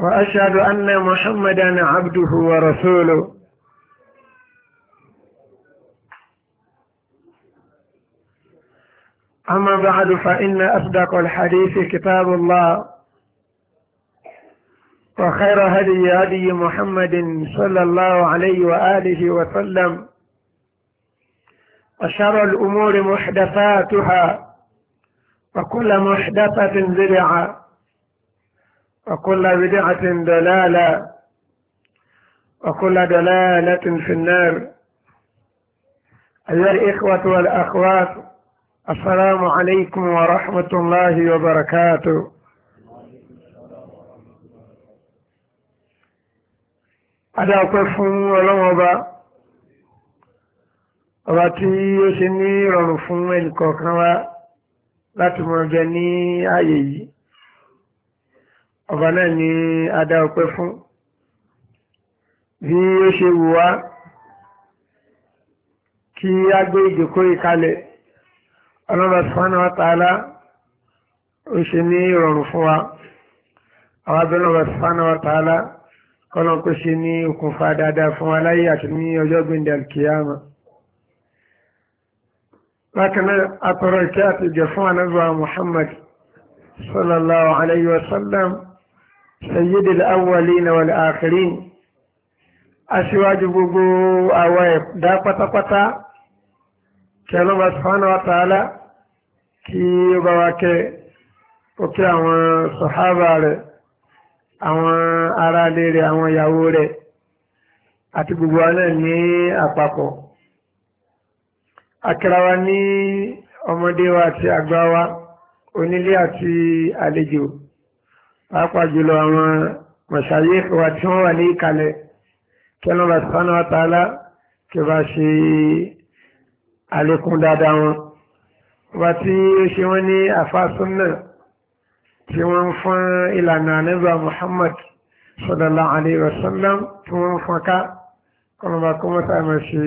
وأشهد أن محمدا عبده ورسوله أما بعد فإن أصدق الحديث كتاب الله وخير هدي هدي محمد صلى الله عليه وآله وسلم وشر الأمور محدثاتها وكل محدثة بدعة وكل بدعة دلالة وكل دلالة في النار أيها الإخوة والأخوات السلام عليكم ورحمة الله وبركاته أدعو كفهم ولوبا واتي يسني رنفهم الكوكوا لاتمجني أيي ọba náà ni a dá ọpẹ́ fún bí ó ṣe wù wá kí a gbé ìjòkó ìkalẹ̀ ọlọ́ba subhanahu wa ta'ala ó ṣe ní ìrọ̀rùn fún wa àwọn abẹ́rẹ́ ọlọ́ba subhanahu wa ta'ala kọ́nà kó ṣe ní okùnfà dáadáa fún wa láyé àti ní ọjọ́ gbẹ̀ndẹ̀ alkiyama bákan náà ìkẹ́ àti ìjẹ fún anábíwá Muhammad sallallahu alayhi wa sallam سيد الأولين والآخرين aṣíwájú gbogbo àwọn ẹ̀dá pátápátá kí ọlọ́mà sọ́hánà wátàálá kí ó bá wá kẹ òkè àwọn sọ̀hábà rẹ̀ àwọn ará ilé rẹ̀ àwọn ìyàwó rẹ̀ àti gbogbo alẹ́ ní àpapọ̀ akẹ́rawa ní ọmọdé wa àti àgbà wa onílé àti àlejò pàápàá jùlọ àwọn mọ̀ṣáyé wa tí wọ́n wà ní ìkàlẹ̀ kí ọlọ́run àtìfánà wa tààlà kí ó bá ṣe àlékún dáadáa wọn ọba tí ó ṣe wọ́n ní àfáàsùn náà tí wọ́n ń fún ìlànà àníbà Muhammad sallallahu alaihi tí wọ́n fún ká kọlọ̀bà kó mọ́ta mọ̀ ṣe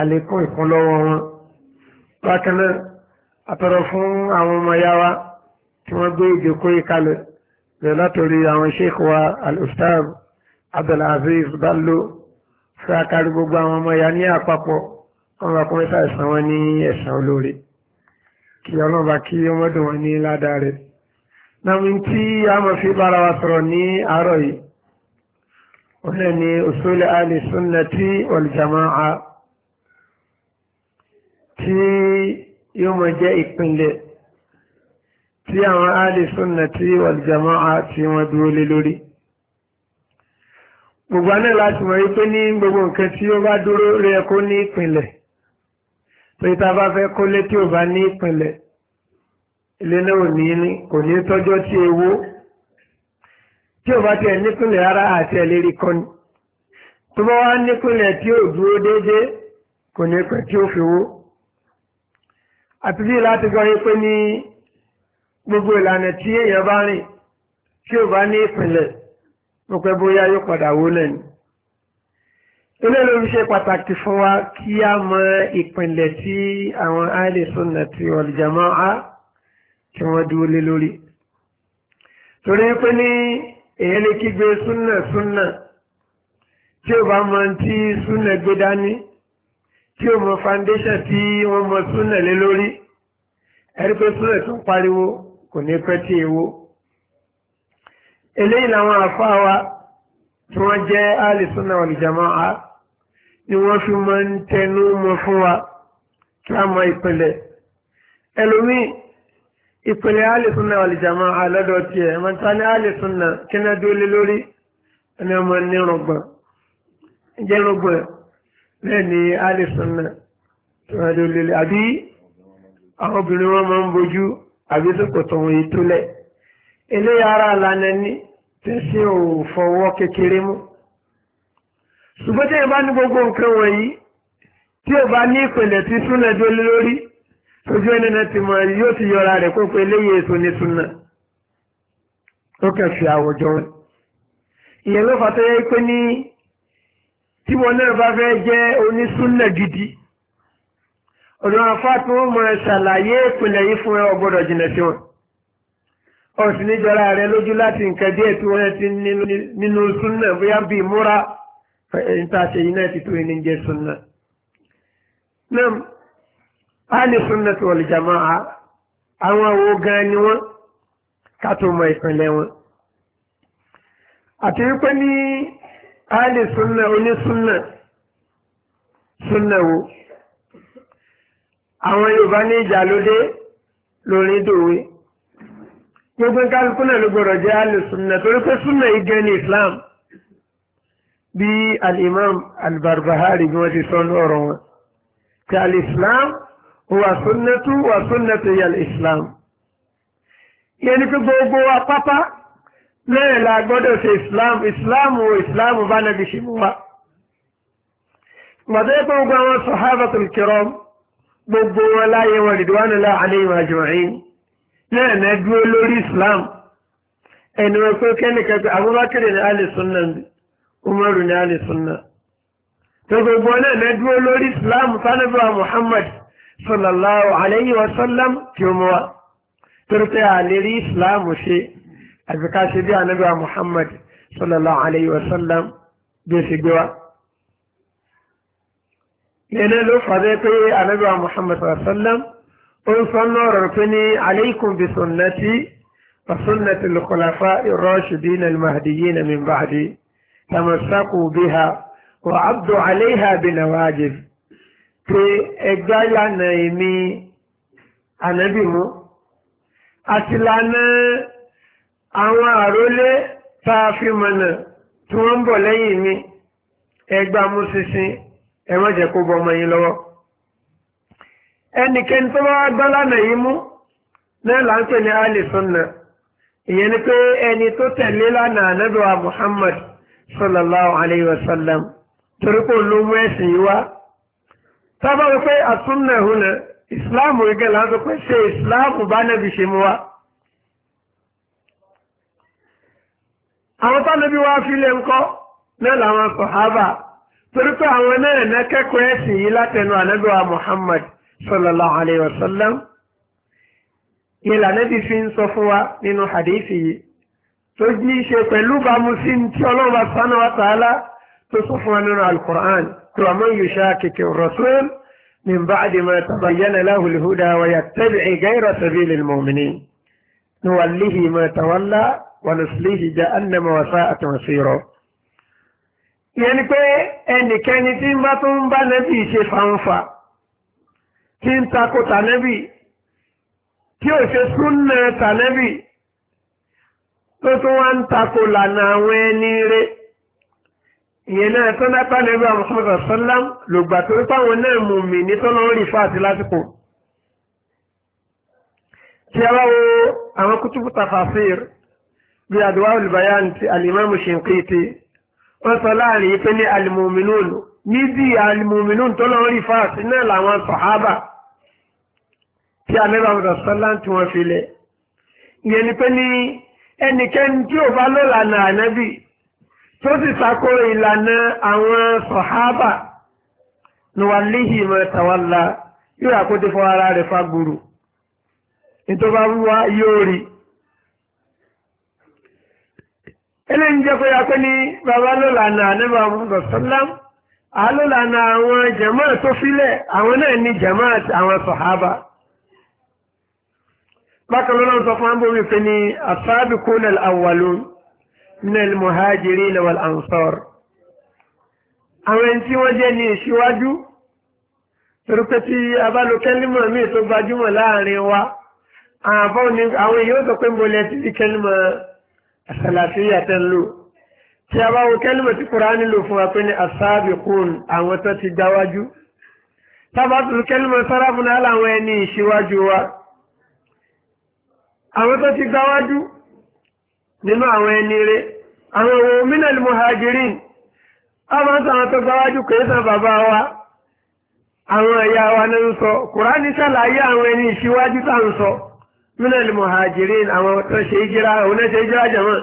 àlékún ìkúnlọ́wọ́ wọn bákan náà àtọ̀rọ̀ fún àwọn ọmọ yáwá tí wọ́n gbé ìjókòó ìkalẹ̀ látòrí àwọn sheikh wa al-ustaz abdulaziz bello sáàkárí gbogbo àwọn ọmọ ya ní àpapọ̀ ọmọ akọmọ sáà ẹ̀sán wọn ní ẹ̀sán olóore kí ọlọ́ba kí ọmọdún wọn ní ládàá rẹ̀ nàmì tí a mọ̀ fi bára wa sọ̀rọ̀ ní àárọ̀ yìí ọ̀nà ni òṣòlẹ̀ ahli sunnati wal jama'a tí yóò mọ̀ jẹ́ ìpínlẹ̀ tí àwọn alìsúnnà tí wàljama'a tí wọ́n dúró lé lórí gbogbo aná láti mọ̀ wípé ní gbogbo nǹkan tí ó bá dúró rí ẹkó ní ìpìnlẹ̀ torí ta bá fẹ́ kólé tí ò bá ní ìpìnlẹ̀ ilé náà ò ní ní kò ní tọ́jọ́ tí ewó tí ò bá tiẹ̀ nípìnlẹ̀ rárá àti ẹ̀lérí kọ́ni tó bá wá nípìnlẹ̀ tí ò dúró déédéé kò ní pẹ́ tí ó fi wó àti bí láti gbọ́ yí ní gbogbo ìlànà tí èèyàn bá rìn tí ò bá ní ìpìlẹ̀ mo pẹ́ bóyá yóò padà wó lẹ́nu ilé pàtàkì fún wa kí a mọ ìpìlẹ̀ tí àwọn ahli sunnati wal jama'a tí wọ́n dúró lé lórí torí pé ní èyí lè kígbe súnà súnà tí ò bá mọ tí súnà gbé dání tí ò mọ foundation tí wọ́n mọ súnà lé lórí ẹ̀rí pé súnà tún pariwo kò ní pẹ́ tí ewo eléyìí làwọn àfáà wa tí wọ́n jẹ́ alìsúnà olùjàmọ́ a ni wọ́n fi máa ń tẹnu mọ́ fún wa kí a mọ ìpìlẹ̀ ẹlòmí ìpìlẹ̀ alìsúnà olùjàmọ́ a lọ́dọ̀ tiẹ̀ mọ̀tá ní alìsúnà kí náà dúró lórí ẹni ọmọ nírùngbọ̀n jẹ́ rúgbọ̀n lẹ́ni alìsúnà tí wọ́n dúró lórí àbí àwọn obìnrin wọn máa ń bojú àbí ṣòkòtò ohun ìtúlẹ̀ eléyà ara ìlànà ní tẹ̀sí ò fọwọ́ kékeré mú ṣùgbọ́n tí ẹ bá ní gbogbo nǹkan wọ̀nyí tí ò bá ní ìpìlẹ̀ tí súnà dólé lórí ojú ẹni náà ti mọ yóò ti yọra rẹ̀ kó pe eléyè èso ní súnà ó kẹfì àwùjọ ìyẹn ló fà tó yẹ pé ní tí wọn náà bá fẹ́ jẹ́ onísúnà gidi ọ̀dọ̀ afáàtí wọ́n mọ̀ ṣàlàyé ìpìlẹ̀ yìí fún ẹ ọgbọ́dọ̀ jìnà sí wọn ọ̀sìn níjọra rẹ lójú láti nǹkan díẹ̀ tí wọ́n ti nínú súnà bóyá bíi múra níta ṣe yìí náà ti tó ẹni jẹ́ súnà. náà a ní súnà tó wọlé jàmọ́ a àwọn wo gan ni wọ́n ká tó mọ ìpìlẹ̀ wọn. àti wípé ní a ní súnà onísúnà súnà wo àwọn yorùbá ní ìjà lóde lórí dòwe gbogbo kálukú náà ló gbọdọ̀ jẹ́ alùsùnà torí pé súnà igẹ́ ní islam bí al-imam al-barbahari bí wọ́n ti sọ ní ọ̀rọ̀ wọn ti al-islam wà súnnẹ́tú wà súnnẹ́tú yà al-islam yẹn ni pé gbogbo wa pápá lẹ́yìn la gbọ́dọ̀ ṣe islam islam wo islam bá nàbí ṣe mú wa. mọ̀tẹ́ pé gbogbo àwọn sọ̀hábàtul kiram gbogbo wọn láyé wọn rìdíwánilá àléhìn àjọ̀rin náà náà dúró lórí Islam ẹni wọn pé kẹ́nìkan pé Abubakar ní alìsúnà Umaru ní alìsúnà tó gbogbo náà náà dúró lórí Islam sanibra Muhammad sallallahu alayhi wa sallam tí ó mọ́ wa torí àlérí Islam ṣe àbíká bí anábíà Muhammad sallallahu alayhi wa sallam bí ó ṣe gbé wa lẹ́lẹ́ ló fàdé pé anábíwá muhammad sallam ó ń sọ náà rọrùn pé ní aleikum bi sunnati wa sunnati lukulafa irashidin almahdiyin min ba'di tamasaku biha wa abdu alaiha bi nawajib pé ẹgbẹ́ lánà èmi anábì mú àti lánà àwọn àrólé tá a fi mọ̀nà tí wọ́n ń bọ̀ lẹ́yìn mi ẹgbàá mú ẹ má jẹ́ kó bọ́ ọmọ yín lọ́wọ́ ẹnikẹ́ni tó bá gbọ́ lánàá yìí mú náà là ń pè ní alìsùnà ìyẹn ni pé ẹni tó tẹ̀lé lánàá anábìwá Muhammad sallallahu alayhi wa sallam torí kò ló mú ẹ̀sìn yìí wá sábà wípé àtúnà hùnà ìsìláàmù gẹ́gẹ́ là pé ṣe ìsìláàmù bá nàbì ṣe mú wá. àwọn tánàbí wá fi lè ń kọ́ náà làwọn torípé àwọn náà ná kẹ́kọ̀ọ́ ẹ̀sìn yìí látẹnu ànábíwá Muhammad sallallahu alayhi wa sallam ìlànà bí fi ń sọ fún wa nínú hadithi yìí tó jí ṣe pẹ̀lú bámu sí tí ọlọ́run subhanahu wa ta'ala tó sọ fún wa nínú al-Qur'an tó àmọ́ yushakiki ar-rasul min ba'di ma tabayyana lahu al-huda wa yattabi' ghayra sabili al-mu'minin nuwallihi ma tawalla wa nuslihi jahannama wa sa'at masira. ìyẹn ni pé ẹnikẹ́ni tí ń bá tó ń bá nẹ́bì ṣe fanfa tí ń takò tànẹ́bì tí ò ṣe súnà tànẹ́bì tó tó wá ń takò lànà àwọn ẹni rẹ̀ ìyẹn náà tó dápá nẹ́bì àmọ́sọ́mọ́sọ́ sọ́lám lògbà tó ń pàwọn náà mú mi ní tọ́lọ́ rí fáàtì lásìkò tí a bá wo àwọn kútùbù tafasir bí àdúrà olùbáyà àti àlìmáàmù ṣe wọ́n sọ láàrin pé ní alimominun níbi alimominun tó lọ rí fáàsì náà làwọn sọ̀hábà tí anẹ́bà mọ̀tọ̀ sọ́lá tí wọ́n fi lẹ̀ ìyẹn ni pé ní ẹnikẹ́ni tí ò bá lọ́lànà ànẹ́bì tó sì takò ìlànà àwọn sọ̀hábà nùwàlíhì mọ̀tàwálà yóò àkójọ fún ara rẹ̀ fagbùrù nítorí wá yóò rí eléyìí jẹ́ pé apẹ́ ní bàbá lọ́lànà àníbà ọmọdé sọ́lám àlọ́lànà àwọn jàmáà tó filẹ̀ àwọn náà ní jàmáà àwọn sàhábà bákan lọ́nà sọ fún àbúrò pé ní as-sabiquna al-awwalun min al-muhajirin wal-ansar àwọn ẹni tí wọ́n jẹ́ ní ìṣíwájú torípé tí abálòkẹ́límọ̀ míì tó gbajúmọ̀ láàrin wa àwọn èèyàn sọ pé mo lẹ ti kẹ́límọ̀ àsàlàfíyà tẹ́ ń lò tí a bá wo kẹ́lìmọ̀ tí kùránì lò fún wa pé ní asábìkún àwọn tó ti gbáwájú tábàtù kẹ́lìmọ̀ sáráfún náà láwọn ẹni ìṣíwájú wa àwọn tó ti gbáwájú nínú àwọn ẹni rẹ̀ àwọn ohun mínàlì muhajirin àwọn sàwọn tó gbáwájú kèésàn bàbá wa àwọn ẹ̀yà wa náà ń sọ kùránì sàlàyé àwọn ẹni ìṣíwájú tá ń sọ nínú ẹlùmọ̀ hajjirin àwọn tó ṣe ìjírá àwọn ẹ̀ṣẹ́ ìjírá jẹmọ́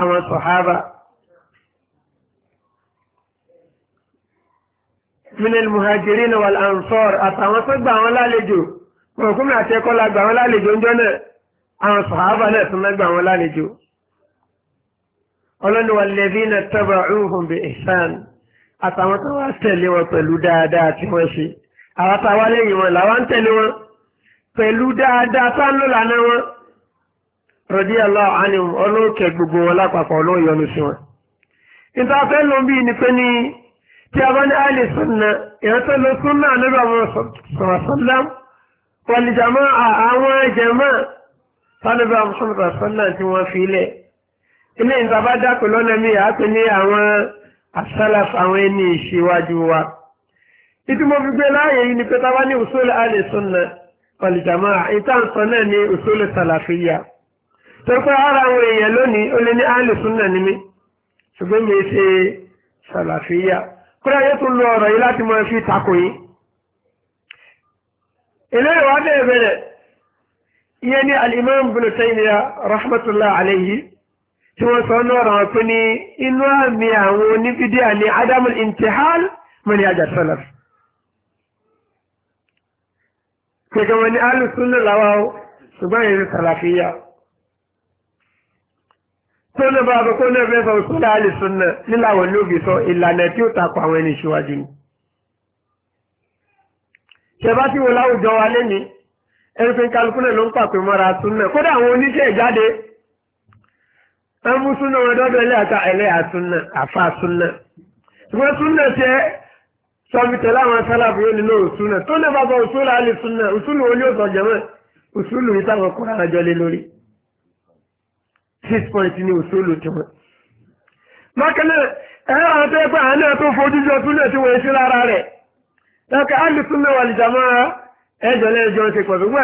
àwọn sọ̀hábà nínú ẹlùmọ̀ hajjirin wal ansar àtàwọn tó gbà wọn lálejò ọkùnrin àti ẹkọ́ la gbà wọn lálejò ń jọ́nà àwọn sọ̀hábà náà tún gbà wọn lálejò ọlọ́ni walladhina taba'uhum bi ihsan àtàwọn tó wá tẹ̀lé wọn pẹ̀lú dáadáa tí wọ́n ṣe àwọn táwa lẹ́yìn wọn làwọn tẹ̀lé wọn pẹ̀lú dáadáa sáńlò lànà wọn rọ̀dí Allah anhum ọlọ́ọ̀kẹ́ gbogbo wọn lápapọ̀ ọlọ́ọ̀yọnu sí wọn. ìtafẹ́ ló bí ni pé ní tí a bá ní àìlè sunna ìrántí ló sunna nígbà wọn sọ̀rọ̀ sọ́lá wal jamaa àwọn jamaa sálẹ́bà sọ̀rọ̀ sọ́lá tí wọ́n fi lẹ̀. ilé ìtafà dákò lọ́nà mi àápẹ́ ní àwọn asálàf àwọn ẹni ìṣíwájú wa. ìtumọ̀ fi gbé láàyè yìí ni pé táwa ní usul àìlè sunna ọ̀lìjàmá ìtàǹsọ náà ní òṣèlú sàlàfíyà tó pé ara àwọn èèyàn lónìí ó lé ní alùsùn náà ní mi ṣùgbọ́n mi ṣe sàlàfíyà kúrò yóò tún lo ọ̀rọ̀ yìí láti mọ fi tako yìí eléyìí wá bẹ̀rẹ̀ bẹ̀rẹ̀ ìyẹn ní al-Imam Ibn Taymiyyah alayhi tí wọ́n sọ náà ràn pé ní inú àmì àwọn onífídíà ní adamul intihal mọ́ni ajá sàlàfí kẹ̀kẹ́ wọn ni alùsùnà làwà ó ṣùgbọ́n èyí sàlàfíyà tó náà bá àbúkọ́ náà fẹ́ sọ òṣùnà alùsùnà níláwọ̀ lóbi sọ ìlànà tí ó takọ̀ àwọn ẹni ìṣíwájú ni ṣẹ̀bá tí wo láwùjọ wa lẹ́ni ẹnfin kálukú náà ló ń pàpè mọ́ra súnà kódà àwọn oníṣẹ́ ìjáde ẹnfún súnà wọn dọ́dọ̀ ẹlẹ́ àtà ẹlẹ́ àsúnà àfa súnà ṣùgbọ́n súnà ṣe tọ́bítẹ̀ láwọn sálàbù yóò nílò òsúnà tó lè bàbá òsúnà alìsúnà òsúnà olè òsàn jẹ́mọ̀ òsúnà yìí táwọn kó rárá jọ lé lórí six point ní òsúnà tí wọ́n. bákanáà ẹ̀rọ àwọn tó yẹ pé náà tó fojú jọ súnà tí wọ́n ṣe lára rẹ̀ lọ́kẹ́ alìsúnà wà lìjà mọ́ ẹjọ́ lẹ́jọ́ ṣe pọ̀tù fún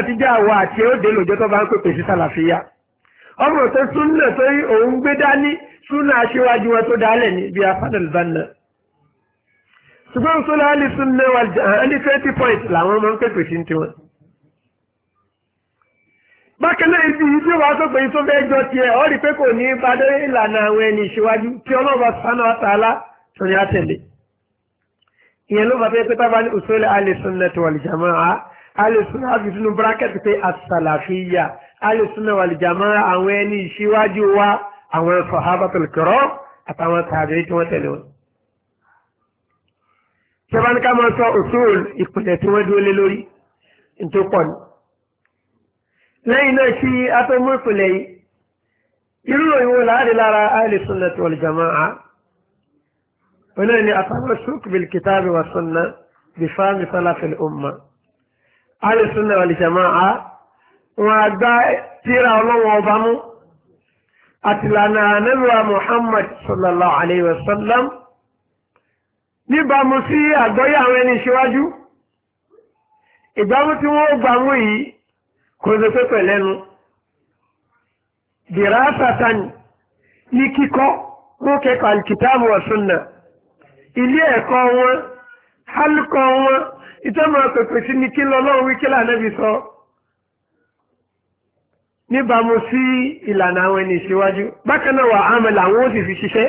àtijọ́ àwọ̀ ṣùgbọ́n tó lọ alìsùn lẹ́wà ẹni twenty points làwọn ọmọ ń pèpè sí tiwọn. bákẹ́lẹ́ ibi yìí tí wàá tó pé tó fẹ́ jọ tiẹ̀ ọ́ rí pé kò ní padà ìlànà àwọn ẹni ìṣíwájú tí ọlọ́ọ̀bà sánà àtàlá tó àtẹ̀lé. ìyẹn ló fàá pé tábà ní usul alìsùn lẹ́tọ̀ wàlìjàmọ́ a alìsùn láti sínú bírákẹ́tì pé àsàlàfíyà alìsùn lẹ́wà wàlìjàmọ́ àwọn ẹni ìṣíwájú wa àwọn sàhábàtul kiram àtàwọn tàbí tí wọ́n tẹ̀lé wọn ṣẹba ní ká máa sọ òṣòòl ìpìlẹ̀ tí wọ́n dúró lé lórí tó pọ̀ ní. lẹ́yìn náà kí a tó mú ìpìlẹ̀ yìí irú òyìnbó láàrin lára ahli sunnati wal jamaa'ah ọ̀nà ni atamasuk bil kitabi wa sunna bi fahmi salafil umma ahli sunna wal jamaa'ah wọn àgbá tíra ọlọ́wọ́ ọba mú àtìlànà anábìwá Muhammad sallallahu alayhi níbàámu sí àgbọ́yé àwọn ẹni ìṣíwájú ìgbàmú tí wọ́n gbàmú yìí kò ṣe pé pẹ̀lẹ́nu dìrásátánì ní kíkọ́ mú kẹ́kọ̀ọ́ alkitabu wa sunna ilé ẹ̀kọ́ wọn hálùkọ́ wọn ìtọ́mọ̀ pẹ̀pẹ̀ sí ní kí lọ́lọ́run wí kí lànàbí sọ níbàámu sí ìlànà àwọn ẹni ìṣíwájú bákan náà wà ámẹ́lẹ̀ àwọn ó sì fi ṣiṣẹ́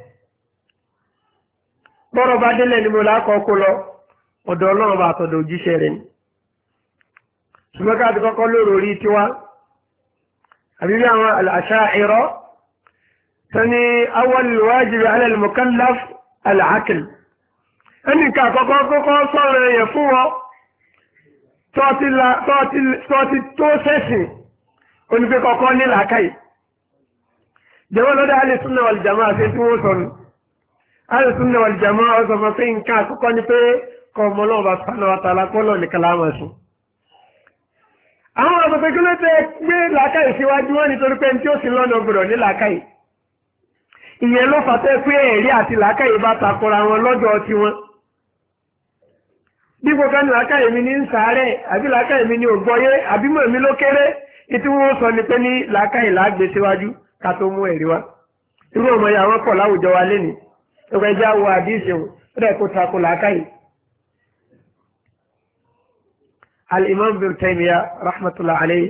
bọ́rọ̀ bá délẹ̀ níbo lákọ̀ọ́ kó lọ ọ̀dọ̀ ọlọ́run bá àtọ̀dọ̀ òjíṣẹ́ rẹ̀ ni ṣùgbọ́n káàdì kọ́kọ́ lóró rí tiwa àbíbí àwọn al-Asha'ira tó ní awwal al-wajib ala al-mukallaf al-aql ẹnìkan àkọ́kọ́ kọ́kọ́ sọ̀rọ̀ ẹ̀yẹ̀ fún wọn tọ́ọ̀tì tó sẹ́sìn onífẹ́ kọ́kọ́ ní alùsùn náà jẹmọ́ ọsọmọ pé nǹkan àkọ́kọ́ ni pé kọ ọmọ náà bá sánà àtàlà kọ́lọ̀ ní kàlámọ̀sùn àwọn ọmọ pẹ̀kú ló tẹ́ gbé làákàì síwájú wọn nítorí pé tí ó sì lọ́nà gbọdọ̀ ní làákàì ìyẹn ló fàtẹ́ pé ẹ̀rí àti làákàì bá takora wọn lọ́jọ́ ti wọn bí gbogbo ní làákàì mi ní sàárẹ̀ àbí làákàì mi ní ògbọ́yé àbí mọ̀ mi ló kéré ìtí wọ́n sọ ni pé ní làákàì làá gbé síwájú ká tó mú ẹ̀rí wa irú ọmọ yà wọ́n pọ̀ láwùjọ wa lénìí ẹgbẹ́ ẹjẹ́ àwọ̀ àdíṣe ò rẹ̀ kó takò làákàyè. al-imam bin taymiya rahmatulah alayhi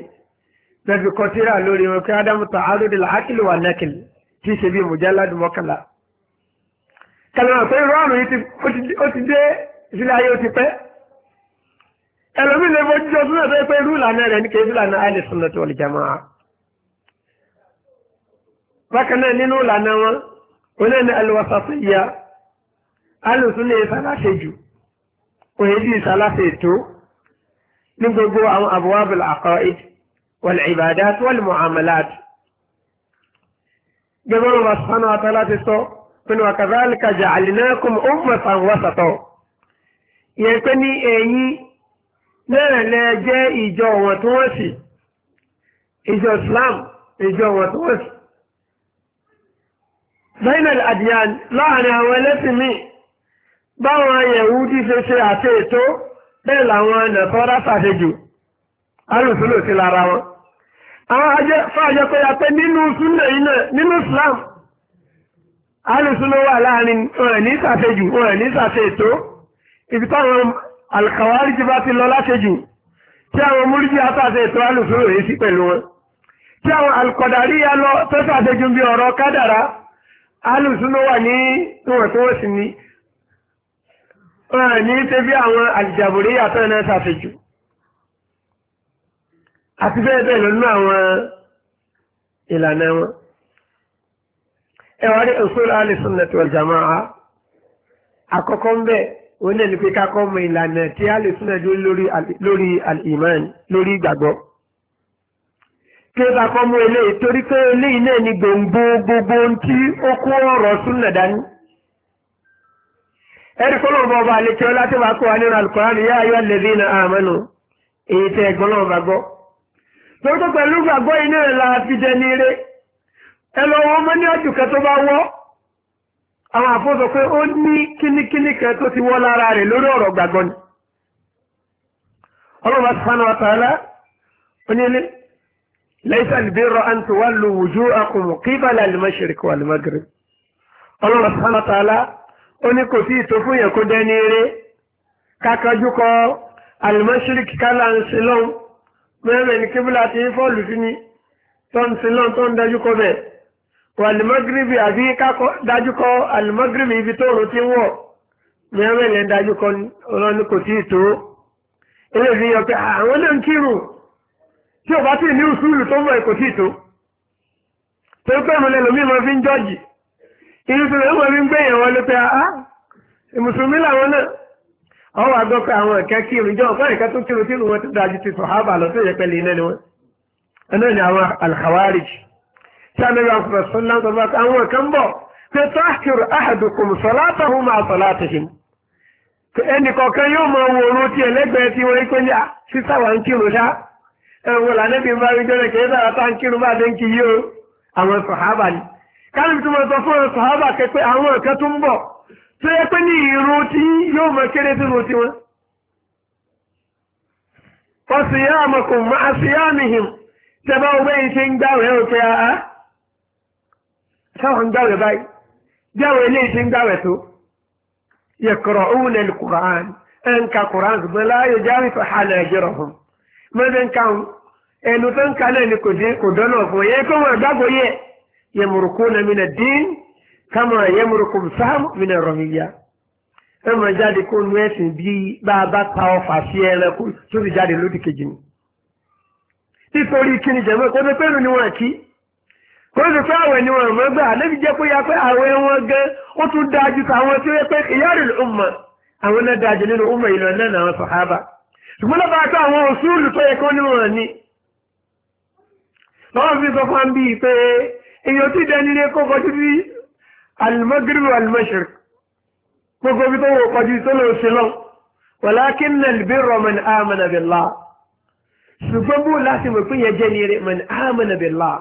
nabi kọtira lórí wọn kí adamu ta arúdì làákìlì wà nẹ́kìlì tí ṣe bí mujallad mọ́kànlá. kàlùmọ̀ pé irú àrùn yìí ó ti dé ìsílẹ̀ ayé ó ti pẹ́. ẹlòmí lè mọ jíjọ súnà tó pé irú ìlànà rẹ̀ ní kí ìlànà ahli sunnati wal jamaa. bákan náà nínú ìlànà wọn onáà ní alùwàsàtìyà alùsùn lè sàláṣe jù òyìnbí sàláṣe tó ní gbogbo àwọn àbúwábìlì àkọ́ìd wàlìbàdà tó wàlì mọ̀àmàláàdì gbẹ̀mọ́ ọba sùpánù àtàlá ti sọ pinnu àkàzálìkà jà àlìnákùn ọmọọ̀sán wàsàtọ̀ yẹn pé ní ẹ̀yìn náà lẹ jẹ́ ìjọ wọn tó wọ́n sì ìjọ Islam ìjọ wọn tó wọ́n sì bainal adyan láàrin àwọn ẹlẹ́sìn míì báwọn Yẹhudi ṣe ṣe àti ètò bẹ́ẹ̀ làwọn nàfọ́rá ṣàṣejù alùsùlù sí lára wọn àwọn fàájọ pé yàtọ̀ nínú súnlẹ̀ iná nínú Islam alùsùlù wà láàrin wọn ní ṣàṣejù wọn ní ṣàṣe ètò ibi táwọn alkawari ti bá ti lọ láṣejù tí àwọn múlùjí àtàṣe ètò alùsùlù yìí sí pẹ̀lú wọn tí àwọn alkọ̀dàrí yà lọ tó ṣàṣejù bí ọ̀rọ̀ kádàrá alùsùn ló wà ní tòwọ̀tòwọ̀sì ni ọ̀rọ̀ ní tẹ́ bí àwọn àjìjàbòrí àtọ́ ẹ̀nà ṣàfẹ́jù àti bẹ́ẹ̀ bẹ́ẹ̀ lọ́nà àwọn ìlànà wọn ẹwà rí usul al-sunnah jamaa àkọ́kọ́ ń bẹ̀ wọ́n ní ẹni pé kákọ́ mọ ìlànà tí al-sunnah lórí ìgbàgbọ́ ké bá kọ́ mú eléyìí torí pé eléyìí ni gbogbo ohun tí ó kó ọ̀rọ̀ súnà dání. ẹ̀rí kọ́lọ́ bọ̀ ọba àlejò láti wá kó wa nínú yá ayọ́ na àmọ́nù èyí tẹ́ ẹ̀gbọ́n náà bá gbọ́. pẹ̀lú gbàgbọ́ iná la fi jẹ ní ẹ lọ wọ́n mọ́ ní ọdún tó bá wọ́ ni. ọlọ́run bá ti fánà wa tààlà ليس البر أن تولوا وجوهكم قبل المشرق والمغرب الله سبحانه وتعالى oni kò sí ìtòfún yẹn kó dẹni eré kákanjú kọ alimashrik kálá ń sin lọ́n mẹ́rin ní kíbílà tí fọ́ọ̀lù sí ni tó ń sin lọ́n tó ń dájú kọ bẹ́ẹ̀ wọ alimagribi àbí kákọ dájú kọ alimagribi ibi tó rò ti ń wọ̀ mẹ́rin lẹ́ń dájú kọ ni ọlọ́ni kò sí ìtò eléyìí yọ pé àwọn náà ń kírun tí ò bá tí ní ìsúlù tó mọ̀ èkó títò tó pẹ̀rù lẹ́lòmí mọ́ fi ń jọ́jì ìrìsùn lẹ́mọ̀ fi ń gbé èèyàn wọlé pé àá ah, ìmùsùlùmí làwọn náà ọwọ́ àgọ́ pé àwọn ẹ̀kẹ́ kí ìrìnjọ́ ọ̀kọ́ ìkẹ́ tó kírun tí wọn ti dájú ti sàhábà lọ sí ìyẹpẹ̀lẹ̀ iná ni wọn ẹ̀nà àwọn alkhawarij tí a mẹ́rin àkùrọ̀ ẹ̀wọ̀n lànẹ́bí bá rí jọ́rẹ̀ kẹ́ẹ́ sára tá ń kírun bá dé ń kí yí o àwọn sọ̀hábà ni kálíbi tí mo sọ fún sọ̀hábà kẹ́pẹ́ àwọn ẹ̀kẹ́ tó ń bọ̀ tó yẹ pé ní ìrun tí yóò mọ kéré sínú tiwọn. ọ̀sìyá àmọ̀kùn máa ṣìyá nìyẹn tẹ́bá ọgbẹ́ yìí ṣe ń gbàwẹ̀ ó pé a sáwọn gbàwẹ̀ báyìí jáwẹ̀ ilé ṣe ń gbàwẹ̀ tó yẹ kọ̀rọ̀ òun lẹ́nu kùrán ẹ̀ǹkà kùrán ṣùgbọ́n láàyè jáwẹ̀ fẹ́ hàlẹ̀ ẹ̀jẹ̀ rọ̀ fún un. mẹ́rin káwọn ẹnu tó ń kalẹ̀ ni kò dọ́nà fún yẹ kó wọn gbàgbọ́ yẹ yẹmùrùkú na mi na dín kámọ̀ yẹmùrùkú sáàmù mi na rọ̀ mi yá ẹ mọ̀ jáde kó nu ẹ̀sìn bí bá a bá ọfà sí tó fi jáde lódì kejì ni. nítorí kíni jẹ̀mọ́ kó ni kí kó tó fẹ́ àwẹ̀ mọ́ gbà lẹ́bi jẹ́ àwẹ̀ wọn ó tún yẹ pé ìyá rẹ̀ mọ̀ àwọn náà nínú ṣùgbọ́n lọ́pàá tó àwọn òṣùlù tó yẹ kó níwọ̀n ni lọ́wọ́ fi sọ fún bí pé èyàn tí dẹnilé kó kọjú sí alimọ́gírù alimọ́ṣir gbogbo bí tó wò kọjú tó lọ sí lọ wàlákin nà lè bẹ̀rọ mọ̀ ní àmàna bẹ̀lá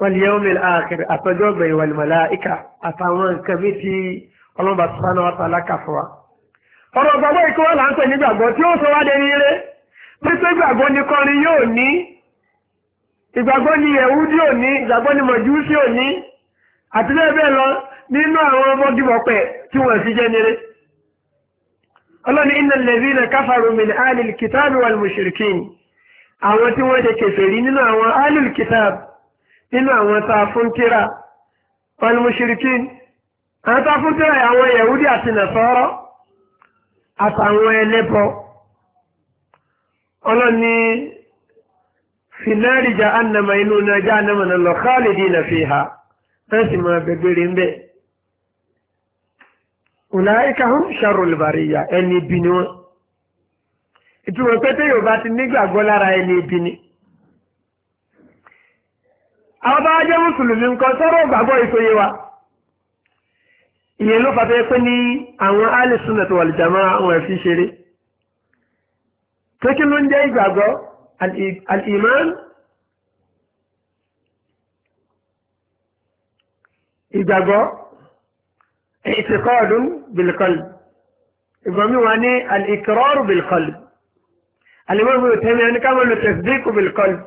واليوم الآخر أتجوبي والملائكة أتوان كبتي ọlọ́mọba sọ́nà wata alákàfọ́wà ọ̀rọ̀ ọ̀gbàgbọ́ ikú wà láńpẹ̀ nígbàgbọ́ tí ó sọ wá dé nílé pípé gbàgbọ́ ní kọrin yóò ní ìgbàgbọ́ ní Yẹhudi ò ní ìgbàgbọ́ ní Májúsì ò ní àti bẹ́ẹ̀ lọ nínú àwọn ọmọ dìbọ̀pẹ̀ tí wọ́n sì jẹ́ nílé ọlọ́ni nínú àwọn tá a fún tíra wọn ni mushrikin àwọn tá a fún tíra àwọn yahudi àti nàṣọ́rọ́ àtàwọn ẹlẹ́bọ ọlọ́ni finari jahannama inú na jahannama na lọ khalidina fiha náà sì máa gbẹgbẹrẹ ń bẹ ulaika hum sharrul bariya ẹni ibi ni wọn ìtumọ̀ pé téèyàn ti nígbàgbọ́ lára ẹni ibi ni àwọn bá jẹ́ mùsùlùmí nǹkan sọ́rọ̀ gbàgbọ́ ìtòyè wa ìyẹn ló fàtẹ́ pé ní àwọn alìsúnẹ̀tò wàlìjàmá àwọn ẹ̀fí ṣeré tó kí ló ń jẹ́ ìgbàgbọ́ al'iman ìgbàgbọ́ ìtìkọ́ọ̀dún bilkọl ìgbàmí wa ní al'ikirọ́rù bilkọl alìmọ́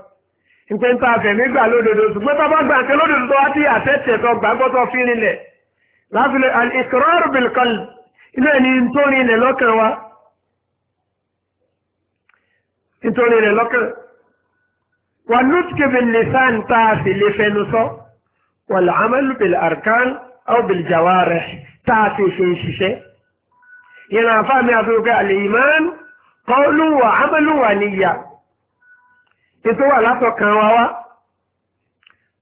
ìpè ń ta àfẹ̀mí gbà lódodo ṣùgbọ́n bá bá gbà ń tẹ lódodo tó wá sí àtẹ̀tẹ̀ tó gbàgbọ́ tó fi rinlẹ̀ láfilẹ̀ al-iqrar bil-qalb ilé ní nítorí ilẹ̀ lọ́kàn wa nítorí ilẹ̀ lọ́kàn wà nutqu bil-lisan tá a sì lè fẹnu sọ wal-amal bil-arkan aw bil-jawarih tá a ṣe ìṣiṣẹ́ ìrànfàmì àfihàn al-iman qawlun ètò wà látọkàn wa wá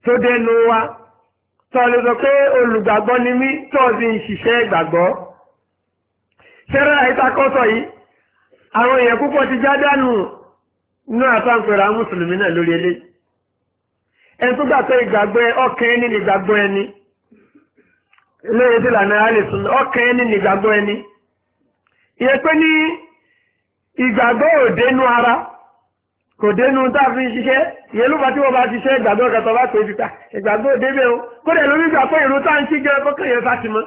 tó dẹnu wa tó lè sọ pé olùgbàgbọ́ ni mí tó sì ń ìgbàgbọ́ ṣẹ́rẹ́ àìtakọ́sọ yìí àwọn èèyàn púpọ̀ ti já dánù ní àtàǹpẹ̀rẹ̀ mùsùlùmí náà lórí eléyìí ẹni tó gbà pé ìgbàgbọ́ ọkàn ẹni ni ìgbàgbọ́ ẹni lórí ara kò dénú tá a fi ṣiṣẹ́ ìyẹlúbà tí wọ́n bá ṣiṣẹ́ ìgbàgbọ́ kẹta bá pè fìkà ìgbàgbọ́ òdébẹ̀ o kó dẹ̀ lórí ìgbà pé ìlú tá ń kí jẹ́ kókè yẹn sá ti mọ́.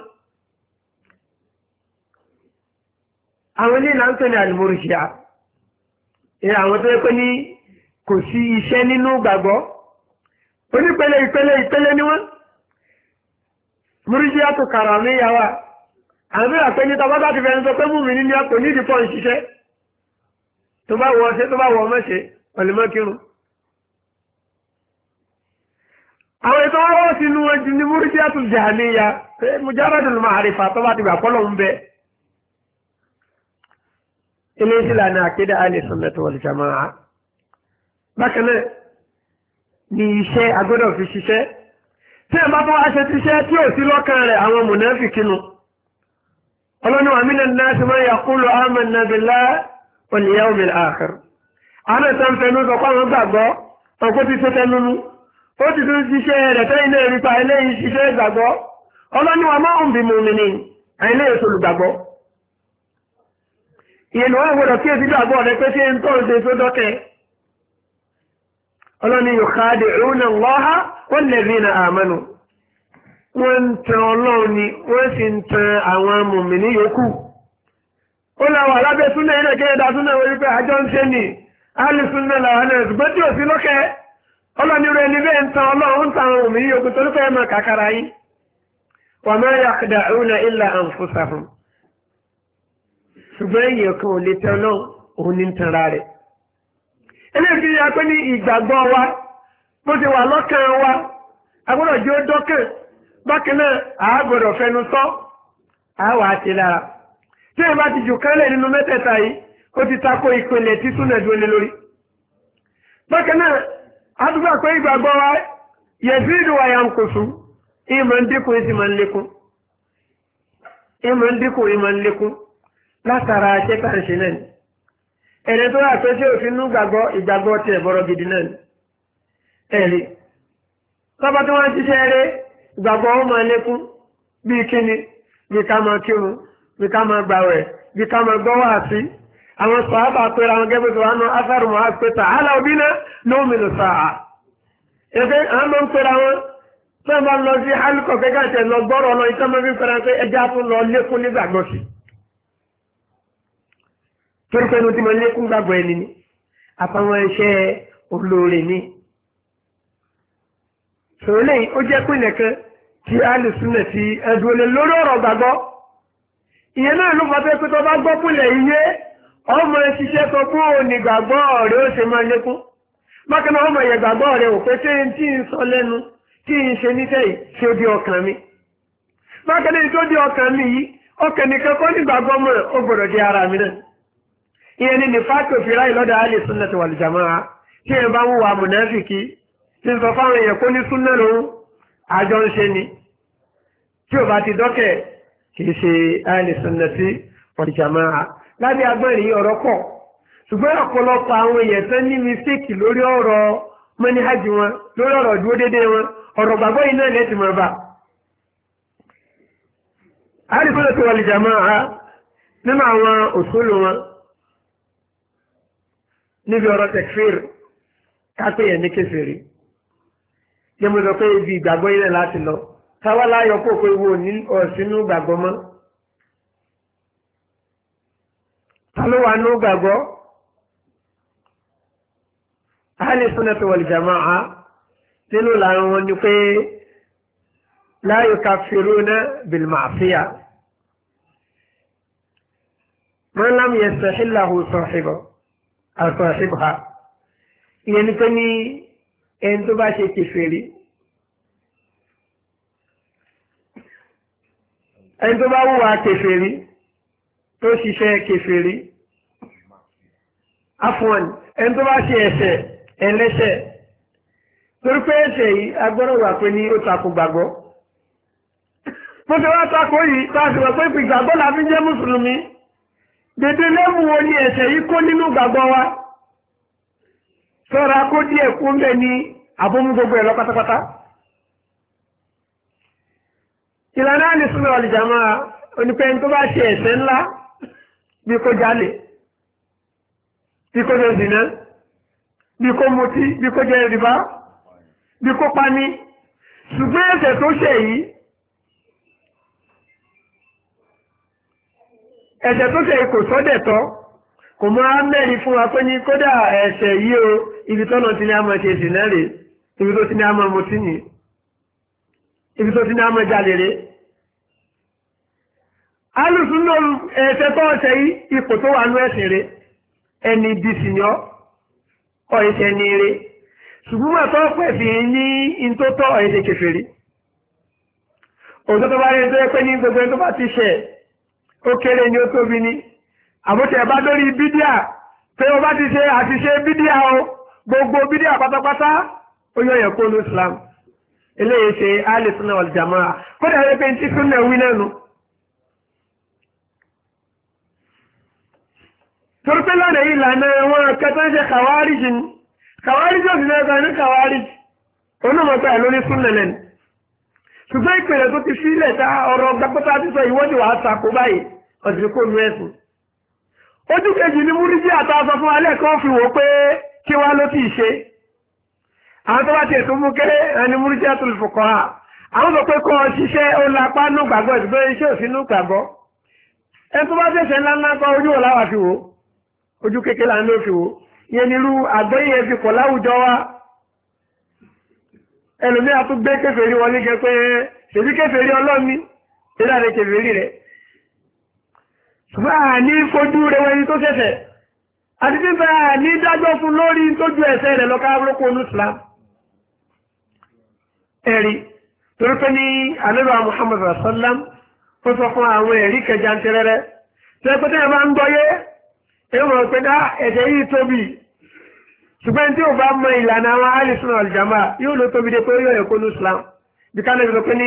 àwọn ilé ìlànà tó ní àlùmọ́rìṣà ìyẹn àwọn tó yẹ pé ní kò sí iṣẹ́ nínú gbàgbọ́ onípele ìpele ìpele ni wọ́n múríṣíà tó kàrà mí yà wá àwọn tó yà ní tabátà bá wọ ọṣẹ tó bá wọ ọmọ ṣe ọ̀lẹ́mọ́kírun àwọn ètò wọ́n wọ́n sínú ẹjù ní múrísí àtúnjẹ àníyà mujaradul ma'arifa tó bá ti gbà kọ́lọ̀ ń bẹ ilé ìsìlá ní àkídà ahli sunnah wal jamaa'ah bákan náà ní iṣẹ́ agbọ́dọ̀ fi ṣiṣẹ́ tí ẹ̀ bá bọ́ aṣẹ ti ṣẹ́ tí ò sí lọ́kàn rẹ̀ àwọn mùnáfìkínú ọlọ́ni wa minan nas man yaqulu amanna billahi wal yawmil akhir àwọn ẹ̀sán ń fẹnu sọ páwọn gbàgbọ́ ọkọ́ ti tó tẹnu mú ó ti tún ṣiṣẹ́ rẹ̀ tẹ́yìn náà rí pa eléyìí ṣiṣẹ́ ìgbàgbọ́ ọlọ́niwà máa ń bímọ mi ni àìléyìí tó lùgbàgbọ́ ìyẹnì wọn gbọdọ̀ kí èsì gbàgbọ́ rẹ pé ṣé ń tọ́ ṣe tó dọ́kẹ́ ọlọ́ni yòkàdé ìrúnà lọ́ha wọ́n lẹ́bí na àmọ́nu wọ́n ń tan ọlọ́run ni wọ́n sì ń tan àwọn mùmìnì yòókù ó láwọ̀ alábẹ́súnlẹ̀ yìí náà kéré dasúnlẹ̀ wọ́n rí pé àjọ ń ṣe nìyí alìsúnnàlà alẹ́sùgbé tí ò sí lókẹ́ ọlọ́nirú ẹni bẹ́ẹ̀ ń tan ọlọ́run tan omi ogun tó lókẹ́ mọ̀ kàkàrà yìí wà máa yà kàdà òunà ìlà àǹfùsàfún ṣùgbọ́n èèyàn kan ò lè tẹ ọlọ́run òun ní tanra rẹ̀ eléyìí ó ti tako ìpìlẹ̀ tí súnà lórí bákan náà adúgbà pé ìgbàgbọ́ wa wa ya kò sùn ìmọ̀ ń dínkù ìsì máa ń lékún ìmọ̀ ń dínkù ìmọ̀ ń lékún látara ṣe ń ṣe náà ni ẹ̀rẹ́ tó pé ṣé òfin nú gbàgbọ́ ìgbàgbọ́ ti gidi náà ni ẹ̀rí tọ́ba tí wọ́n ti ṣe eré ó máa lékún bíi kíni bíi ká máa àwọn sàábà pẹ̀lú àwọn gẹ́gẹ́ tó wánú afẹ́rù mọ́ àpẹta aláwọ̀bínà lómìnà sáà ẹgbẹ́ àwọn ń pẹ̀lú àwọn tó bá lọ sí alukọ̀ gẹ́gẹ́ àti ẹ̀lọ gbọ́rọ̀ lọ ìtọ́ mọ́ bí pẹ̀lú pé ẹjá tó lọ lékún nígbàgbọ́ sí torí pé ní lékún gbàgbọ́ ẹni ni àtàwọn iṣẹ́ olóore ni sọ̀rọ̀ lẹ́yìn ó jẹ́ pínlẹ̀ kan tí alùsùnà ti ẹ̀dùn olè lórí ọ̀rọ̀ gbàgbọ́ ìyẹn náà ló fọ́ pé tó bá gbọ́ pínlẹ̀ iye ọmọ ṣiṣẹ́ tó kú onígbàgbọ́ rẹ̀ ó ṣe máa lékún bákan ọmọ ìyẹ̀gbàgbọ́ rẹ̀ ò pé tí ń sọ lẹ́nu tí ń ṣe nítẹ̀ ṣe bí ọkàn mi bákan tó di ọkàn mi yìí ọkàn nìkan kọ́ nígbàgbọ́ mọ̀ ó gbọ́dọ̀ di ara mi náà ìyẹn ni nífàtò fi ráì lọ́dọ̀ àlè súnà ti tí ẹ bá ń wà ni tí ò bá ti dọ́kẹ̀ kì í ṣe àlè lábẹ́ agbọ́nrin ọ̀rọ̀ pọ̀ ṣùgbọ́n ọ̀pọ̀lọpọ̀ àwọn èèyàn tó ní mistake lórí ọ̀rọ̀ mọ́níhájì wọn lórí ọ̀rọ̀ dúró dédé wọn ọ̀rọ̀ gbàgbọ́ yìí náà lẹ́sìn mọ́ bá. àríkọ́lẹ̀ tó wọlé jàmọ́ ha nínú àwọn òṣòlù wọn níbi ọ̀rọ̀ tẹ̀kfíìr kápẹ́yẹ̀ ní kẹfẹ́rì yẹmọ̀dọ̀ pé ibi ìgbàgbọ́ yìí náà láti lọ ta ló wà ní gbàgbọ́ ahli sunnati wal jama'a nínú ìlànà wọn ni pé la yukafiruna bil ma'siya man lam yastahillahu sahibu àtọ̀ṣíbà ìyẹn ni ní ẹni tó bá ṣe kèfèrí ẹni tó bá wùwà kèfèrí tó ṣiṣẹ́ kèfèrí afọ́n ẹni tó bá ṣe ẹ̀ṣẹ̀ ẹlẹ́ṣẹ̀ torí pé ẹ̀ṣẹ̀ yìí agbọ́dọ̀ wà pé ní ó takò gbàgbọ́ bó ṣe wá takò yìí tá a sì wà pé ìgbàgbọ́ la fi jẹ́ mùsùlùmí dèdè lẹ́mù wo ni ẹ̀ṣẹ̀ yìí kó nínú gbàgbọ́ wa sọ́ra kó díẹ̀ kó ń bẹ ní àbómú gbogbo ẹ̀ lọ pátápátá ìlànà àlè súnmọ́ onípẹ́ni tó bá ṣe ẹ̀ṣẹ̀ ńlá bí kó jálè bí kó jẹ́ zìnà bí kó mutí bí kó jẹ́ rìbá bí kó pani ṣùgbọ́n ẹ̀ṣẹ̀ tó ṣe yìí ẹ̀ṣẹ̀ tó ṣe yìí kò sọ́dẹ̀ tọ́ kò mọ́ mẹ́rin fún wa pé ní kódà ẹ̀ṣẹ̀ yìí o ibi tọ́nà tí ní a máa ṣe zìnà rèé ibi tó ti ní a máa mutí ni ibi tó ti ní a máa jálè rèé alùsùn lóru ẹ̀ẹ́sẹ̀ tó ọ̀sẹ̀ yìí ipò tó wà ní ẹ̀sìn rẹ̀ ẹni ibi sì ni ọ́ ọ̀ ẹ̀sẹ̀ ni rẹ̀ ṣùgbọ́n àtọ́ pẹ̀sì ní intótọ́ ẹ̀sẹ̀ kẹfẹ́rí òótọ́ tó bá rí tó pé ní gbogbo ẹni tó bá ti ṣẹ̀ ó kéré ni ó tóbi ni àbúṣe bá lórí bídíà pé bá ti ṣe àṣìṣe bídíà o gbogbo bídíà pátápátá ó yọ ẹ̀kọ́ ní Islam eléyìí torí pé lọ́nà ìlànà wọn kẹta ń ṣe kàwáríjì ní kàwáríjì ò sì lẹ́gbẹ̀ẹ́ ní kàwáríjì onímọ̀ta ẹ̀ lórí fún lẹ́lẹ́ ni ṣùgbọ́n ìpìlẹ̀ tó ti sílẹ̀ ta ọ̀rọ̀ gbapọ́tà sísọ ìwọ́dì wàá sàkó báyìí ọ̀sìn kò nu ẹ̀sìn ojú kejì ni muriji àtàwọn sọ fún alẹ́ kan fi wò pé kí wá ló ti ṣe àwọn tó bá tiẹ̀ tó mú kéré ẹni múrídìí àtòlùfọ̀kọ́ ha àwọn sọ pé kọ́ ṣiṣẹ́ ó lapá nù gbàgbọ́ ìdúgbò iṣẹ́ òsínú gbàgbọ́ ẹni tó bá tẹ̀sẹ̀ ńláńlá kan ojú ọ̀la wà fi wò ó ojú kékeré là ń lò fi wò ìyẹn nírú àgbẹ̀yẹ fi kọ̀ láwùjọ wa ẹlòmíà tó gbé kèfèrí wọlé jẹ pé ṣèbí kèfèrí ọlọ́mi ìlà rẹ̀ kèfèrí rẹ̀ ṣùgbọ́n àní fojú rẹ̀ wọ́n ẹni tó ṣẹ̀ṣẹ̀ àti fífẹ́ àní dájọ́ fún lórí tójú ẹ̀ṣẹ̀ rẹ̀ lọ́ka lóko ní Islam ẹ̀rí torí pé ní alẹ́bàá Muhammad sallam ó sọ fún àwọn ẹ̀rí kẹjantẹrẹrẹ tẹ́pẹ́tẹ́ bá ń gbọ́yé ẹ̀wọ̀n pé dá ẹ̀jẹ̀ yìí tóbi ṣùgbọ́n tí ò bá mọ ìlànà àwọn alìsùn àlùjàmà yóò ló tóbi dé pé yóò ẹ̀kọ́ ní islam bí ká lè pé ní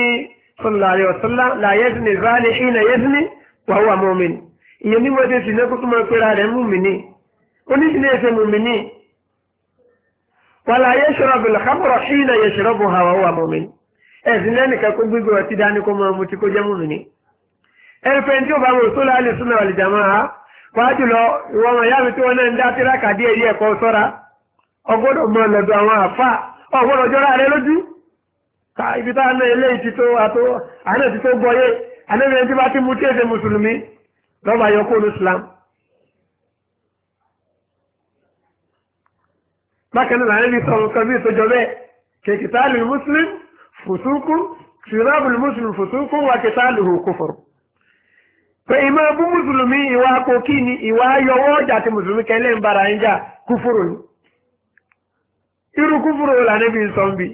sọlá rẹ̀ ọ̀sọ́lá làyẹ́sìnì ìbáni ìnà yẹ́sìnì wàhùwà mọ́min ìyẹn ní wọ́n ti sì lẹ́kọ́ tó máa pera rẹ̀ mùmìnì oníṣìlẹ̀ ẹ̀sẹ̀ mùmìnì wàlà yẹ́sọ̀rọ̀ bìlà kábọ̀rọ̀ ìnà yẹ́sọ̀rọ̀ bù hà tí ò bá mọ̀ sọlá alìsùn àlùjàmà pàájùlọ ìwọ ọmọ ìyá mi tí wọn náà ń dá tíráàkà díẹ̀ díẹ̀ kọ sọ́ra ọgbọ́dọ̀ mọ lọ́dọ̀ àwọn àfà ọgbọ́dọ̀ jọra rẹ lójú ká ibi tá a náà ilé ìtì tó àtó àná ti tó gbọyé ànábìyẹn tí bá ti mú tí èsè mùsùlùmí lọ́ba yọ kóòlù islam. bákan náà ànábì sọ̀rọ̀ kan bí ìtòjọ bẹ́ẹ̀ kèkìtà mùsùlùm fùsùnkù mùsùlùm fùsùnkù wà pé ìmọ̀ bú mùsùlùmí ìwà kòkí ni ìwà ayọwọ́ ọjà ti mùsùlùmí kẹlẹ́ ń bára ń kúfúrò ni irú kúfúrò là níbi sọ́nbì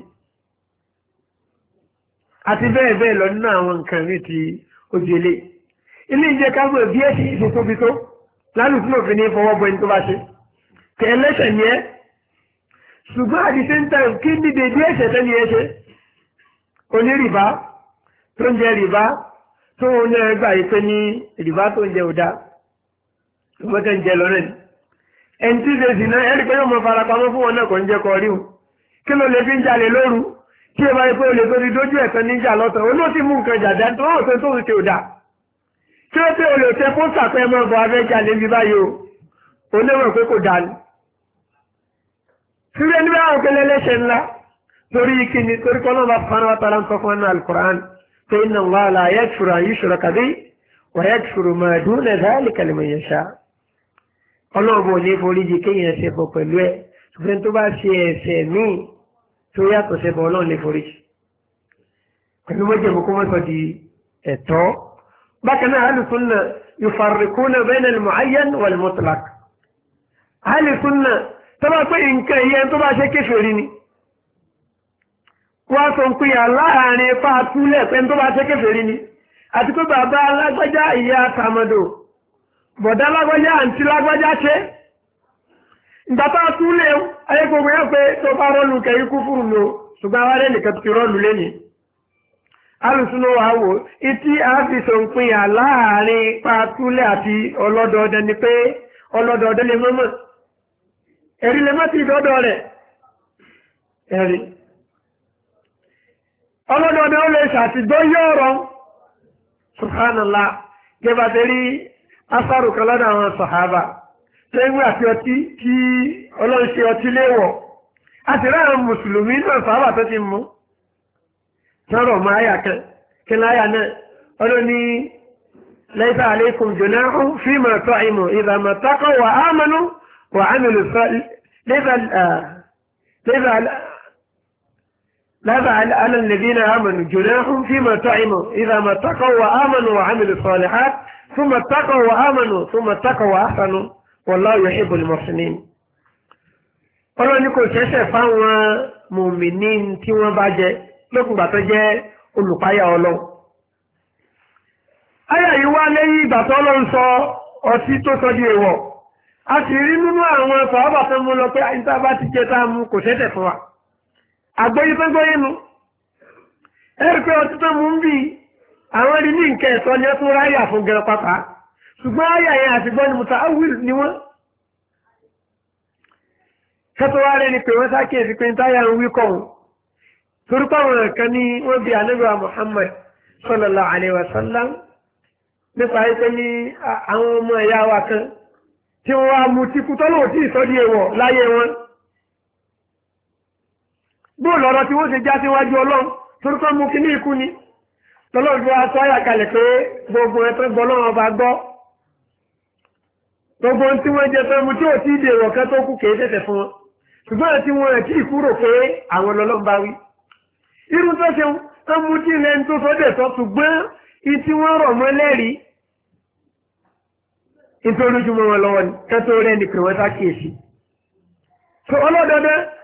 àti bẹ́ẹ̀ bẹ́ẹ̀ lọ nínú àwọn nǹkan ní ti òjèlé ilé ìjẹ́ kágbó bí ẹ̀sìn ìṣe ni ẹ́ ṣùgbọ́n at the same time kí níbi bí ẹ̀sẹ̀ tẹ́ni ẹ ṣe onírìbá tó tó ń ní ẹgbà yìí pé ní ìdìbá tó ń jẹ òdá ìgbọ́tẹ̀ ń jẹ lọ́rẹ̀ ni ẹni tí ṣe sì náà ẹni pé yóò mọ farapamọ́ fún wọn náà kò ń jẹ́ kọ rí o kí ló lè fi ń jalè lóru kí ẹ bá yẹ pé o lè tó di dójú ẹ̀sán níjà lọ́sàn ó ló ti mú nǹkan jàdá tó rò pé tó ń ṣe òdá kí ó pé o lè tẹ pósà pé ẹmọ ọgbọ abẹ́ jalè bí báyìí o onímọ̀ pé kò dáa ni. síbi ẹni àwọn kẹlẹ́lẹ́ṣẹ̀ ńlá torí kíni torí kọ́nà فإن الله لا يغفر أن يشرك به ويغفر ما دون ذلك لمن يشاء ọlọ́ọ̀bọ̀ ní foríjì kéèyàn ṣe bọ̀ pẹ̀lú ẹ̀ ṣùgbọ́n tó bá ṣe ẹ̀ṣẹ̀ míì tó yàtọ̀ ṣe bọ̀ ọlọ́ọ̀ ní foríjì pẹ̀lú mọ́jẹ̀mú kó mọ́sọ̀ di ẹ̀tọ́ bákan náà alùsùnà yufarrikuna bayna al-mu'ayyan wal-mutlaq alùsùnà tó bá pé nǹkan ìyẹn tó bá ṣe kéfèrí ni wọ́n sọ pé láàrin ipá túlẹ̀ pé tó bá ṣe ni àti pé bàbá alágbájá ìyá tàmọ̀dò bọ̀dá alágbájá àǹtí lágbájá ṣe ìgbàtà túlẹ̀ ayégbogbo yẹn pé tó bá rọ́lù ni mọ́mọ́ ẹ̀rí mọ́ rẹ̀ ẹ̀rí ọlọ́dọọdẹ ó lè ṣàtìgbọ́ yọ̀ọ̀rọ̀ subhanallah gẹ́gbà tẹ́ rí asáàrù kan lọ́dọ̀ àwọn sàhábà tẹ́gbẹ́ àti ọtí kí ọlọ́run ṣe ọtí léwọ̀ a sì ráàrùn mùsùlùmí náà sàhábà tó ti mú sọ́rọ̀ mọ́ àyà kí láyà náà ọlọ́run ní laysa alaykum junahun fima ta'imu idha ma taqaw wa amanu wa amilu لابا على الذين آمنوا جناح فيما تعموا إذا ما اتقوا وآمنوا وعملوا الصالحات ثم اتقوا وآمنوا ثم اتقوا وأحسنوا والله يحب المحسنين ọlọ́run ní kò ṣẹ́ṣẹ̀ fáwọn mòmìnì tí wọ́n bá jẹ lókùngbà tó jẹ́ olùpáyà ọlọ́run. àyà yìí wá lẹ́yìn ìgbà tó ọlọ́run sọ a sì rí nínú àwọn mú lọ pé àyíká bá ti tá a mú kò fún àgbóyí tó gbóyí nu ẹ̀rí pé ọtí tó mú ń bí àwọn rí ní nǹkan ẹ̀tọ́ ni ó tún ráyà fún gẹ̀rọ pápá ṣùgbọ́n ráyà yẹn àti gbọ́n ni mo ta awil ni wọ́n kẹ́tọ́ wá rẹ̀ ni pé wọ́n sákèsí pé táyà ń wí kọ̀ torí wọ́n bí ànábì Muhammad sallallahu alaihi wasallam nípa ẹgbẹ́ ní àwọn ọmọ ẹ̀yà wa kan tí wọ́n wá mutí kú tọ́lọ́ òtí ìsọ́dí ẹ̀wọ̀ láyé wọn bóò lọ́rọ̀ tí wọ́n ṣe já síwájú ọlọ́run torí pé mú kí ní ikú ni lọ́lọ́run fi aṣọ àyàkalẹ̀ pé gbogbo ẹ̀ tó gbọ́ lọ́wọ́ bá gbọ́ gbogbo tí wọ́n jẹ fẹ́ mu tí ò tí ì dèrò ọ̀kẹ́ tó kú kéé tẹ̀tẹ̀ fún wọn ṣùgbọ́n tí wọ́n rẹ̀ tí ìkúrò pé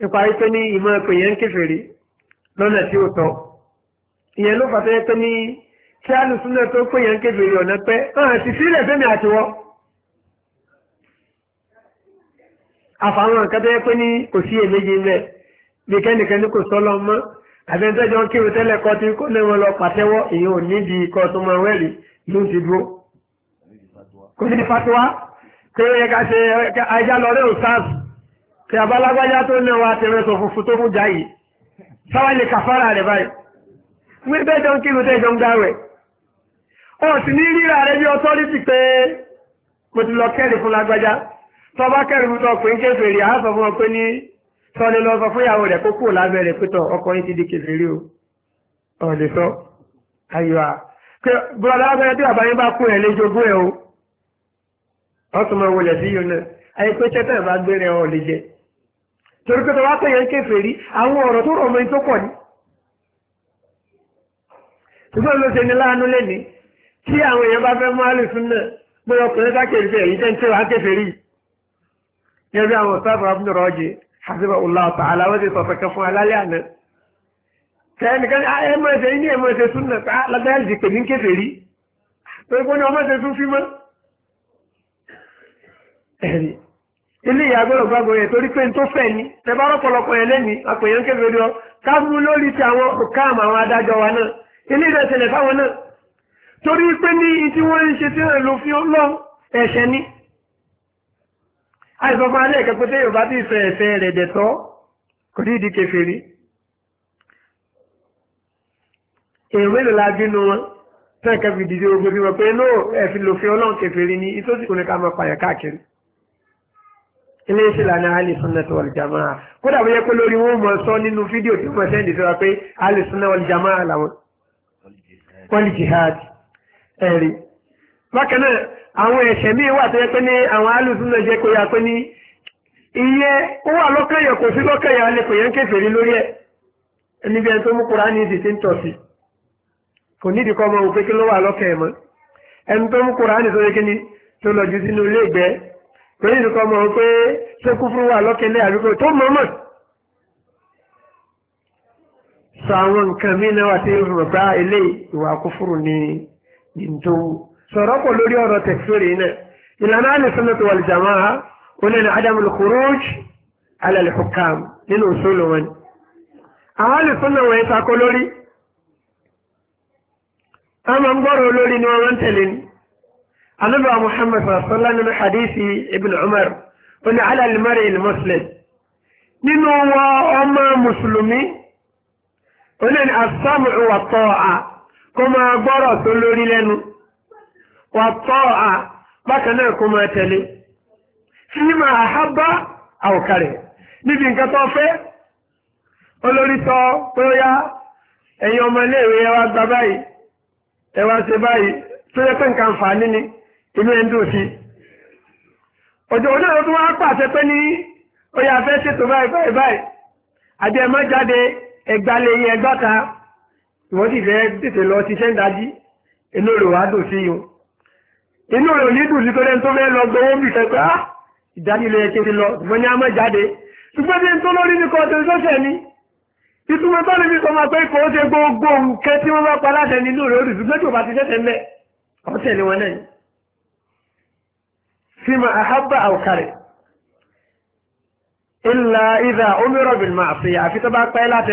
nípa wípé ní ìmọ̀ ẹ̀pẹ̀ yẹn ń kèfèrí lọ́nà tí ó tọ́ ìyẹn ló fàtọ́ yẹ pé ní kí alùsúnà tó pé yẹn ń kèfèrí ọ̀nà pẹ́ ọ̀hàn ti sílẹ̀ fẹ́mi àtiwọ́ àfàwọn nǹkan tó yẹ pé ní kò sí èméjì mẹ́ bí kẹ́nìkan ní kò sọ́lọ́ mọ́ àbẹ́ntẹ́jọ́ kí o tẹ́lẹ̀ kọ́ tí kó lẹ́wọ́n lọ pàtẹ́wọ́ èyí ò níbi ikọ̀ tó mọ wẹ́ẹ̀lì ló ti dúró kò ní fatuwa pé ó ṣe ajá tí abálágbájá tó lẹ́wà tẹ̀rẹ́ tó funfun tó mú jáyì sáwálẹ̀ kàfàrà rẹ̀ báyìí wí bẹ́jọ ń kírun tẹ́jọ ń dáwẹ̀ ọ sì ní ríra rẹ̀ bí ọtọ́rítì pé mo ti lọ kẹ́rì fún lágbájá tó bá kẹ́rì fún tọkùn ń kéfèrè á sọ fún ọ pé ní sọni lọ sọ fún ìyàwó rẹ̀ kó kúrò lábẹ́ rẹ̀ pé tọ ọkùnrin ti di kéfèrè o ọ lè sọ ayọ̀ pé bùrọ̀dá lábẹ́rẹ́ tí bàbá yín bá kú ẹ̀ lé ẹ̀ o ọ tún mọ wọlé sí yìí náà ayé pé tẹ́tẹ̀ bá gbé rẹ̀ lè jẹ́ torí pé tọwá pé yẹn kéfèrí àwọn ọ̀rọ̀ tó rọ̀ mọ́ni tó pọ̀ ní. ṣùgbọ́n ló ṣe ní láàánú lẹ́ni tí àwọn èèyàn bá fẹ́ mú àlùsùn náà pé ọkùnrin sákèrí fẹ́ èyí tẹ́ntẹ́ wá kéfèrí. yẹn bí àwọn sábà ń rọ̀ jẹ àṣìbà ọ̀làọ̀tà aláwọ̀ ti sọ̀fẹ̀ kan fún alálẹ́ àná. kẹ́nìkan ah, ẹ ah, mọ̀ ilé ìyàgbọ́rọ̀ gbàgbọ́ yẹn torí pé n tó fẹ́ ni tẹ́bá rọ́pọ̀lọpọ̀ yẹn lẹ́ni àpèyàn kékeré ọ káàmù lórí ti àwọn òkàmù àwọn adájọ́ wa náà ilé ìdá ìṣẹ̀lẹ̀ fáwọn náà torí pé ní tí wọ́n ń ṣe tí wọ́n lò fi lọ ẹ̀ṣẹ̀ ni. àìsàn fún alẹ́ ìkẹ́kọ̀ọ́ tẹ́ yorùbá ti fẹ́ ẹ̀fẹ́ rẹ̀ dẹ̀tọ́ kò ní ìdí kẹfẹ́rí. èèyàn mélòó la ni ìtòsí kò ní ká iléeṣẹ́ ìlànà alìsúnnàtì wàlìjàmáà kódà bó yẹ pé lórí wọn mọ̀ sọ nínú fídíò tí wọ́n sẹ́ndì sọ́ra pé alìsúnnà wàlìjàmáà làwọn wọ́n jihad ẹ̀rí bákan náà àwọn ẹ̀ṣẹ̀ míì wà tó yẹ pé ní àwọn alìsúnnà jẹ́ kó yà pé ní iye ó wà lọ́kànyà kò sí lọ́kànyà alẹ́ kò yẹn ń kèfèrí lórí ẹ̀ níbi ẹni tó mú kura ní ìdí tí ń tọ̀sí kò nídìí kọ́ ọmọ òpé kí ló wà lọ́kànyà mọ́ ẹni tó mú kura ní sọ́jọ́ kí ni tó lọ ju sínú ilé ìgbẹ́ torí nìkan mọ̀ pé ṣé kúfúrú wà lọ́kẹ́lẹ́ àdúgbò tó mọ̀ mọ̀ sọ àwọn nǹkan mí náà wà sí rò bá ilé ìwà kúfúrú ní nìtòwú sọ̀rọ̀ pọ̀ lórí ọ̀rọ̀ tẹ̀síwèrè náà ìlànà al-sunnah wal jama'a onílẹ̀ adam al-khuruj ala al-hukam nínú usul wọn àwọn al-sunnah wọ̀nyí takọ lórí a gbọ́rọ̀ lórí ni wọ́n máa tẹ̀lé ni anábà muhammad sọ̀rọ̀sọ́lá nínú hadithi ibn umar ó ní alàlùmọ́rì ilmọ́sílẹ̀ nínú wọn ọmọ mùsùlùmí ó ní asámù wàtọ́ à kó máa gbọ́rọ̀ tó lórí lẹ́nu wàtọ́ à bákan náà kó máa tẹ̀lé fíìmà àhábá àwòkárẹ̀ níbi nǹkan tó fẹ́ olórí tọ́ pé ó yá ẹ̀yin ọmọ iléèwé ẹ wá gba báyìí ẹ wá ṣe báyìí tó yẹ pé nǹkan fà á níní inú ẹ̀ ń dùn sí ọjọ́ onáà tó wá pàṣẹ pé ní oyè afẹ́ ṣètò báyìí báyìí báyìí àti ẹ̀mọ́ jáde ẹgbàlẹ́yìn ẹgbàta wọ́n sì fẹ́ tètè lọ ṣiṣẹ́ ń dají inú rẹ̀ wá dùn sí yìí inú rẹ̀ òní dùn sí tó lẹ́nu tó fẹ́ lọ gbowó bì sẹ́pẹ́ á ah, ìdánilẹ̀ ẹ̀ kiri lọ ṣùgbọ́n ní àmọ́ jáde ṣùgbọ́n ní tó lórí ní kọ́ọ̀tù sọ́sẹ̀ ni ìtumọ̀ tó lè fi sọ máa pé kò ó ṣe gbogbo nǹkan tí wọ́n bá pa láṣẹ nínú rẹ̀ òrùsùgbọ́n tí ò bá ti ṣẹ̀ṣẹ̀ mẹ́ ọ̀tẹ̀ ni wọ́n náà فيما أحب أو كره إلا إذا أمر بالمعصية في تبع قيلات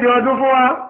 wọn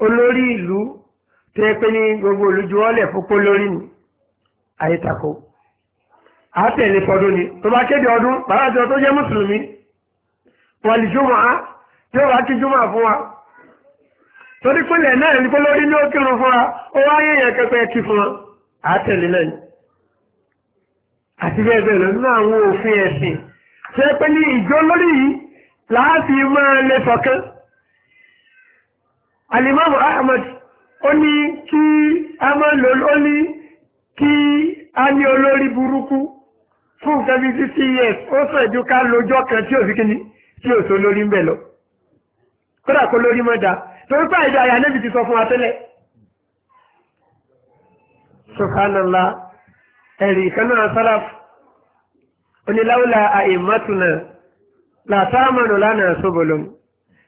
olórí ìlú tó yẹ pé ní gbogbo olùjúwọ́lẹ̀ pópó lórí ni àyètàkó àátẹ̀lé fọdún ni tó bá kéde ọdún bàbá àti ọtọ́ jẹ́ mùsùlùmí wọ́n lè jùmọ̀ á tí ó bá kí jùmọ̀ fún wa torí pínlẹ̀ náà ní pé lórí ní ó kírun fún wa ó wá yẹ̀yẹ̀ kẹ́kẹ́ kí fún wa àátẹ̀lé náà àti bẹ́ẹ̀ bẹ́ẹ̀ lọ nínú àwọn òfin ẹ̀sìn tó yẹ pé ní ìjọ lórí yìí láti máa lè fọkàn alimamu ahmad ó ní kí a máa lò ó ní kí a ní olórí burúkú fún nǹkan bí títí yes ó sọ ìjú ká lójọ́ kan tí ò sí kíní tí ò sọ lórí ń bẹ̀ lọ kódà kó lórí mọ́ da torí pé àìdá àyà níbi ti sọ fún wa tẹ́lẹ̀ subhanallah ẹ̀rì ìkanáà salaf oníláwùlà àìmọ́tùnà làtàmọ̀nù lánàá sóbòlónù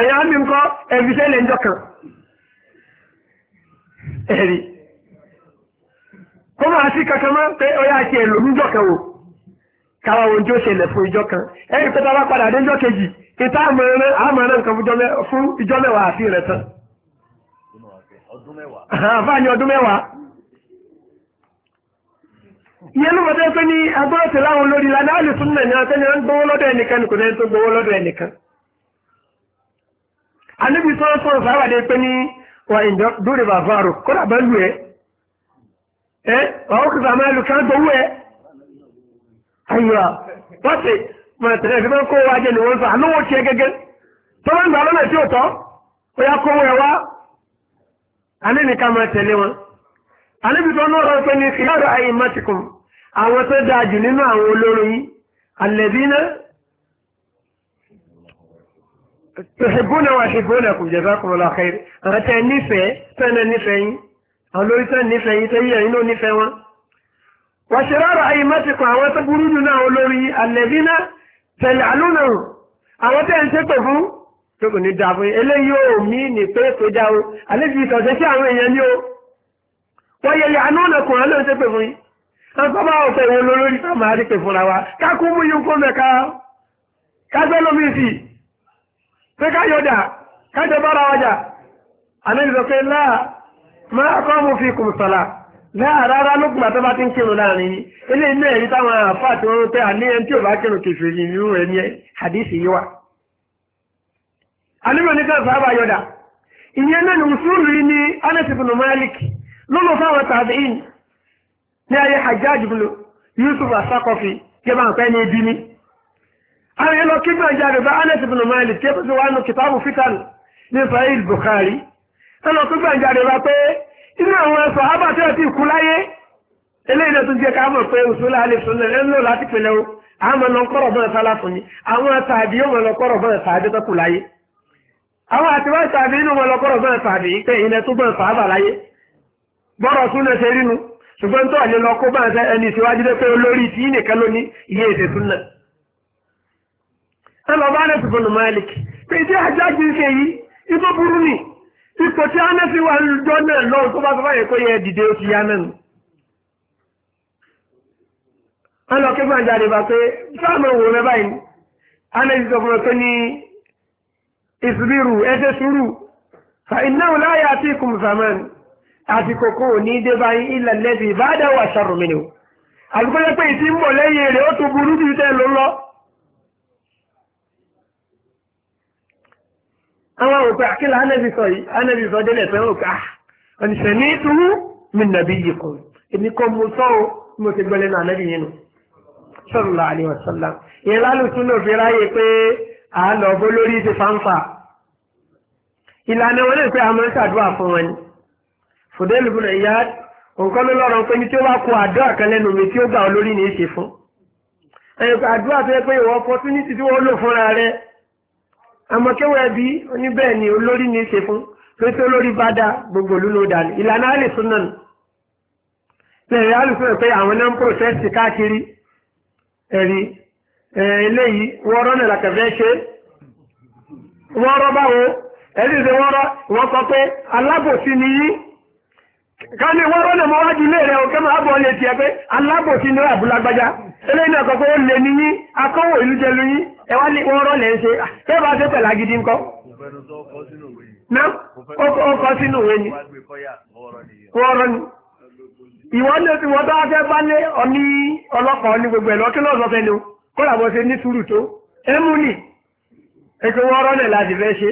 ẹ̀yà mi nǹkan ẹ̀bí sẹ́lẹ̀ ńjọ kan ẹ̀rí kó máa sí kankan máa ń pé ọyá àti ẹ̀lò níjọ kan wò káwa ohun tí ṣẹlẹ̀ fún ìjọ kan ẹ̀rí pé padà dé ìjọ kejì ìta àmọ̀ràn àmọ̀ràn fún ìjọ mẹ́wàá àti rẹ̀ tán àfáàní ọdún mẹ́wàá ìyẹn ló mọ̀tẹ́ pé ní olórí lánàá lè tún gbowó lọ́dọ̀ ẹnìkan tó gbowó lọ́dọ̀ ẹnìkan alébí sọ́rọ̀ sọ́rọ̀ sáwàdé pé ní wà ìjọ dórí bàbáàrò kódà bá lù ẹ́ ẹ́ wà ó kìsà máa lù kí wọ́n gbowó ẹ́ ayiwa wọ́n ti mọ̀ tẹ̀lé fi kó wa ni wọ́n sọ àánú wò tiẹ̀ gẹ́gẹ́ tó bá ń gbà lọ́nà tí ò tòhìbùnà wà ṣìbùnà kò jẹ́ sákùnrin lọ́kẹ́rì àwọn tẹ́ nífẹ̀ẹ́ tẹ́nà nífẹ̀ẹ́ yín àwọn lórí tẹ́ nífẹ̀ẹ́ yín tẹ́yí ẹ̀yìn ló nífẹ̀ẹ́ wọn. wà ṣe rárá ayé mẹ́tìkọ àwọn tó burú jù náà olórí alẹ́bínà tẹ̀lé àlùnà àwọn tẹ́ ń ṣépè fún tó ní dà eléyìí ò mí ní pé kò já o àlejò ìtọ̀jẹ́ sí àwọn èèyàn ni o wọ́n yẹlẹ̀ àlùnà kò hàn ló ń ṣépè fún yín àkọ́bá ọ̀pẹ̀ ìwọ̀n lórí ká máa rí pè fúnra wa ká kú mú yín pé ka yoda ka bára ọjà àlejò sọ pé láà máa kọ́ mú fi kùn sọ̀la láà rárá lókùnbà tó bá ti ń kírun láàrin yìí ilé ilé ẹ̀rí táwọn àfà tí wọ́n pé àníyàn tí ò bá kírun kìfì nínú rẹ̀ ní Anas ibn Malik Hajjaj ibn Yusuf ààrẹ lọ kí gbọ́njẹ́ àgbẹ̀bá Anas ibn Malik tí ó sì wà nù kìtàbù fitan ní sahih Bukhari ẹ lọ kí gbọ́njẹ́ àgbẹ̀bá pé inú àwọn ẹ̀sọ̀ ábà tí ó ti kú láyé eléyìí náà tún jẹ́ ká mọ̀ pé òṣùlá alẹ́ sùn náà ń lò láti pinnu o àmọ́ lọ kọ́rọ̀ bọ́ọ̀ sálá fún ni àwọn àtàdé yóò mọ̀ lọ kọ́rọ̀ bọ́ọ̀ sàádé tó kù láyé àwọn àtiwá ìtàdé inú mọ̀ lọ kọ́rọ̀ bọ́ọ̀ sàádé pé tó bọ́ọ̀ sàábà láyé bọ́rọ̀ tún ṣe rínu ṣùgbọ́n tó àlè lọ kó bá ń sẹ ẹni dé pé olórí tí nìkan ló ní iye ẹlọ bá Anas ibn Malik pé tí Hajjaj ń ṣe yìí ibó burú ni ipò tí Anas wà lọ́jọ́ náà lọ́wọ́ tó bá tó báyẹ̀ kó yẹ dìde ó ti yá náà wọ́n lọ kébà jáde bá pé sáàmù wò rẹ báyìí Anas sọ fún ọkọ ní ìsìbírù ẹsẹ sùúrù fa innahu la ya'tikum zaman àti kòkó ní dé báyìí illa alladhi ba'dahu wa sharrun minhu àgbẹ̀pẹ̀ pé ìtì ń bọ̀ lẹ́yìn rẹ̀ ó tó burú jù àwọn òpè àkílà anẹ́bí sọ yìí anẹ́bí sọ délẹ̀ pé ó ká ọ̀nìṣẹ́ ní túwú mi nàbí yìí kọ̀ èmi kọ́ mo sọ o mo ti gbọ́ lẹ́nu anẹ́bí yìí nù sallallahu alaihi wasallam ìyẹn lálùtún náà fi ráyè pé à ń lọ bó lórí ti fáńfà ìlànà wọn pé àmọ́ ṣàdúrà fún wọn ni bùnà ìyá nǹkan ló lọ́rọ̀ pé ní tí ó bá kó àdúrà kan lẹ́nu mi tí ó gbà olórí ní àmọ́ kí wọ́n ẹbí oníbẹ̀ẹ́ ni olórí ní ṣe fún pé olórí bá dá gbogbo ìlú ló ilana ní ìlànà àlùsùn náà lẹ́yìn àlùsùn pé àwọn náà ń pòṣẹ́sì káàkiri ẹ̀rí eléyìí wọ́n rọ́ nílà ṣe wọ́n báwo ẹ̀rí ṣe wọ́n wọ́n sọ pé alábòsí ni yí ká ní wọ́n rọ́ ní wájú ilé rẹ̀ òkè máa bọ̀ lè tiẹ̀ pé alábòsí ni ó àbúlágbájá eléyìí náà kọ ẹ wá ní wọ́n rọ́lẹ̀ ń ṣe tẹ́bà ah, ṣe pẹ̀lú agidi ńkọ́. ná ó kọ́ sínú ìwé ni wọ́n rọ́ ni. ìwọ ní oṣù wọ́n tó wá fẹ́ bá lé ọní ní gbogbo ẹ̀ lọ́kí náà sọ fẹ́ni o kó ṣe ní sùúrù tó ẹ mú nì ètò wọ́n rọ́lẹ̀ láti fẹ́ ṣe.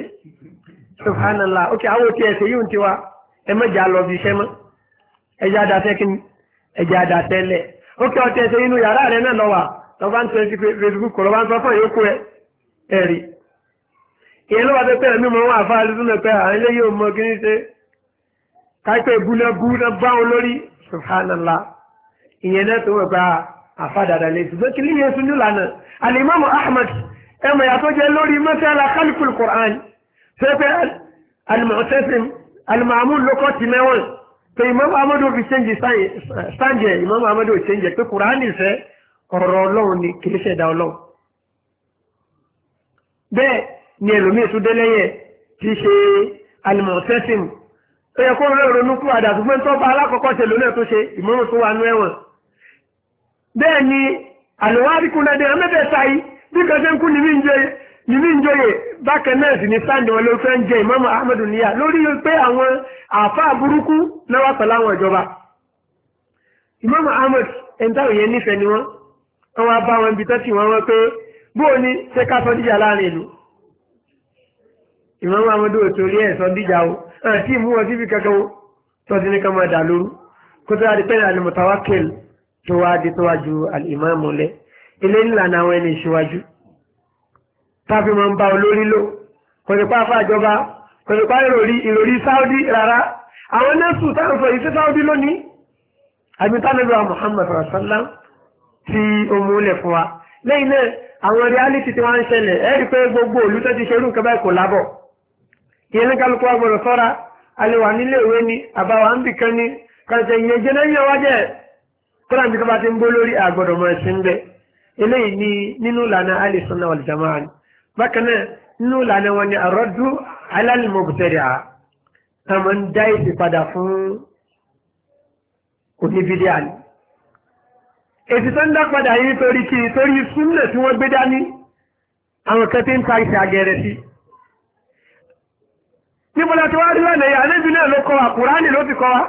subhanallah ok àwọn ẹ lọ bí kí ni ok ọtí inú yàrá rẹ náà lọ wà lọ́ba ń tẹ́sí facebook lọ́ba ń sọ fún ìyókù ẹ ẹ̀rí ìyẹn ló wà tó pẹ́ mímọ́ wọn àfa àdúgbò pé àwọn eléyìí ò mọ kí ní ṣe káìpẹ́ búlẹ̀ bú náà bá wọn lórí subhanallah ìyẹn náà tó wọ̀ pé àfa dàda lè ṣùgbọ́n kí níyẹn sún ní lànà alimami ahmad ẹ mọ̀ yàtọ̀ jẹ́ lórí mẹ́sàlá kálífù quran ṣé pé alimọ̀tẹ́sìn alimamu lókọ́ ti mẹ́wọ̀n pé imam amadu fi ṣẹ́ǹjì sáǹjẹ̀ imam amadu ò ṣẹ́ǹjẹ̀ pé quran ìfẹ́ ọ̀rọ̀ ọlọ́run ni kìí ṣẹ̀dá ọlọ́run bẹ́ẹ̀ ni ẹlòmíì tún délẹ́yẹ̀ tí ṣe alimọ̀sẹ́sìn ó yẹ kó rẹ̀ ronú kú àdàtú pé tó bá alákọ̀ọ́kọ́ ṣe lónà tó ṣe ìmọ̀ràn tó wà nú ẹ̀wọ̀n bẹ́ẹ̀ ni àlùwárìkúnlẹ́dẹ́ ẹ̀mẹ́fẹ́ sáyé bí kan ṣe ń kú níbi ń jẹyẹ nínú ìjọyè bákan náà sì ni sáàdì wọn ló fẹ́ ń jẹ ìmọ́mọ̀ ahmedu níyà lórí pé àwọn àáfàá burúkú náwà pẹ̀lú àwọn ìjọba ìmọ́mọ̀ ahmed ẹ̀ńtàwòyẹ nífẹ̀ẹ́ ni wọ́n wọ́n wá bá wọn ibi tẹ́tì wọn wọ́n pé bóò ní ṣé ká sọ díjà láàrin ìlú ìmọ̀ àwọn ọmọdé òtò orí ẹ̀ sọ díjà o àti ìmú wọn síbi kankan o tó ti ní ká máa dà lóru kó tó wá di pẹ́ẹ́nì al-mutawakkil tó wá di tó wá ju al-imamu lẹ̀ ilé ńlànà àwọn ẹni ìṣíwájú táfi máa ń bá olórí lò kò ní pa afá ìjọba kò ní pa ìròrí ìròrí Saudi rárá àwọn nẹ́sù táwọn sọ ìṣe Saudi lónìí àbí tánàbí wa Muhammad sallallahu tí ó múlẹ̀ fún wa lẹ́yìn náà àwọn reality tí wọ́n ń ṣẹlẹ̀ ẹ rí pé gbogbo òlú tó ti ṣerú nǹkan kò lábọ̀ ìyẹn ní kálukú wa gbọ́dọ̀ sọ́ra alẹ́wà nílé ìwé ni àbáwá ń bì kan ni kàṣẹ ìyẹn jẹ́ lẹ́yìn ọwọ́ jẹ́ kọ́nà bí kọ́ba ti ń bó lórí àgbọ̀dọ̀ mọ̀ ẹ̀sìn ń bẹ eléyìí ni nínú ìlànà alìsọ́nà wàlìjàmáà ni bákan náà nínú ìlànà wọn ni àrọ́dú alálìmọ̀gùtẹ̀rẹ̀ à àmọ́ ń dá ìsì padà fún oníbídíà ni èsì tó ń dápadà yìí torí kí torí súnlẹ̀ tí wọ́n gbé dání àwọn kan tí ń ta ìṣẹ́ àgẹ̀rẹ̀ sí níbọ̀lá tí wá rí lọ́nà ìyá níbi náà ló kọ àkùránì ló fi kọ wá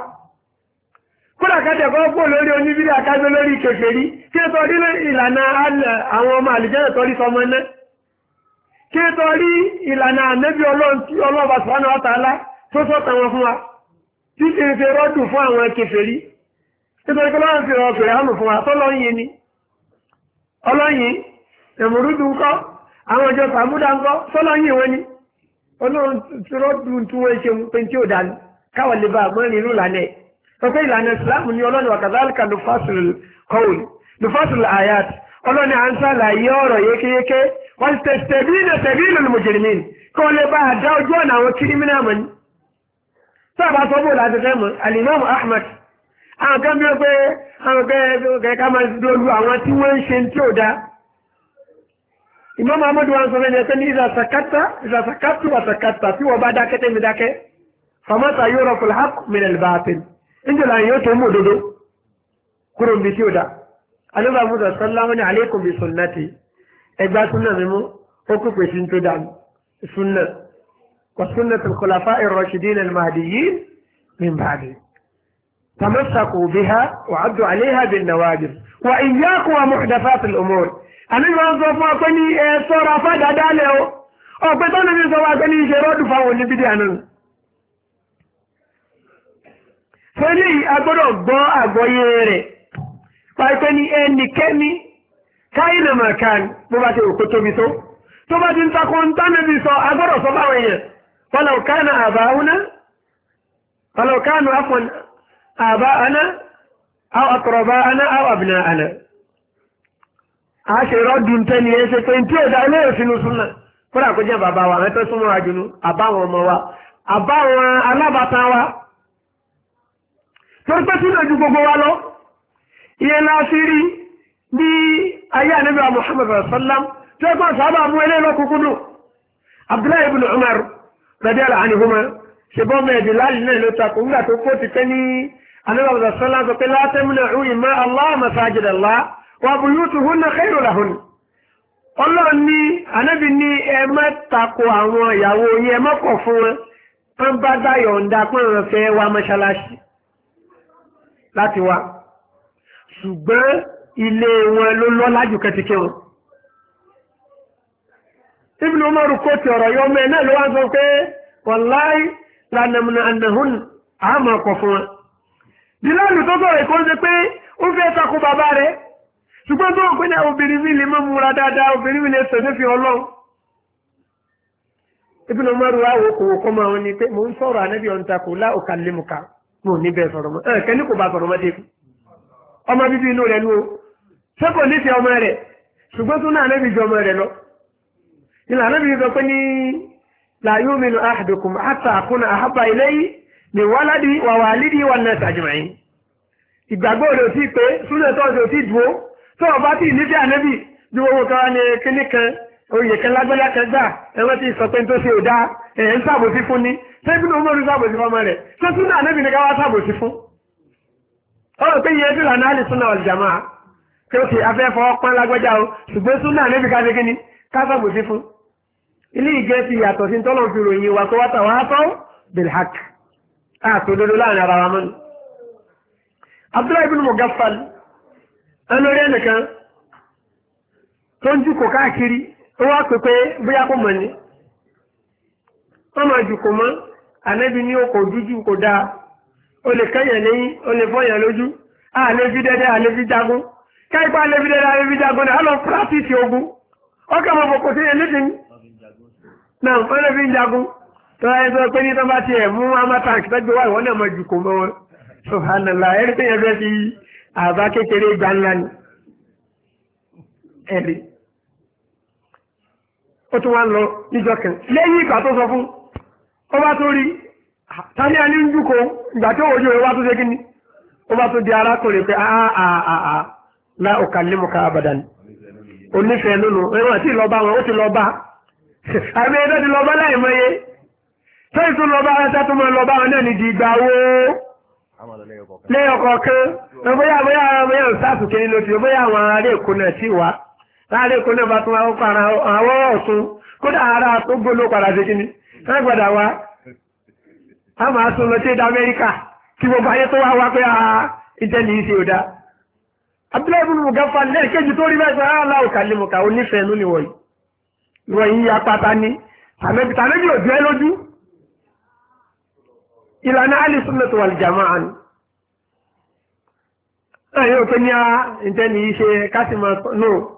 kúrò kẹ́tẹ̀kọ́ pò lórí oníbírí akájọ́ lórí kèfèrí kí ó tọrí ìlànà àwọn ọmọ àlìjẹ́rẹ̀ tọrí sọmọ náà kí ó tọrí ìlànà ànẹ́bí ọlọ́ọ̀bà sọ́nà ọ̀tàlá tó sọ́tà nítorí pé lọ́rùn ti rọ ọ̀fẹ́ hànú fún wa tọ́lọ́yìn ni ọlọ́yìn ẹ̀mùrúdù ńkọ́ àwọn ìjọ sàmúdà ńkọ́ tọ́lọ́yìn wọn ni olóhùn tí rọ́ọ̀dù tí wọ́n ṣe pé tí ò dání káwọn lè bá àmọ́rin ìlú lànà ẹ̀ pẹ̀pẹ́ ìlànà ìsìláàmù ni ọlọ́ni wàkàtàlùkà lùfásùlù kọ́wùlù lùfásùlù àyàt ọlọ́ni à ń sàlàyé ọ̀rọ̀ ní tẹ̀bí ìlú mùjìrìmí kí wọ́n lè ahmed àwọn kan mẹ́ pé àwọn kẹ́kẹ́ ká máa dúró àwọn tí wọ́n ń ṣe tí ó dá Imam Ahmad wa sọ mẹ́rin ẹ̀kẹ́ ní ìzàsàkátà ìzàsàkátù àsàkátà tí wọ́n bá dákẹ́tẹ́ mi dákẹ́ famata yóò rọ fún hàkù mìíràn bá pè níjọba yóò tó mú òdodo kúrò níbi tí ó dá alóba musa sallallahu sunna mi ó kú sí tó dá sunna wa sunnatul khulafa ar-rashidin al-mahdiyyin min ba'di تمسكوا بها وعدوا عليها بالنواجذ وإياكم ومحدثات الأمور أنا يوظف ما كني صورة فدا داليو أو بطن من سوا كني شرود فاولي بدي أنا فلي أقول أبو أبو يري فايكني أني كني كاين ما كان بباتي أكتبي تو تباتي انت كنت نبي سو أقول أصبعوا فلو كان أباؤنا فلو كانوا عفوا آباءنا أو أقرباءنا أو أبناءنا àṣèrọ́ dùn tẹ́ni ẹ ṣe pé tí ẹ̀dá olóyè sínú súnà fúnra kó jẹ́ bàbá wa àwọn ẹ̀tọ́ súnmọ́ wa jùlọ àbáwọn ọmọ wa àbáwọn alábàtà wa torí pé sínú ojú gbogbo wa lọ iye la fi rí ní ayé ànábì wa Muhammad sallam tí ó gbọ́n sábà mú ilé lọ kúkú dùn Abdullahi ibn Umar radiyallahu anhuma ṣe bọ́ mẹ́ẹ̀dì láàrin náà ló takò ńgbà tó kó ti tẹ́ ní anábàbà sọ́lá sọ pé látẹ́múnà òun ìmọ̀ aláwọ̀ masajidàlá wà bùyútù hún náà kẹ́rù làhùn ọlọ́run ní anábì ní ẹ má tako àwọn ìyàwó yín ẹ má kọ̀ fún wọn wọn bá dáyọ̀ ń da pé wọn fẹ́ wá mọ́ṣáláṣí láti wá ṣùgbọ́n ilé wọn ló lọ lájú kẹtíkẹ́ wọn ibùdó mọ́rù kó ti ọ̀rọ̀ yọ ọmọ ẹ̀ náà ló wá sọ pé wọ́n láì lànàmùnà ànàhùn àmọ́ ọkọ̀ fún wọn dìláàlù tó sọ̀rọ̀ ìkó ṣe pé ó fẹ́ takò bàbá rẹ̀ ṣùgbọ́n tó pé obìnrin mi lè mọ́ múra dáadáa obìnrin mi lè fi ọlọ́run ibùdó mọ́rù wá kọ́ máa ní pé mò ń sọ̀rọ̀ ànábì ọ̀n takò láòkà lémùká mò ní bẹ́ẹ̀ sọ̀rọ̀ mọ́ ẹ̀ kẹ́ni kò bá sọ̀rọ̀ mọ́dé ọmọ bíbí inú rẹ̀ ló ṣé kò ọmọ rẹ̀ ṣùgbọ́n lè wáládì wàwàlídì wà náà sàjìmáyìn ìgbàgbọ́ rẹ̀ ti pé súnlẹ̀ tó ṣe ti dúó tó ọba tí ìlífẹ́ ànẹ́bì ju owó kan ni kíní kan oyè kan lágbẹ́lá kan gbà ẹwọ́n ti sọ pé tó ṣe ò ẹ̀ ń sàbòsí fún ni tẹ́bí ló mọ́rin sàbòsí rẹ̀ tó súnlẹ̀ ni sàbòsí fún ọ̀rọ̀ pé yẹn náà pọ́n lágbẹ́já o ṣùgbọ́n súnlẹ̀ ànẹ́bì ká àti òdodo láàrin ara wa mọ́nu Abdullahi ibn Mughaffal ẹnu orí ẹnìkan tó ń jùkò káàkiri ó wá pè pé bóyá kò mọ̀ ní wọ́n máa jùkò mọ́ ànẹ́bí ní okò dúdú kò dáa o lè kẹ́yàn lẹ́yìn o lè fọ́yàn lójú àlèfi dẹ́dẹ́ àlèfi jagun káìpá àlèfi dẹ́dẹ́ àlèfi jagun náà lọ pírátìsì ogun ọkọ̀ mọ̀ fòkòtì ẹlẹ́dìn náà ọlẹ́fi jagun tó ẹ sọ pé ní tó bá tiẹ̀ mú amátàǹk tó gbé wá náà mọ ju kò mọ wọn subhanallah ẹni tó yẹn fẹ́ fi àbá kékeré gbà ńlá ni ẹ̀rí ó tún wá ń lọ níjọ kan lẹ́yìn ìgbà tó sọ fún ó bá tó rí tani àní ń ju ìgbà tó tó ṣe kí ni ó bá tó di arákùnrin pé onífẹ̀ẹ́ ẹ̀rọ àti ìlọ́ba wọn ó ti lọ́ba ti lọ́ba láì tẹ́yì tó lọ bá ara tẹ́ tó mọ́ lọ bá wọn náà ní di ìgbà owó lẹ́yọkọ̀ọ̀kan bóyá bóyá bóyá òsáàtù kiri ló ti bóyá àwọn ará èkó náà sí wá láàrin èkó náà bá tún wọn pa àwọn ọ̀tún kódà ara tó gbóló padà sí kíní wọ́n gbọ́dà wá a máa tún lọ sí èdè Amẹ́ríkà kí ah, ah, ni wọ̀nyí wọ̀nyí apáta ní tàbí òjú ẹ lójú إلى أن أهل السنة والجماعة أيوة كنيا أنت نيشي كاسم نو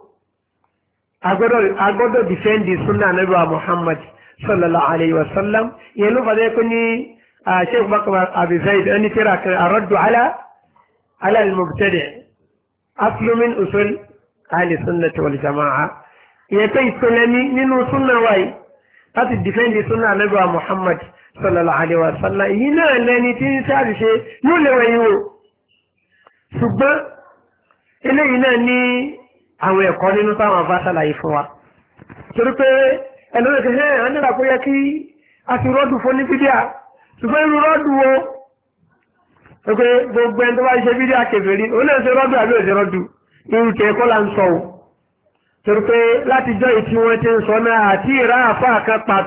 أقدر أقدر ديفند السنة النبي محمد صلى الله عليه وسلم يلو فدي كني الشيخ آه بكر أبي زيد أني على على المبتدع أصل من أصول أهل السنة والجماعة يتي سلمي من السنة واي أتي ديفند السنة النبي sallallahu alaihi wa sallam èyí náà lẹni tí ń sáàbì ṣe yóò lẹ́wọ̀ yìí o ṣùgbọ́n eléyìí náà ní àwọn ẹ̀kọ́ nínú táwọn bá ṣàlàyé fún wa torí pé ẹlọ́rẹ̀ kìí ṣe àwọn nígbà kó yẹ kí a ti rọ́dù fún ní fídíà ṣùgbọ́n irú rọ́dù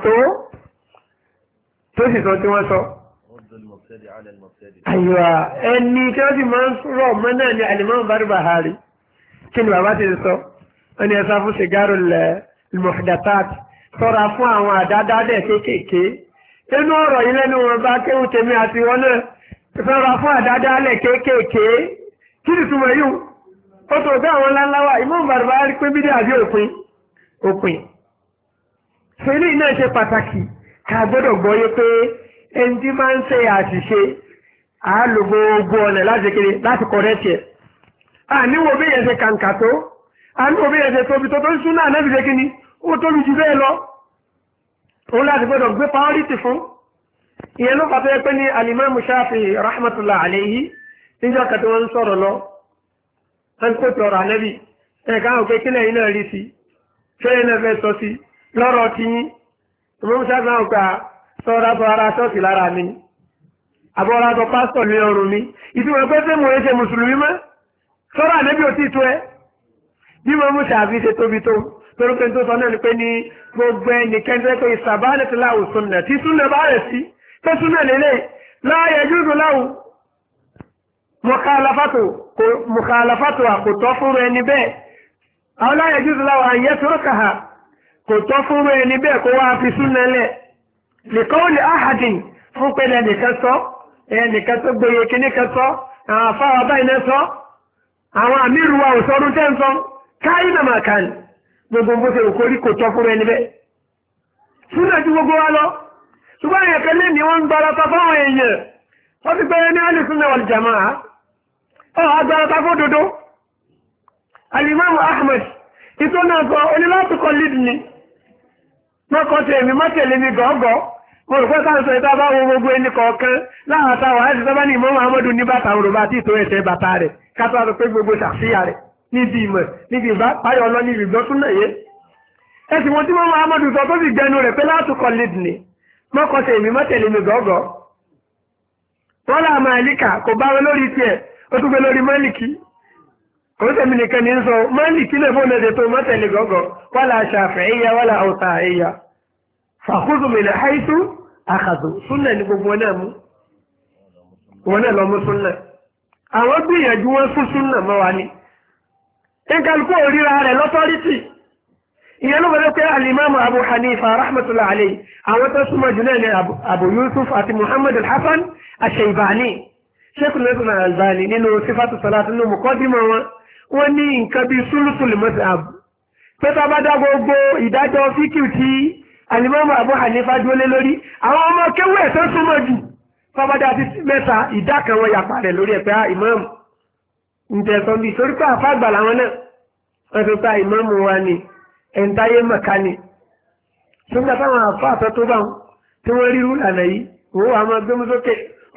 o tó sì sọ tí wọ́n sọ. àyíwá ẹni tí wọ́n sì máa ń rọ̀ mọ́ náà ni alimami bariba hari kí ni bàbá ti sọ wọ́n ní ẹ̀sán fún sigaru lmuhdatat sọ́ra fún àwọn àdádádẹ̀ kéékèèké inú ọ̀rọ̀ yìí lẹ́nu wọn bá kéwù tèmi àti wọn náà sọ́ra fún àdádádẹ̀ kéékèèké kí ni túmọ̀ yìí ó tó bẹ́ àwọn ńláńláwà imam bariba hari pé bídí àbí òpin òpin. sẹ́lẹ̀ náà ṣe pàtàkì ká gbọ́dọ̀ gbọ́yé pé ẹni tí máa ń ṣe àṣìṣe á lo gbogbo ọ̀nà láti kiri láti kọ̀rẹ́tì ẹ̀. a níwò bí yẹn ṣe kàǹkà tó a níwò bí yẹn ṣe tóbi tó tó ń súnà náà fi ṣe kíni ó tóbi jù bẹ́ẹ̀ lọ. òun láti gbọ́dọ̀ gbé pàórítì fún. ìyẹn ló fàtọ́ yẹ pé ní alimami shafi rahmatulah alayhi níjọ́ kàtí wọ́n ń sọ̀rọ̀ lọ. wọ́n kó tọrọ ànẹ́bì ẹ̀ka àwọn pé kílẹ̀ yìí náà rí sí fẹ́ẹ́ náà fẹ́ sọ sí lọ́rọ̀ tiyín ìmọ̀mú sáà náà gba sọ́ra bọ́ ara ṣọ́ọ̀ṣì lára mi ni àbọ̀ra bọ́ pásítọ̀ ní ọrùn mi ìtumọ̀ pé pé mo ń ṣe mùsùlùmí mọ́ sọ́ra ànábì òtí tó ẹ bí mo mú sàbí ṣe tóbi tó torí pé tó sọ náà ni pé ní gbogbo ẹnìkẹ́ni tó pé ìsàbálẹ̀ tó láwù súnà tí súnà bá rẹ̀ sí pé súnà lélẹ̀ láàyè júùdù láwù mọ̀kàlàfàtò àkótọ́ fún ẹni bẹ́ẹ̀ àwọn láàyè júùdù láwù àyẹ̀tò kàhà kò tọ́ fún rẹ̀ níbẹ̀ kó wá fi súnlẹ̀lẹ̀ nìkan ó lè áhàdìn fún pẹ̀lẹ̀ nìkan sọ ẹnìkan tó gbèrò kíní kan sọ àwọn afárá báyìí náà sọ àwọn àmírù wa ò sọrún tẹ́ ń sọ káyí nà máa kàn gbogbo bó ṣe òkò rí kò tọ́ fún rẹ̀ níbẹ̀ súnlẹ̀ ju gbogbo wa lọ ṣùgbọ́n èèyàn kan lè ní wọ́n ń gbára ta fáwọn èèyàn wọ́n ti gbẹ́rẹ́ ní alìsúnlẹ̀ wal jamaa ọ̀ agbára ta fún dodo alimamu ahmed ìtọ́nà sọ onílàtúkọ̀ lídìí mọ́kọ́ tí èmi mọ́tẹ̀lé mi gọ́ọ̀gọ́ mo rò pẹ́ta sọ ìta bá wo gbogbo ẹni kọ̀ọ̀kan láwọn àtàwọn àti sábà ní ìmọ̀mọ̀ amọ́dù ní bàtà òrùba àti ìtò ẹ̀sẹ̀ bàtà rẹ̀ kátó àti pé gbogbo ṣàfihàn rẹ̀ níbi ìmọ̀ níbi ìbá páyọ̀ lọ níbi ìgbọ́ tún náà yé ẹsì wọn tí mọ́mọ̀ amọ́dù sọ tó sì gbẹnu rẹ̀ pé látùkọ̀ lẹ́dìní mọ́kọ́ tí èmi mọ́tẹ̀lé mi gọ́ọ̀gọ́ wọ́n láàmú àlíkà orítẹ̀mí nìkan ní sọ mọ́lì kí lè fún ẹ̀dẹ̀ tó mọ́tẹ̀lẹ̀ gọ́gọ́ wọ́la ṣàfẹ́yà wọ́la ọ̀tàyà fàkúzùmìnà àìsù àkàzù súnà ní gbogbo wọn náà lọ́mú súnà àwọn gbìyànjú wọn fún súnà mọ́ wa ni ẹnkàlùkù òríra rẹ̀ lọ́tọ́rítì ìyẹn ló bẹ̀rẹ̀ pé alimami abu hanifa rahmatulah alayhi àwọn tó súnmọ́ jù náà ní abu yusuf àti muhammad alhassan ashaibani sheikh nasir albani nínú sifatu salatu nínú mukọ́dímọ̀ wọn wọ́n ní nǹkan bíi sulusul mazhab pé tá a bá dá gbogbo ìdájọ́ fíkìú tí alimọ́mọ́ Abu Hanifa dúró lé lórí àwọn ọmọ kéwú ẹ̀ tó súnmọ́ jù fọ́bọ́dá ti mẹ́ta ìdá kan wọ́n yapa rẹ̀ lórí ẹ̀pẹ́ ìmọ́ọ̀mù ǹjẹ́ sọ bí sórí pé àfàgbà làwọn náà wọ́n fi pa wa ni ẹ̀ǹtáyé mọ̀ká ni ṣùgbọ́n táwọn àfà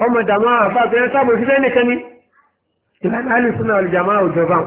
ọmọ ìdààmú àwọn àfà àtọ́ sábò sí fẹ́ nìkan ni ìlànà àlùfínà ọ̀lùjàmá òjọba wọn.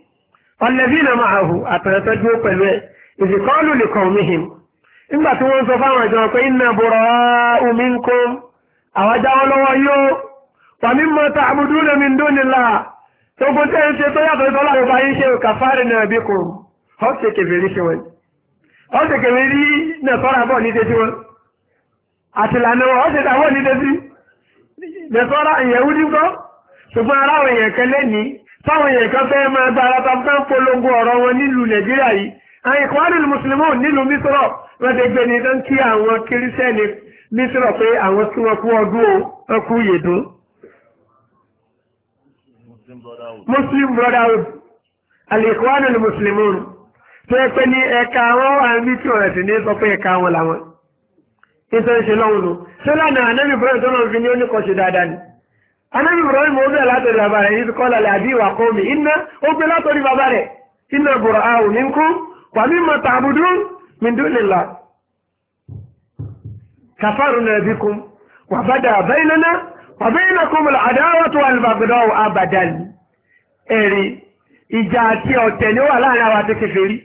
ọ̀lẹ́bínà máa hù àtẹ̀rẹ̀tẹ̀ dúró pẹ̀lú ẹ̀ ìsìkọ́lù lè kàn mí hìm nígbà tí wọ́n sọ fáwọn ìjọ pé iná bọ̀rọ̀ omi ń kó àwọn jáwọ́ lọ́wọ́ yóò wà mí mọ́ ta àbùdú lèmi ń dóni la ogun tẹ́ ń ṣe tó yàtọ̀ sí ọlọ́run bá yín ṣùgbọ́n aráwọ̀ èèyàn kẹlẹ́ nìí táwọn èèyàn kan fẹ́ máa gba aláta polongo ọ̀rọ̀ wọn nílùú nàìjíríà yìí àwọn ikọ̀ àdìlú mùsùlùmí nílùú mísírọ̀ wọ́n ti gbé ní tán kí àwọn kírísẹ́nì mísírọ̀ pé àwọn tí wọ́n kú ọdún o kú yèdún. muslim brotherhood àlèkò àdìlú mùsùlùmí tó yẹ pé ní ẹ̀ka àwọn àmì tí wọ́n ti ní sọ pé ẹ̀ka wọn làwọn. nítorí ṣe lọ́wọ́ nù sọ́lá anábì ibrahim ó bẹ̀rẹ̀ látọ̀rí bàbá rẹ̀ yìí kọ́lá lè àbí ìwà kọ́ mi iná ó gbé látọ̀rí bàbá rẹ̀ iná bùrọ̀ àrùn ní kú wàmí mọ̀ tààbùdú mìndúlélà kàfàrù náà bí kún wàbádà àbẹ́yìnlẹ́nà wàbẹ́yìnlẹ́ kún mọ̀lá àdáwọ̀ tó wà ní bàbá àbàdàlì ẹ̀rí ìjà àti ọ̀tẹ̀ ni ó wà láàrin àwọn àti kèfèrí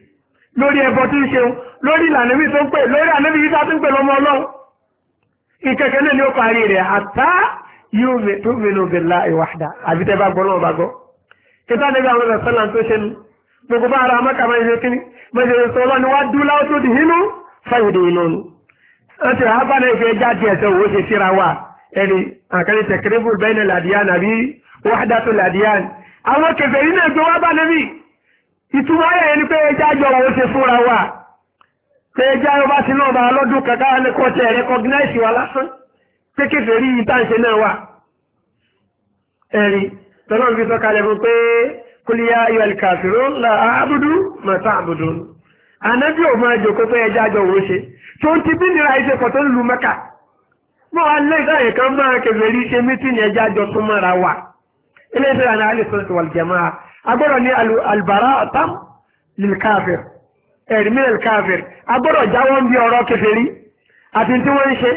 lórí ẹbọ tí ń ṣeun lórí ìlànà bí tó ń pè lórí ànábì yìí tó ń pè lọ́mọ ọlọ́run ìkẹ̀kẹ́ náà ni ó parí rẹ̀ àtá yóò mi tó mi ló bẹ la ìwàdà àbí tẹ bá gbọ́ náà bá gbọ́. kíta níbi àwọn ọ̀rẹ́ sọ́nà tó ṣe nu gbogbo bá ara mọ́kà máa ń ṣe kíní mọ́ṣe sọ ọlọ́ ni wá dúró láwọn tó di inú fáyìdì inú nu. wọ́n ti rà bá náà ìfẹ́ já tiẹ̀ sọ òwò ṣe síra wa ẹni àkàlẹ́ tẹ̀kẹ́rẹ́bù bẹ́ẹ̀ làdíyàn àbí wàdà tó làdíyàn. àwọn kẹfẹ́ yìí náà gbé wá bá níbi ìtumọ̀ yẹn ni pé ẹja jọ òwò ṣe fúnra wa pé ẹja yóò bá sinú ọba lọ́dún kankan ní kọ́ọ̀tì ẹ̀ wa lásán kékèké rí ìtànṣe náà wà ẹ̀rí tọ́lọ́ fi sọ kalẹ̀ fún pé kúlíyà ayọ̀ alkàfìró la àbùdú mọ̀tá àbùdú anábì ò máa jòkó pé ẹja àjọ òun ṣe tó ti bí nira iṣẹ́ pọ̀ tó ń mọ́ wa kan máa kẹfẹ́ jamaa agbọ́dọ̀ ní albara tam lilkafir ẹ̀rí mi lilkafir agbọ́dọ̀ jáwọ́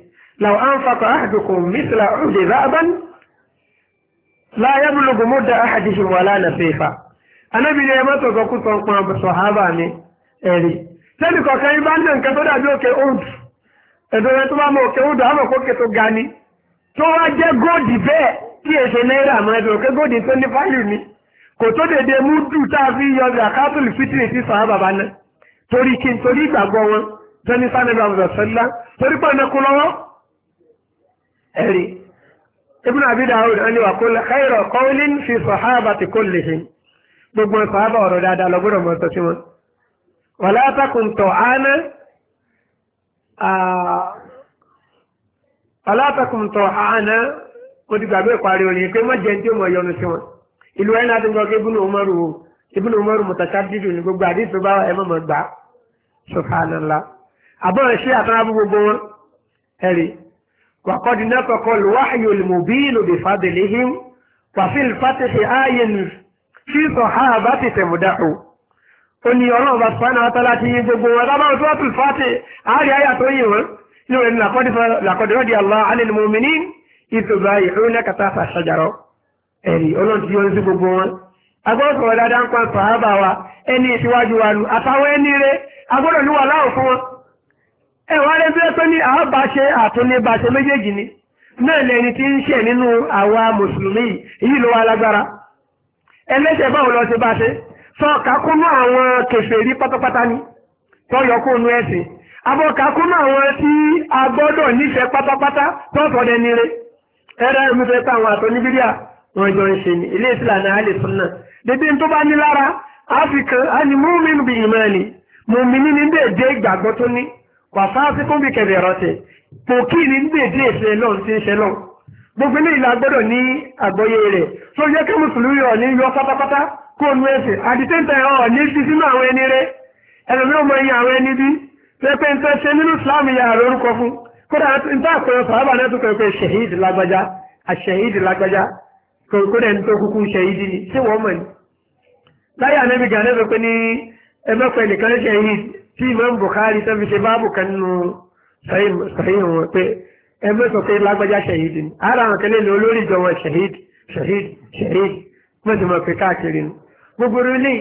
لو أنفق أحدكم مثل عود ذهبا لا يبلغ مد أحدهم ولا نصيفا Ànábì ní ẹmọ́ tọ̀kọ̀ kú sọ pọn sọ̀hábà ní ẹ̀rí lẹ́nu kọ̀ọ̀kan ibá ń nǹkan tó dàbí òkè oòdù ẹ̀dọ̀rẹ́ tó bá mọ òkè oòdù àwọn òkè tó ga ni tó wá jẹ́ góòdì bẹ́ẹ̀ tí èṣe náírà mọ́ ẹ̀dọ̀ òkè góòdì tó ní fáìlì ni kò tó dèdè mú dù tá a fi yọ zakatul fitri sí sọ̀hábà bá ná torí kí n torí ìgbàgbọ́ wọn tẹ́ni sánẹ́bà mọ̀sọ̀sọ́lá torí pọ̀ ẹ̀rí ibùdó àbídà ọ̀rọ̀ ni wà kólé káyọ̀rọ̀ kọ́ọ́lín fi sọ̀hábà ti kólé ṣe gbogbo sọ̀hábà ọ̀rọ̀ dáadáa lọ́gbọ́dọ̀ mọ́ sọ sí wọn. wàlá àtàkùn tọ̀ áná wàlá àtàkùn tọ̀ áná mo ti gbàgbé ìparí orin pé má jẹun tí ó mọ̀ yọnu sí wọn ìlú ẹ̀ná ti gbọ́ ibùdó umaru ibùdó umaru mùtàkà dídù ní وقد نطق الوحي المبين بفضلهم وفي الفتح آي في صحابة تمدح oni ọlọ́run bá sọ́nà àtàlá ti yin gbogbo wọn lábáwọn tó wọ́pù fàtí àárí àyà tó yìn wọn ní orin làkọ́dìrọ́dì allah alẹ́lẹ́mọ̀mìnì ìtòbá ìrún lẹ́kàtà àṣàjàrọ̀ ẹ̀rí ọlọ́run ti yọrin sí gbogbo wọn agbọ́dọ̀ sọ̀rọ̀ dáadáa ń pa sàábà wa ẹni ìṣíwájú wa lu àtàwọn ẹni rẹ̀ agbọ́dọ̀ níwà láò fún wọn ẹ̀wà rẹ̀ bí pé ní àábáṣe àtúnibáṣe méjèèjì ni náà lẹni tí ń ṣe nínú àwa mùsùlùmí yìí ló wà lágbára ẹlẹ́ṣẹ̀ báwo lọ sí báṣe sọ kàkúnú àwọn kèfèrí pátápátá ni tó ẹ̀sìn abọ́ kàkúnú àwọn tí a gbọ́dọ̀ pátápátá nire ẹ̀rẹ́ àwọn wọn jọ ń ṣe ni ilé ìsìlànà á wasa kó ń bí kẹ̀bẹ̀ ọ̀rọ̀ tẹ̀ kò kí ni ń gbèdé ìṣẹ́ lọ́n sí ìṣẹ́ lọ́n gbogbo ilé ìlà gbọ́dọ̀ ní àgbọ́yé rẹ̀ tó yẹ kí mùsùlùmí ọ̀ ní yọ pátápátá kó nu ẹsẹ̀ àdìsẹ́ńtà ọ̀ ní ti sínú àwọn ẹni rẹ̀ àwọn ẹni bí pẹpẹ ń nínú ya àrẹ orúkọ fún kódà ń tẹ́ tí imam bukhari tó fi ṣe báàbù kan nínú sahih wọn pé ẹgbẹ́ sọ pé lágbájá shahid ni ara àwọn kẹlẹ́ ní olórí ìjọ wọn shahid shahid shahid wọ́n ti mọ̀ pé káàkiri ni gbogbo orílẹ̀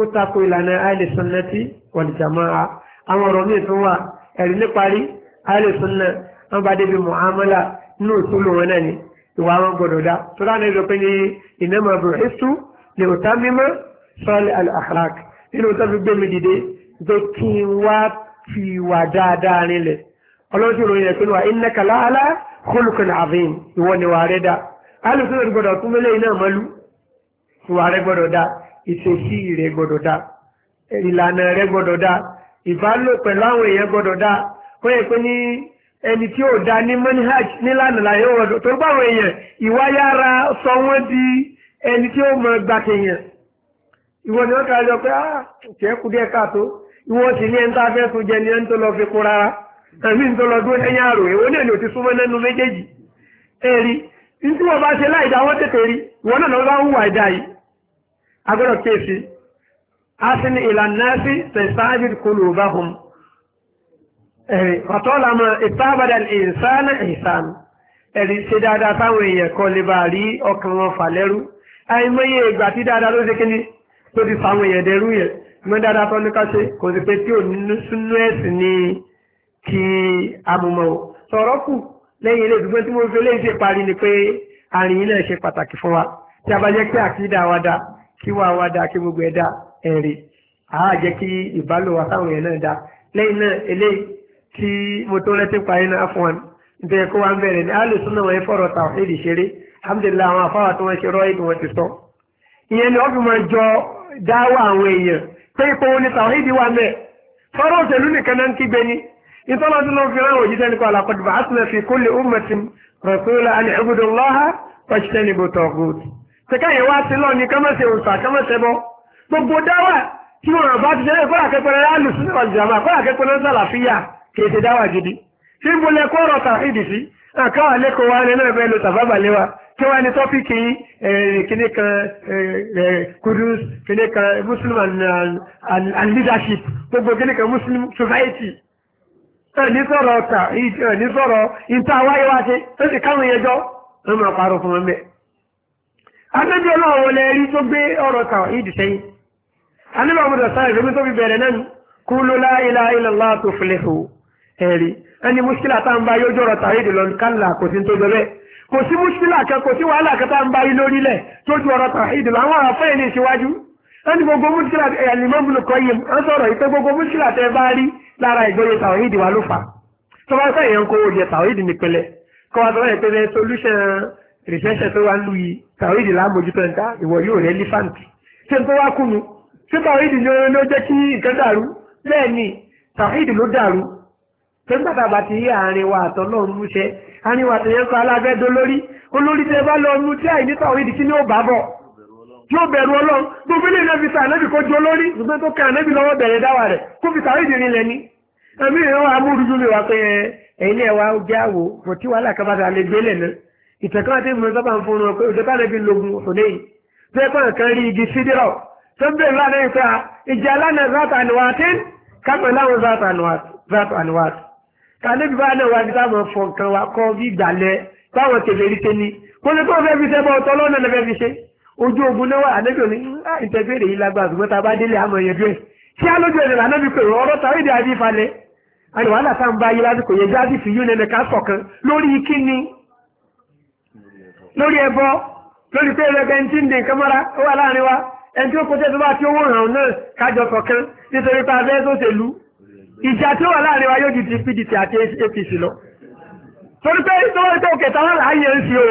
ó tako ìlànà ahli sunnati wal jamaa àwọn ọ̀rọ̀ míì tún wà ẹ̀rí ní parí ahli wọn bá débi mu'amala nínú òṣùlù wọn náà ni ìwà wọn gbọdọ̀ dá tó dáná ìjọ pé ní innama bu'ithtu li utammima salih al akhlaq nínú tó jẹ́ kí n wá fi wà dáadáa rinlẹ̀ ọlọ́sùn ròyìn rẹ̀ pẹ̀lú wa iná kàlá alá kólùkùn àfihàn ìwọ ni wà rẹ̀ dá alùsùn rẹ̀ gbọ́dọ̀ tún mélé iná mọ́lú ìwà rẹ̀ gbọ́dọ̀ dá ìṣesí rẹ̀ gbọ́dọ̀ dá ìlànà rẹ̀ gbọ́dọ̀ dá ìbálò ẹni tí ó dá ní manhaj nílànà láyé ọ̀dọ̀ tó bá èèyàn ìwà sọ wọ́n di ẹni tí ó mọ gbàtẹ̀yàn ìwọ ni wọ́n kájọ pé ah ìtẹ́kùdí ẹ̀ka tó ìwọ́n ti ní ẹni tó tó jẹ ní ẹni tó lọ fi kó rárá ẹ̀mí tó lọ dúró sẹ́yìn àrò èwo náà ni ò ti súnmọ́ nẹ́nu méjèèjì ẹ̀rí nítorí wọn bá ṣe láì dáwọ́ tètè rí ìwọ náà lọ́wọ́ wà ìdá yìí agbọ́dọ̀ kéèsì asin ìlànà sí tẹ̀sáàjì kolo bá hùm ẹ̀rí ọ̀tọ́ làmọ́ ìtàbàdà ìsánà ìsánà ẹ̀rí ṣe dáadáa táwọn èèyàn kan lè bá rí ọkàn wọn fà lẹ́rú àìmọye ìgbà tí dáadáa ló ṣe tó ti èèyàn dẹrú yẹn mọ́ dáadáa tó ní ká ṣe kò sí pé tí ò nínú súnú ẹ̀sìn ni kí amúmọ́ o sọ̀rọ̀ kù lẹ́yìn ilé ìdúgbò tí mo fi léyìn ṣe parí ni pé àrìyìn náà ṣe pàtàkì fún wa tí a bá jẹ́ pé àkídà wa dá kí wà wa dá kí gbogbo ẹ̀ dá ẹ̀rì àá jẹ́ kí ìbálò wa táwọn èèyàn náà dá lẹ́yìn náà eléyìí tí mo tó rẹ́tí parí náà fún wa nítorí kó wa ń bẹ̀rẹ̀ ní alùsùn náà wọ́n fọ̀rọ̀ tàwọn èdè ṣeré alhamdulilayi àwọn afáwà tí wọ́n ṣe rọ́ ìdùn wọn ti sọ ìyẹn ni wọ́n fi máa jọ dáwọ́ àwọn èèyàn pé ipò wo ni tàwíìdì wà mẹ́ fọ́rọ̀ òṣèlú nìkan náà ń kígbe ni ìtọ́lọ́dú ló fi ráwọ̀ òjíṣẹ́ nípa àlàkọ̀dùbà àtúnlẹ̀ fi kulli ummatin rasula an i'budu Allaha wajtanibu taghut tẹ̀kẹ́yẹ̀ wá sí lọ́ọ̀ ni kọ́mọ̀ṣe òṣà kọ́mọ̀ṣe bọ́ gbogbo dáwà tí wọn bá ti sẹ́yìn kọ́ra kẹ́kọ̀ọ́ láàlù sínú ọ̀jàmà àkáwà lẹ́kọ̀ọ́ wa lẹ́nà ẹ̀bẹ̀ lọ tàbábàlẹ́ wa kí wá ní tọ́pìkì kìíní kan kudus kìíní kan muslim and leadership gbogbo kìíní kan muslim society ní sọ̀rọ̀ ọ̀tà ní sọ̀rọ̀ ìta wáyé wá ṣe tó sì káwọn yẹn jọ wọ́n máa parọ́ fún wọn bẹ́ẹ̀. adájọ́ ọlọ́run wọlé rí tó gbé ọ̀rọ̀ ta ìdí sẹ́yìn anílọ́ọ̀mọdọ̀ sáré lómi tó fi bẹ̀rẹ̀ náà kú ló la ilaha illallah tuflihu ẹ̀rí ẹni muskila tá ń bá yóò jọrọ tàwídì lọ kálà kò sí tó jọbẹ kò sí muskila kan kò sí wàhálà kan tá ń bá yí lórílẹ̀ tó ju ọ̀rọ̀ tàwídì lọ àwọn àfẹ́ ẹni ìṣíwájú ẹni gbogbo muskila ẹ̀lìmọ́bùnú kọ́ yìí ń sọ̀rọ̀ ìpé gbogbo muskila tẹ bá rí lára ìgbóyè tàwídì wà ló fà tó fẹ́ yẹn kó o solution research tó wá lu yìí tàwídì lámójútó ẹ̀ka ìwọ yóò rẹ lífàǹtì ṣé n tó wá ni tàwídì ló tẹ́gbàtà bá ti rí àárín wa àtọ́ lọ́run múṣẹ́ àárín wa tẹ̀yẹ́ sọ alábẹ́dó lórí olórí tẹ́ bá lọ mú tí àìníta orí ìdí ní ó bá bọ̀ bẹ̀rù ọlọ́run gbogbo ilé náà fi sa ànábì kó jó lórí ṣùgbọ́n tó kẹ́ ànábì lọ́wọ́ bẹ̀rẹ̀ ni ẹ̀mí ìran amúrúdú mi wá pé ẹ̀yin náà wá jẹ́ àwò kò tí wàhálà kan bá ta lè gbélé náà ìtẹ̀kọ́ àti ìmọ̀ sábà ń fún un pé òjò tánàbí lògùn òṣòlè yìí tó ẹ̀kọ́ kan rí igi sídírọ̀ tó ń bèèrè lánàá ìfẹ́ ìjà lánàá kàdébí bá náà wá ní táwọn fọ nǹkan wa kọ́ bí ìgbàlẹ̀ báwọn tèlè rí tẹ́ni kó lè kó fẹ́ fi ṣe bọ́ ọ̀tọ́ lọ́nà lẹ́fẹ́ fi ṣe ojú ogun náà wà àdébí òní ah, ìtẹ́gbẹ̀rẹ̀ yìí lágbà ṣùgbọ́n tá a bá délé àmọ̀ yẹn dúró ẹ̀ tí a lójú ẹ̀rẹ̀ lànà bí pé ọ̀rọ̀ tàwé ìdí àbí falẹ̀ àni wàhálà tá ń bá yìí lásìkò yẹn jáde fi yún ẹnì kan lórí kíni lórí ẹbọ lórí pé ẹlẹgbẹ́ ń tí ń dè nǹkan mọ́ra ó wà láàrin wa ẹni tí ó kọjá tó bá ti owó hàn náà kájọ kọ̀ọ̀kan nítorí pé abẹ́ tó ìjà tí ó wà láàrin wa yóò ju ti PDP àti APC lọ torí pé tó wọ́n tó kẹta wọn láàyè ń fi o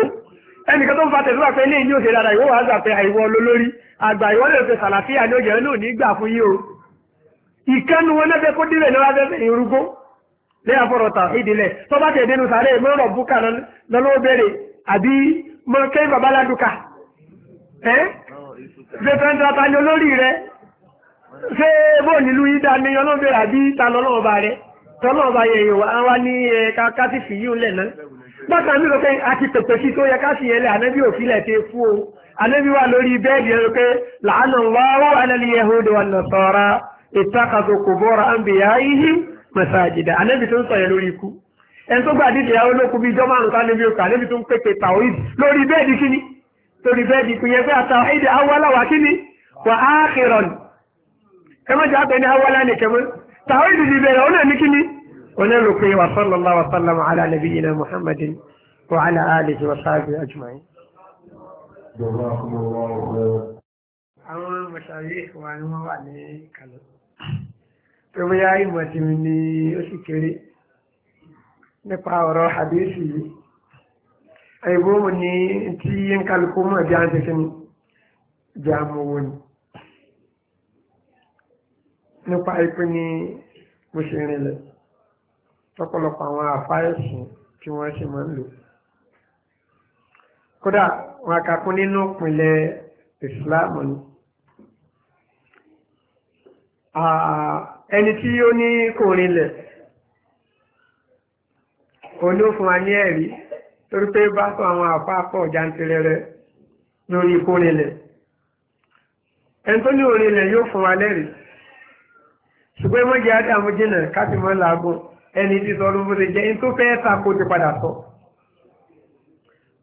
ẹnìkan tó ń fa tẹ̀síwá pé ilé ìní òṣèlú ara ìwọ́ wàá gbà pé àìwọ́ lólórí àgbà ìwọ́ lè fẹ́ sàlàfíà ní oúnjẹ náà ní gbà fún yí o ìkẹ́nu wọn lẹ́fẹ́ kó dìbẹ̀ lọ́wọ́ fẹ́ ìrúgbó lẹ́yà fọ̀rọ̀ tà ìdílẹ̀ tó bá tẹ̀ dénú sàárẹ̀ mọ́rọ̀ búkà lọ́lọ́ bẹ̀rẹ̀ àbí mọ́kẹ́ babaládùkà ṣé bó nílùú yídá ni ọlọ́bẹ̀ àbí ta lọ́lọ́ọ̀bà rẹ̀ tọ́lọ́ọ̀bà yẹ̀yẹ̀ wà wá ní ẹ̀ka kásìfì yìí lẹ̀ náà bákan mi lọ́kẹ́ àti pèpè sí tó yẹ káàsì yẹn lẹ̀ ànábì òfilẹ̀ tẹ fú o ànábì wà lórí bẹ́ẹ̀dì ẹ̀rọ pé làánà wáwó alẹ́lẹ́ yẹ̀hódò wà nàṣọ́ra ìtàkàtò kò bọ́ra ń sọ̀yẹ̀ lórí ikú ẹmọ́jọ́ abẹni awọ́lá ní kẹmọ́ tàwọn ìdìdì bẹ̀rẹ̀ ọ̀nà ní kíní onẹ́lùpẹ́ wa sallallahu wa sallam ala nabiyyina muhammadin wa ala alihi wa sahbihi ajma'in. àwọn mọ̀ṣàrí wa ni wọ́n wà ní kàlọ́ tó bóyá ìmọ̀ tí mi ní ó sì kéré nípa ọ̀rọ̀ hadisi yìí àìbó mo ní tí ń kálukú mọ̀ bí a ń tẹ́kẹ́ ní bí a mọ̀ wọ́n ni. nípa ipin ní bó ṣe rinlẹ̀ tọ́pọ̀lọpọ̀ àwọn àfáyẹ̀sùn tí wọ́n ṣe máa ń lò kódà wọn àkàkún nínú ìpínlẹ̀ ìsìláàmù ni ẹni tí ó ní kò rinlẹ̀ òun ló fún wa ní ẹ̀rí torí pé bá sọ àwọn àfáàpọ̀ jantere rẹ lórí kò rinlẹ̀ ẹni tó ní òrinlẹ̀ yóò fún wa lẹ́rìí ṣùgbọ́n mọ́jì ádámù jìnà káti mọ́ làágùn ẹni tí sọ ọdún fúnṣe jẹ́ tó fẹ́ sàkó ti padà sọ.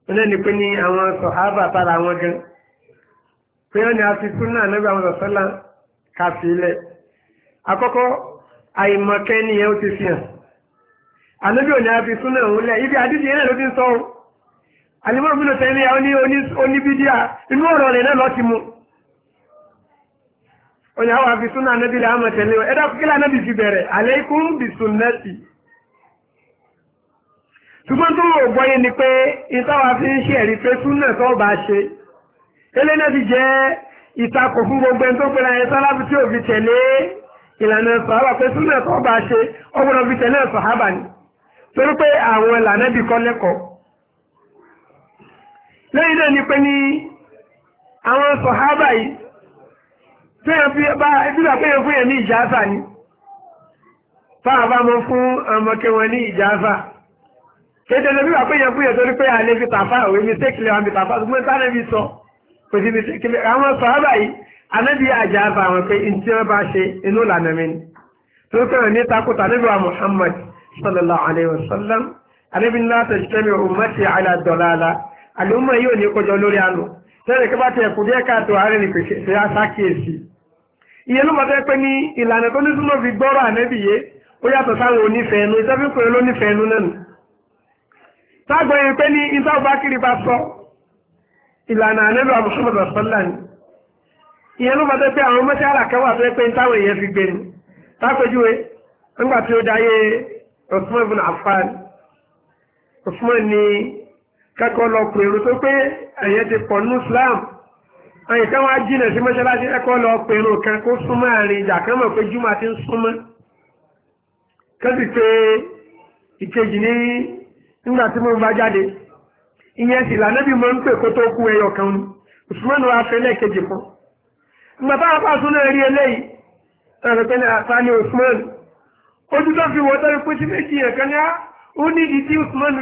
wọ́n ni pé ní àwọn awon tara wọn gan pé wọ́n ní a ti súnà lọ́gbà àwọn sọ̀sọ́là kàfi ilẹ̀. àkọ́kọ́ àìmọ̀kẹ́ ti fi hàn. a fi òun lẹ̀ ibi àdídì ló ti ń sọ mu. onye awa fi súnà nẹ́bí lè àmà tẹ̀lé ẹ̀dá kíkílá nẹ́bí fi bẹ̀rẹ̀ aleikum bí súnnẹ́tì ṣùgbọ́n tó wò gbọ́yé ni pé ìtawà fi ń ṣe ẹ̀rí pé súnnà tó bá ṣe ilé nẹ́bí jẹ́ ìtakò fún gbogbo ẹni tó pèrè ayé sálábù tí ò fi tẹ̀lé ìlànà sàhábà pé súnnà tó bá ṣe ọgbọ́dọ̀ fi tẹ̀lé sàhábà ni torí pé àwọn ìlànẹ́bí kọ́ lẹ́kọ̀ọ́ lẹ́yìn náà ni pé ní àwọn sàhábà yìí tó yẹ fi bá ẹgbẹ́ pé yẹ ìjáfà ni fáà bá mọ fún ọmọkẹ wọn ní ìjáfà kéde lórí wà pé yẹ fún yẹ torí pé àlè fi tàfà òwe mi sékìlẹ̀ wà mi tàfà tó gbé sáré mi sọ kò sí mi sékìlẹ̀ àwọn sọ̀rọ̀ yìí anábì àjáfà àwọn pé ntí wọn bá ṣe inú lànà mi ni tó pé wọn ní takùtà níbi wa Muhammad sallallahu alayhi lórí àná tẹ́lẹ̀ ìyẹn ló máa fẹ́ pé ní ìlànà tó ní súnmọ́ fi gbọ́rọ̀ ànẹ́bìyé ó yàtọ̀ sáwọn onífẹ̀ẹ́ ẹnu ìtọ́fí pé olónífẹ̀ẹ́ ẹnu náà nù sáàgbọ́ yìí pé ní ìtọ́ bá kiri bá sọ ìlànà ànẹ́bì àmúṣọ́mọ̀tà sọ́lá ni ìyẹn ló máa fẹ́ pé àwọn mọ́ṣẹ́ ni tápẹ́júwe nígbà tí ó dáyé Islam àyíká wá jìnà sí mọ́ṣáláṣí ẹ̀kọ́ lọ pẹ̀lú kan kó súnmọ́ àárín ìjà kan mọ̀ pé júmọ̀ ti ń súnmọ́ kẹ́sì pé ìkejì ní nígbà tí mo bá jáde ìyẹn sì lànàbí mo ń pè kó tó kú ẹyọ kan ní Usman wa fẹ́ lẹ́ẹ̀kejì kan ìgbà táwọn pàṣún náà rí eléyìí ẹ̀rọ pé ní àṣà ni Usman ojú tó fi wọ́n tó fi pín sí méjì yẹn kan ní ó ní ìdí tí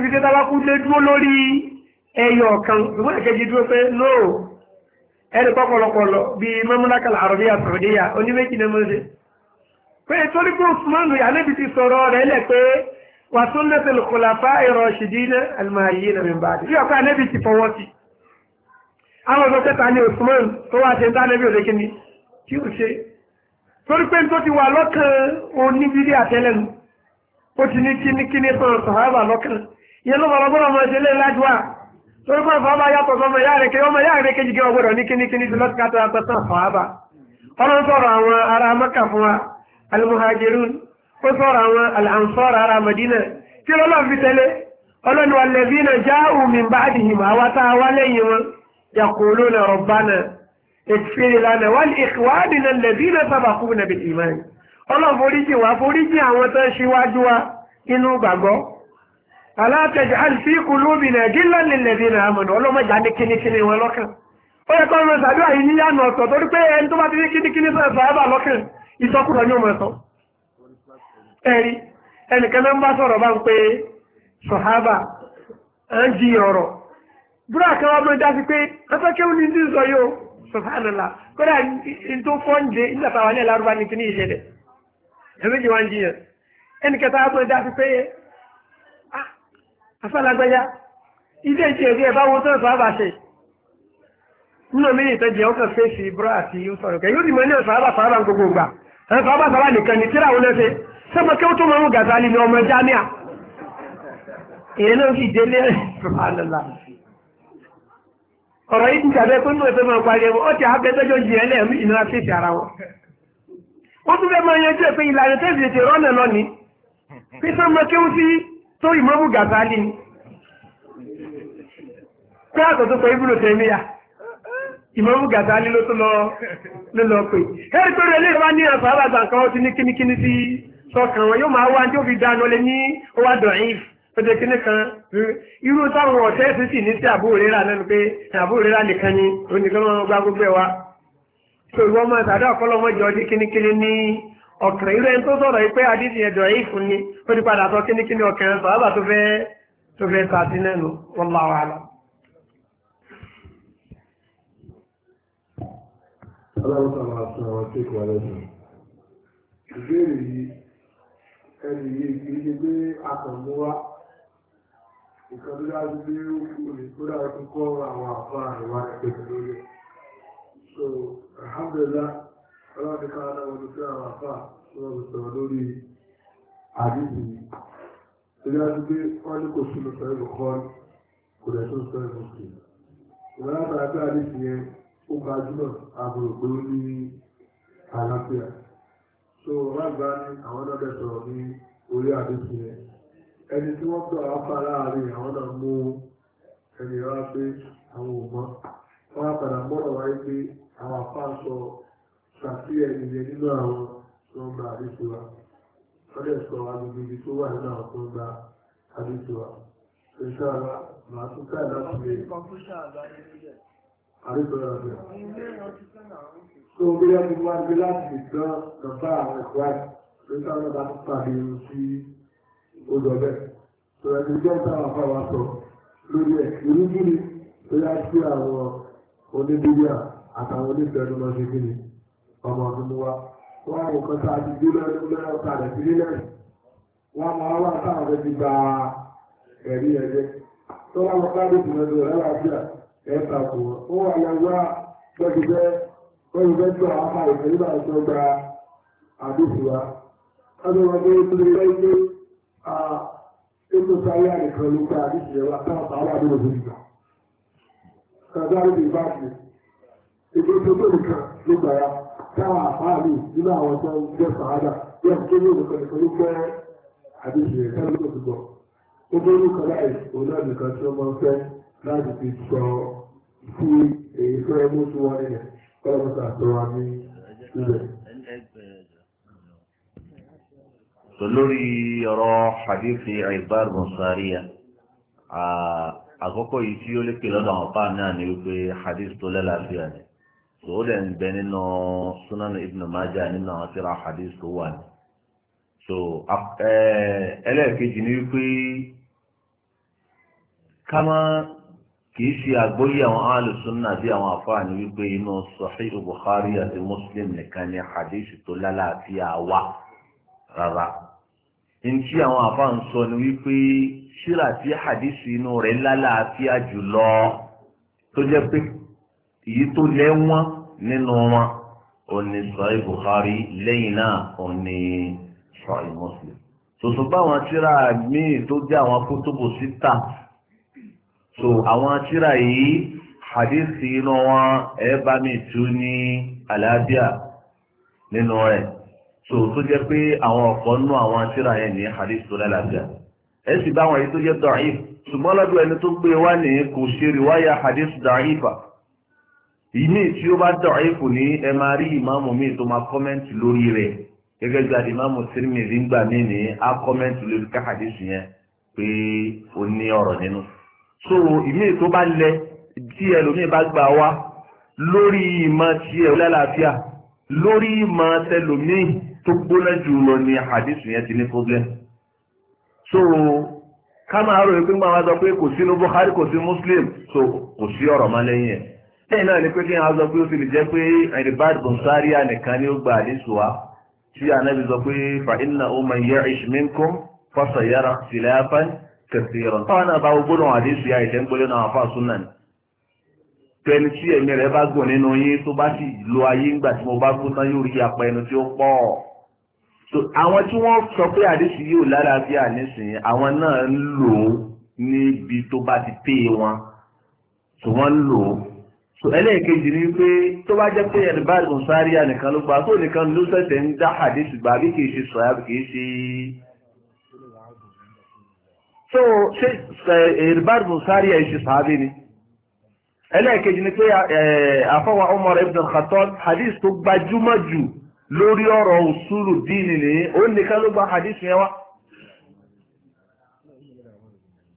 fi dé tábàkú lé dúró lórí ẹyọ kan ìwọ́n ìkejì dúró pé nóò ẹni pọ́pọ̀lọpọ̀lọ bí mọ́mọ́lákà àrọ̀bíyà sọ̀rọ̀díyà oníméjì ní mọ́sẹ̀ pé torí pé Usman anábì ti sọ̀rọ̀ rẹ̀ lẹ̀ pé wà sunnatul khulafa'ir rashidin al-mahdiyyin min ba'di bí ọkọ̀ anábì ti fọwọ́ sí àwọn ọ̀sọ̀ tẹ́ta ní Usman tó wá ṣe ń dánábì òde kíni tí ó ṣe torí pé tó ti wà lọ́kàn oníbírí àtẹ́lẹ́nu ó ti ní kíní fún ọ̀sọ̀ torí pé fàábà yàtọ̀ sọmọ ìyá rẹ̀ kejì ọmọ ìyá rẹ̀ kejì kí ọgbọ̀dọ̀ ní kíníkíní sí lọ́tíkàtà àtọ́tàn fàábà ọlọ́n sọ̀rọ̀ àwọn ará Mẹ́kà fún wa alimuhajirun ó sọ̀rọ̀ àwọn alàǹsọ́rọ̀ ará Madina tí ọlọ́n fi tẹ́lẹ̀ ọlọ́n wa lẹ́bí na já omi bá a dìhìn aláàtẹ̀jẹ̀ àìsí ìkùlú obìnrin ẹ̀dínlẹ̀ nílẹ̀dín náà mọ̀nà ọlọ́mọjà ní kínníkínní wọn lọ́kàn ó yẹ kọ́ ọmọ sàdúrà yìí níyànà ọ̀tọ̀ torí pé ẹni tó bá ti ní kínníkínní sọ̀rọ̀ sàábà lọ́kàn ìtọ́kùrọ̀ ní ọmọ ẹ̀sọ́ ẹ̀rí ẹnìkan náà ń bá sọ̀rọ̀ bá ń pé sọ̀hábà ń jí ọ̀rọ̀ búrọ̀ kan wá mọ́ dá sí pé afẹ́kẹ́ òní ti pé afálágbẹ́yá ilé ìṣẹ́ ìrí ẹ̀bá wo tọ́rọ̀ sọ́ábà ṣe nínú mi ìtẹ́jẹ́ ọkọ̀ fèsì ibra àti ìsọ̀rọ̀ kẹ́ yóò dì mọ́ ilé sọ́ábà sọ́ábà gbogbo gbà ẹ̀rọ sọ́ábà sọ́ábà nìkan ní tíra wọn ṣe sọ́mọ kí ó tó mọ̀ ń gàzà ní ní ọmọ jámíà ìyẹn náà fi délé ṣùgbọ́nlá ọ̀rọ̀ yìí ti tàbẹ́ pé mọ̀ ìfẹ́ mọ̀ pariwo ó ti abẹ́tọ́jọ́ jì tó ìmọ́mù gàzálì pé àtọ̀ tó pẹ̀ ibùdó tẹ̀míyà ìmọ́mù gàzálì ló tó lọ pé ẹ̀rí tó rẹ̀ léèrè wá ní àpá àbàgbà kan ó ti ní kíníkíní sí sọ́kàn wọn yóò máa wá tí ó fi dáná lé ní ó wá dọ̀yìn pẹ̀lú kíní kan irú táwọn ọ̀tẹ́ sì sì ní sí àbúrò rírà lẹ́nu pé àbúrò rírà nìkan ni oníkan wọn gbá gbogbo ẹ̀ wa. ìwọ́n máa tàdá ọ̀pọ̀lọpọ̀ jọ kíníkíní ní ọ̀kàn irú ẹni tó sọ̀rọ̀ yìí pé àdídì ẹ̀dọ̀ yìí fún ni ó ti padà sọ kíníkíní ọ̀kàn ẹ̀sọ̀ àbà tó fẹ́ tó fẹ́ tàbí lẹ́nu wallahu a'lam. wa ọlọ́dún ká lọ́wọ́ tó fẹ́ àwọn àfà lọ́wọ́ sọ̀rọ̀ lórí àdìsí ilé àdúgbé wọ́n ní kò sí lọ sọ̀rọ̀ ìbùkọ́ kò dẹ̀ tó sọ̀rọ̀ ìbùkọ́ ìwọ̀n látara pé àdìsí yẹn ó ga jùlọ àbúrò pé ó ní àlàáfíà so wọ́n gbá ní àwọn ọ̀dọ́dẹ sọ̀rọ̀ ní orí àdìsí yẹn ẹni mọ́rọ̀ wáyé pé àwọn àfá sọ ṣàfihàn ìyẹn nínú àwọn tó ń gba àdéṣe wa wọ́n lè sọ agbègbè ibi tó wà nínú àwọn tó ń gba àdéṣe wa ṣèṣà wa màá tún káyà láti lè àdéṣe wa bẹ̀rẹ̀. tó bí wọ́n ti wá gbé láti ìtàn nàbá àwọn ẹ̀kọ́ àti ṣèṣà wọn bá tún pàdé irun sí odò ọbẹ̀ lórí ẹ̀ irú tó yá sí àwọn oníbíyà àtàwọn onífẹ̀ẹ́ ló máa ṣe kí ọmọ ọdún wa wọ́n mú kọta ti dé lọ́dún lọ́dún ọ̀tá rẹ̀ sí nílẹ̀ wọ́n mọ àwọn àtàwọn ọ̀rẹ́ ti gba ẹ̀rí ẹ̀jẹ̀ tó wọ́n mọ káàdì ìdìbò ẹ̀dùn ẹ̀rọ àbíà ẹ̀ta kù ó wà yàgbá gbẹ́gbẹ́ gbẹ́gbẹ́ tó àwọn ọmọ ìfẹ́ nígbà tó gba àdúgbò wa ọdún wọn tó tó lé lẹ́yìn ètò sáyé àìkan ló gba àdúgbò ẹ̀rọ àtàwọn àwọn àdúgbò tó gbà kàdá ìdìbò ìbáṣe ìgbésẹ̀ tó táwọn àfáàlì nínú àwọn tó ń jẹ́ sàádà bí ẹ̀kú ní olùkọ́ ní pẹ́ àdéṣe ẹ̀kọ́ ló ti gbọ́. ó bó ní kọlá ẹ̀ òun náà nìkan tí ó máa ń fẹ́ láti fi sọ sí èyí fẹ́ mú sí wọn nílẹ̀ kọ́lá mọ́ta àtọ́wà ní ilẹ̀. lórí ọ̀rọ̀ hadithi Ibar bin Sariya àkọ́kọ́ yìí tí ó lè pè lọ́dọ̀ àwọn fáà náà ni wípé hadith tó lẹ́làáfíà ni ó dẹ̀ ń bẹ nínú súnánù ibn nínú àwọn tíra hadith tó wà ní. so ẹlẹ́ẹ̀kejì ni wípé ká má kìí ṣe àgbóyé àwọn alùsùnà bí àwọn àfáàní wípé inú Sahih Bukhari àti Muslim nìkan ni hadith tó lálàáfíà wà rárá àwọn ń sọ ni wípé ṣíra tí hadisi inú rẹ̀ lálàáfíà jùlọ tó jẹ́ nínú wọn òní sọ̀rọ̀ Bukhari lẹ́yìn náà òní sọ̀rọ̀ Muslim tòṣù báwọn tíra míì tó jẹ́ àwọn kótóbò síta so àwọn tíra yìí hadithi inú wọn ẹ bá mi tú ní àlàáfíà nínú rẹ̀ so tó jẹ́ pé àwọn ọ̀pọ̀ nú àwọn tíra yẹn ní hadith tó lálàáfíà ẹ sì bá àwọn èyí tó jẹ́ da'if ṣùgbọ́n lọ́dọ̀ ẹni tó gbé wá ní kò ṣe rí wáyà hadith da'ifa ìní tí ó bá dọ̀ ẹ́fù ní ẹ máa rí ìmáàmù míì tó máa kọ́mẹ́ǹtì lórí rẹ̀ gẹ́gẹ́ bí àdìmáàmù Tirmidhi gbà mí ní á kọ́mẹ́ǹtì lórí káhàdísì yẹn pé ó ní ọ̀rọ̀ nínú. so ìmíì tó bá lẹ tí ẹlòmíì bá gbà wá lórí ìmọ̀ tí ẹ̀ lálàáfíà lórí ìmọ̀ tẹlòmíì tó gbóná jù lọ ní àhàdísì yẹn ti ní problem. so ká máa rò pé máa wá sọ pé kò sí Muslim so kò sí lẹ́yìn náà ni pé kí n sọ pé ó fi lè jẹ́ pé ẹ̀rìbáàdì bọ̀nsáríà nìkan ni ó gba àdísù wa tí ànábi sọ pé fàínà ó máa yẹ ìṣmínkùn fọ́sọ̀ yára sílẹ̀ afán kẹsì rọ̀. táwọn náà bá gbogbo náà àdísù ya ìṣẹ́ ń gbólé náà àfa súnà ni. pẹ̀lú tí ẹ̀mí rẹ̀ bá gùn nínú yín tó bá sì lo ayé ńgbà tí mo bá kú tán yóò rí apá ẹnu tí ó pọ̀. àwọn tí wọ́n sọ pé àdísù yóò lára bí àníṣìn àwọn náà ń lò ó níbi tó bá ti pè wọn. tí wọ́n ń lò ó so ẹlẹ́ẹ̀kejì ni pé tó bá jẹ́ pé ẹ̀rìbáàd mọ̀sáríà nìkan ló gbà tó nìkan ló sẹ̀sẹ̀ ń dá àdéṣù gbà bí kìí ṣe sọ̀yà bí kìí ṣe so ṣe ẹ̀rìbáàd mọ̀sáríà ṣe sàábí ni ẹlẹ́ẹ̀kejì ni pé àfọwà Umar ibn al-Khattab hadith tó gbajúmọ̀ jù lórí ọ̀rọ̀ usulu díìnì ni ó nìkan ló gbà hadith yẹn wá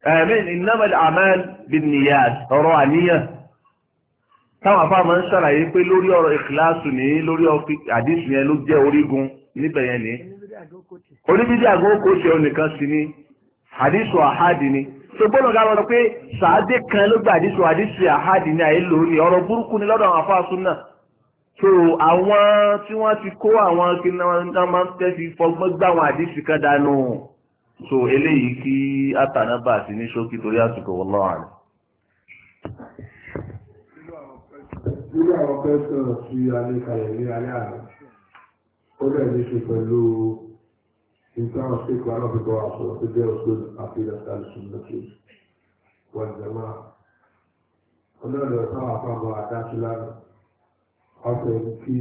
ẹ̀mí innamal a'mal bin táwọn afá máa ń ṣàlàyé pé lórí ọ̀rọ̀ ìkìláàsù ní lórí àdìsù yẹn ló jẹ́ orígun níbẹ̀ yẹn ni oníbídí àgókò ṣe onìkan sí ni àdìsù àhádì ni tó gbọ́dọ̀ ká lọ́dọ̀ pé sàádé kan ló gba àdìsù àdìsù àhádì ní àyè lórí ọ̀rọ̀ burúkú ni lọ́dọ̀ àwọn afá súnà so àwọn tí wọ́n ti kó àwọn kíni wọ́n máa ń tẹ́sí fọgbọ́n gbá àwọn àdìsù kan dànù so eléyìí kí àtànábà sí ní ṣókí torí àsìkò wọ́n lọ́wọ́ nínú àwọn pẹ́sàn tí a ní kalẹ̀ ní alẹ́ àná ó dẹ̀ ní ṣe pẹ̀lú nǹkan ọ̀sẹ̀kù alábìbọ̀ àṣọ̀rọ̀ tó jẹ́ òṣèlú àfihàn sálùsùn lókè wọ́n jẹ̀mọ́ ọlọ́dọ̀ táwọn àpapọ̀ àdáṣí lánàá ọ̀sẹ̀ kí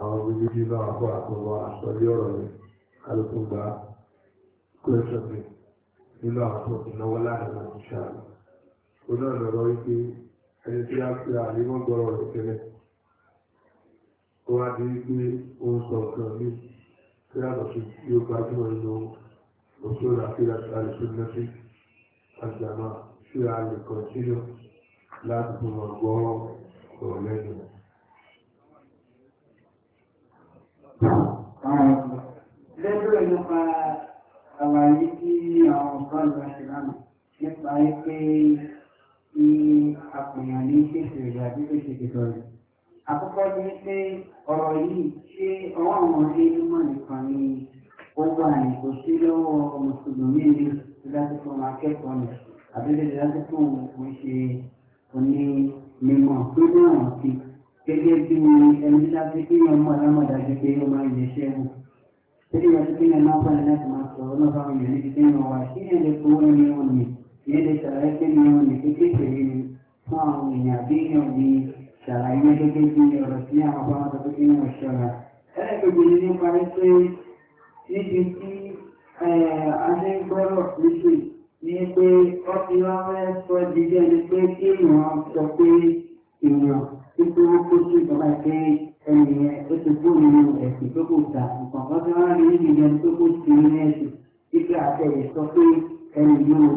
àwọn méjèèjì náà fọ́ àtọ̀wọ́ àṣọlé ọ̀rọ̀ yẹn kálukú gba kúrẹ́sọ̀tì nínú àwọn tó ti náwó láàrin àti ṣáà ẹni tí a fi àríwọ́ gbọ́rọ̀ rẹ̀ tẹ́lẹ̀ ó wá di wípé ó ń sọ nǹkan ní tí a lọ sí tí ó gbajúmọ̀ nínú òṣèlú àfihàn tí a lè fi lọ́sí àjàmà sí a lè kàn sínú láti fún wọn gbọ́ ọ̀rọ̀ lẹ́nu. Lẹ́gbẹ̀ẹ́ nípa àwárí tí àwọn ọ̀gá ìgbà ṣe nípa ẹgbẹ́ tí a kò yàn ní kéṣe rẹ̀ àbí kéṣe kẹtọ̀ rẹ̀. Àkọ́kọ́ ni pé ọ̀rọ̀ yìí ṣé ọwọ́ àwọn onímọ̀ nìkan ni ó wà ní kò sí lọ́wọ́ mùsùlùmí ní láti fún ọmọ akẹ́kọ̀ọ́ nù àbí lè láti fún òun kò ṣe òní mímọ̀ tó ní àwọn sí gẹ́gẹ́ bí ẹni láti pé ọmọ alámọ̀dájú pé ó máa ń yẹ iṣẹ́ wò. Ṣé ìwà tó kéèyàn máa ń pàdé láti máa sọ̀rọ̀ náà yéde ṣàlàyé pé mi ò lè kékeré ní fún àwọn èèyàn bí èèyàn ní ṣàlàyé gẹ́gẹ́ bí ọ̀rọ̀ sí àwọn ọba ọ̀dọ́ tó kéwọ́n ṣọ́ra. ẹlẹ́gbẹ̀gbẹ̀ ni nípa pé níbi tí aṣẹ́gbọ́rọ̀ lóṣù ní pé ó ti wá fẹ́ sọ dídí ẹni pé kí èèyàn sọ pé èèyàn tó tó kó sí ìjọba pé ẹni yẹn ó ti kó nínú ẹ̀sìn tó kò ta nǹkan kan tó wá rí nínú ìyẹn tó kó sí nínú ẹ̀sìn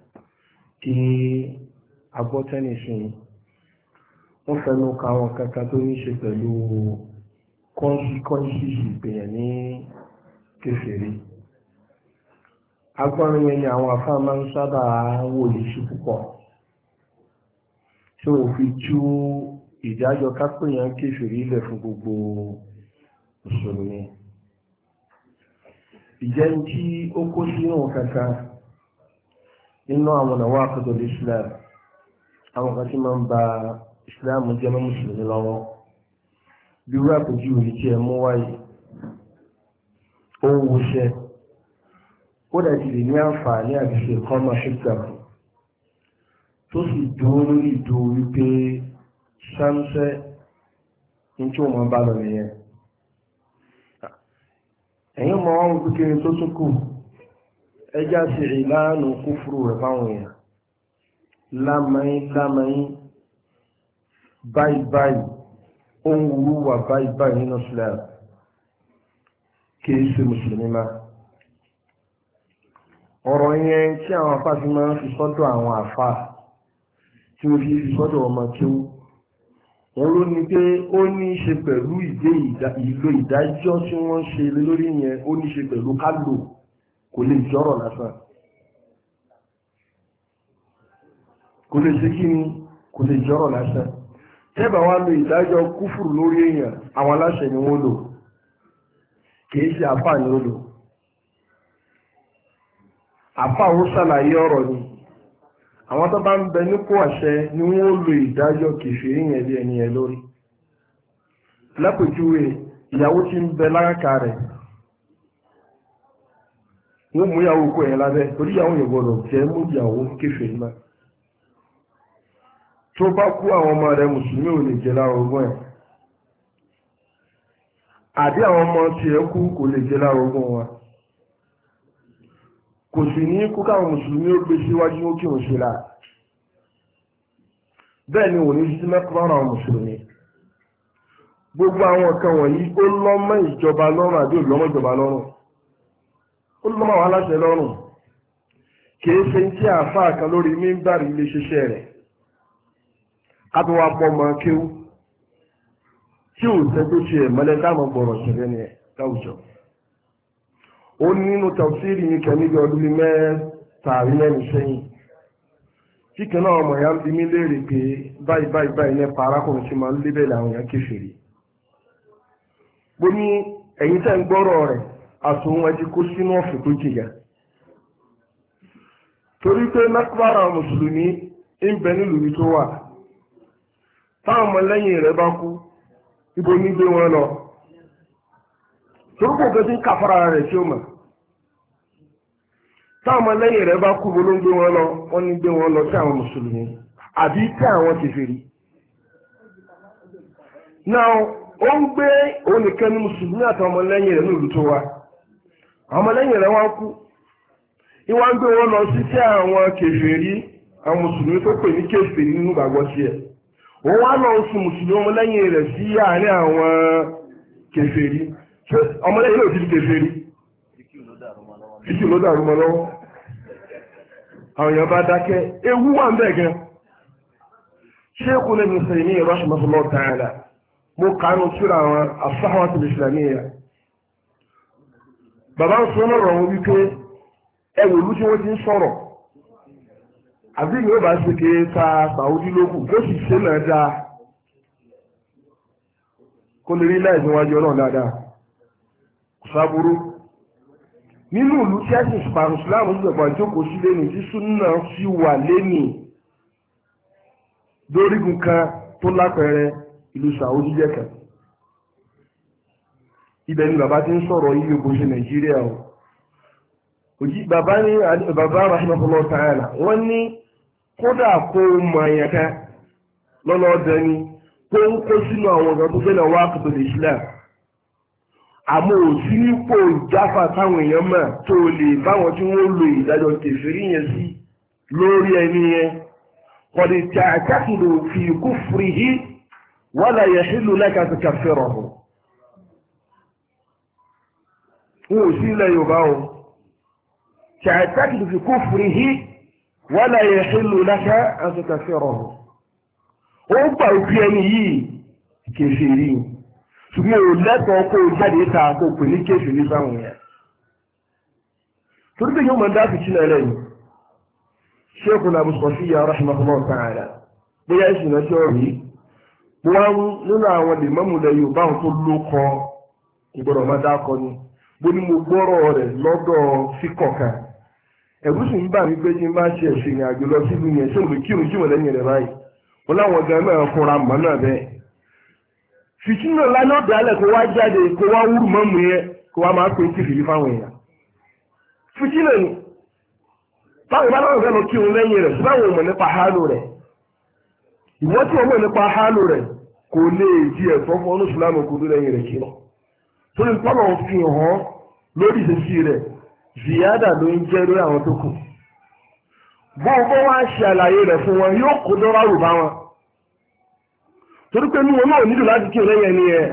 tí agbọ́tẹ́nì sùn wọ́n fẹnu ka àwọn kankan tó ní ṣe pẹ̀lú kọ́ńsíṣì ìpèyàn ní kéfèrè agbọ́nrin yẹn ni àwọn afá máa ń sábà wòye sí púpọ̀ tí wọ́n fi tú ìdájọ́ kápẹ́yàn kéfèrè ilẹ̀ fún gbogbo mùsùlùmí ìjẹ́ tí ó kó sínú kankan inú àwọn ọ̀nà wà kọ́tọ̀ islam àwọn kan tí máa ń ba islam jẹ́ mọ́ mùsùlùmí lọ́wọ́ bí wúrà kò ju òye tí ẹ mú wáyé ó ń wuṣẹ́ kódà ti lè ní àǹfààní àgbèsè kan máa ṣe gbà tó sì dúró lórí ìdúró wípé sáńsẹ́ ní tí òun bá lọ nìyẹn ẹ̀yìn mọ́ wọn kúkiri tó tún kù ẹjá sí ìlànà kúfúrú rẹ̀ fáwọn èèyàn lámàáyín lámàáyín báyìí báyìí ó ń wúrú wà báyìí báyìí nínú islam kìí ṣe mùsùlùmí má ọ̀rọ̀ yẹn tí àwọn afá fi máa ń fi sọ́dọ̀ àwọn afá tí ó fi sọ́dọ̀ ọmọ tí ó wọ́n ló ní pé ó ní í ṣe pẹ̀lú ìdé ìlò ìdájọ́ tí wọ́n ṣe lórí yẹn ó ní í ṣe pẹ̀lú kálò kò lè jọ́rọ̀ lásán kò lè ṣe kí ni kò lè jọ́rọ̀ lásán tẹ́bà wá lo ìdájọ́ kúfùrù lórí èèyàn àwọn aláṣẹ ni wọ́n lò kìí ṣe àfà ni ó àfà ó ṣàlàyé ọ̀rọ̀ ni àwọn tó bá ń bẹ nípò àṣẹ ni wọ́n lo ìdájọ́ kìfìrí yẹn lé ẹni yẹn lórí lápèjúwe ìyàwó ti ń bẹ lákàkà rẹ̀ wọ́n mú ìyàwó kó yẹn lábẹ́ torí ìyàwó yẹn gbọ́dọ̀ jẹ́ mú ìyàwó kéfè ńlá tó bá kú àwọn ọmọ rẹ̀ mùsùlùmí ò lè jẹ lára ẹ̀ àbí àwọn ọmọ tiẹ̀ kú kò lè jẹ lára wa kò sì ní kú káwọn mùsùlùmí ó gbé síwájú ó kí òun ṣe láà bẹ́ẹ̀ ni òní sí mẹ́kọ́rọ̀ àwọn mùsùlùmí gbogbo àwọn kan wọ̀nyí ó lọ́mọ ìjọba lọ́rùn àbí òlọ́mọ ìjọba lọ́rùn ó lọ́wọ́ wa láṣẹ lọ́rùn kìí ṣe tí àáfàá kan lórí mímbàrí ilé ṣiṣẹ́ rẹ̀ kábí wa bọ́ ọmọ kéwú tí ò sẹ́gbó ṣe ẹ̀ mọ́lẹ́ dáàmú gbọ̀rọ̀ ṣẹlẹ̀ ni ẹ̀ láwùjọ. ó ní nínú tàbísírì yìí kẹ́ níbi ọdún bíi mẹ́ta àrí mẹ́rin sẹ́yìn tí kan náà ọmọ ìyá ń bi mí léèrè pé báyìí báyìí báyìí nípa arákùnrin ṣe máa ń lébẹ̀ làwọn èèyàn kéfèrè. bó ní tẹ́ ń gbọ́rọ̀ rẹ̀ àtòun ẹti kó sínú ọ̀fẹ́ tó jìyà torí pé nákùbára mùsùlùmí ń bẹ nílùú tó wà táwọn ọmọlẹ́yìn rẹ̀ ibo ní gbé wọn lọ torúkọ kan tí rẹ̀ tí ó mọ̀ táwọn ọmọlẹ́yìn rẹ̀ bá kú ibo ló ń gbé wọn lọ wọ́n ní gbé wọn lọ sí àwọn mùsùlùmí àbí àwọn ti fèrè náà ó ń gbé ọmọlẹ́yìn rẹ̀ wọ́n kú ìwà ń gbé wọn lọ sí sí àwọn kèfèrí àwọn mùsùlùmí tó pè ní kèfèrí nínú gbàgbọ́ sí ẹ̀ òun wá lọ sí mùsùlùmí ọmọlẹ́yìn rẹ̀ sí àárín àwọn kèfèrí ọmọlẹ́yìn rẹ̀ ò ti di kèfèrí títí ló dàrú mọ́ lọ́wọ́ àwọn èèyàn bá dákẹ́ ewu wà ń bẹ̀ gan ṣéèkù lẹ́nu sẹ́yìn ní ìrọ́ṣùmọ́sọ́lọ́ tààlà mo kàánú síra àwọn asáhàwátì ìsìlámíyà bàbá ń sọ lọ́rọ̀ wọn wípé ẹwù olú tí wọ́n ti ń sọ̀rọ̀ àbí ìwé bá ṣe ké ta sàójú lókù tó sì ṣe náà dáa kó lè rí láìsí wájú ọlọ́run dáadáa kò sáburú nínú ìlú tí ẹ̀sìn ìsìpàrọ̀ ìsìláàmù ìjọba ìjókòó sí lẹ́nu tí súnà sí wà lẹ́nu dórígun kan tó lápẹẹrẹ ìlú sàójú jẹ́ ibẹ̀ ni bàbá ti ń sọ̀rọ̀ iye ògbó ṣe nàìjíríà o òjì bàbá ní bàbá rahimahullah ta'ala wọ́n ní kódà kó mọ àyànká lọ́nà ọ̀dẹ ni kó ń kó sínú àwọn ọ̀gá tó fẹ́ lọ wá kòtò lè ṣílẹ̀ àmọ́ òsì nípò ìjáfà táwọn èèyàn mọ̀ tó lè báwọn tí wọ́n lo ìdájọ́ kẹfìrí yẹn sí lórí ẹni yẹn kọ̀dìtà àkàkùnrin òfin kúfùrì yìí wọ́n láyẹ̀ hílù lẹ́ka tó kàfẹ́rọ̀ ọ̀hún. ń wò sí ilẹ̀ yorùbá o ṣàìtàkìlì fi kó fúri hí wà láyé ṣẹlò láṣá àtúntà fẹ́rọ̀ ó gbà òkú ẹni yìí kèfèrí ṣùgbọ́n ò lẹ́tọ̀ọ́ kó jáde ta kó pè ní kèfèrí sáwọn yẹn torí pé yóò máa dá fìtí náà lẹ́yìn ṣéèkù náà bó sọ sí ìyá rahimahullah ta'ala bóyá ìṣìnà tí ó rí wọn nínú àwọn lè mọ́mú lẹ́yìn ò báwọn tó ló kọ ìgbọ́dọ̀ máa dá kọ ni bó ní mo gbọ́rọ̀ rẹ̀ lọ́dọ̀ síkọ̀ọ̀ka ẹ̀rú sì ń bà mí pé kí n bá ṣe ẹ̀sìn ìrìn àjò lọ síbi yẹn ṣé òun kírun kírun lẹ́yìn rẹ̀ báyìí wọn láwọn ọ̀gá náà fúnra mọ́ náà bẹ́ẹ̀. fìtínà lánàá dálẹ̀ kó wá jáde kó wá wúrù mọ́mù yẹn kó wá máa pè sí fìdí fáwọn èèyàn. fìtínà ni báwo bá láwọn fẹ́ lọ kírun lẹ́yìn rẹ̀ báwo mọ̀ nípa hálò rẹ̀ ìwọ́n tí wọ́n mọ̀ nípa torí tọ́lọ̀ fi hàn lórí ìṣesí rẹ̀ ziyada ló ń jẹ́ lórí àwọn tó kù bó bó wá ṣe àlàyé rẹ̀ fún wọn yóò kó dọ́rọ̀ àrùbá wọn torí pé ní wọn náà nílò láti kí ọlẹ́yìn ẹni ẹ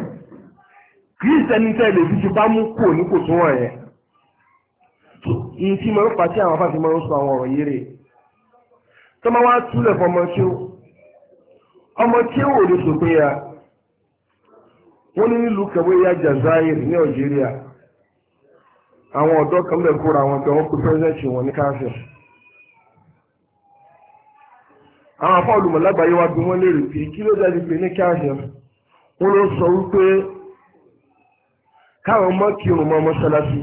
kì í sẹ́ni tẹ́ lè fi ti bá mú kò ní kò tún wọ̀n yẹn ní tí mo ń pa tí àwọn afáfin máa ń sọ àwọn ọ̀rọ̀ yére tọ́mọ wá túlẹ̀ fọmọ tí ó ọmọ tí ó wò lè sọ pé ya wọ́n ní nílùú kẹwé ya Jazair ní Algeria àwọn ọ̀dọ́ kan lè kóra àwọn pé kó pẹ́sẹ́ǹtì wọn ní káfíà àwọn afọ olùmọ̀lágbàáyé wa bí wọ́n léèrè pé kí ló jáde pé ní káfíà wọ́n ló sọ wípé káwọn mọ́ kírun mọ́ mọ́ṣáláṣí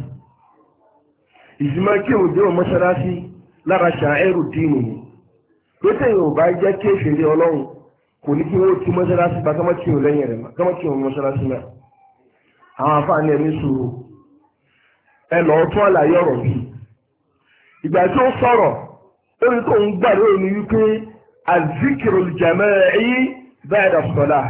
ìsìnmọ́ kírun dé mọ́ṣáláṣí lára ṣàẹ́rù dínú ni pé tẹ̀yìn ò bá jẹ́ kéfèrè ọlọ́run kò ní kí wọ́n tú mọ́ṣáláṣí pa kọ́mọ́ tí ò lẹ́yìn rẹ̀ kọ́mọ́ tí ò mọ́ṣáláṣí náà àwọn àfáàní ẹ̀mí sùúrù ẹ lọ́ọ́ tún àlàyé ọ̀rọ̀ bíi ìgbà tí ó sọ̀rọ̀ lórí tó ń gbà lórí ni wípé àzíkìrò ìjàmẹ́ ẹ̀yí bẹ́ẹ̀ dà sọ̀lá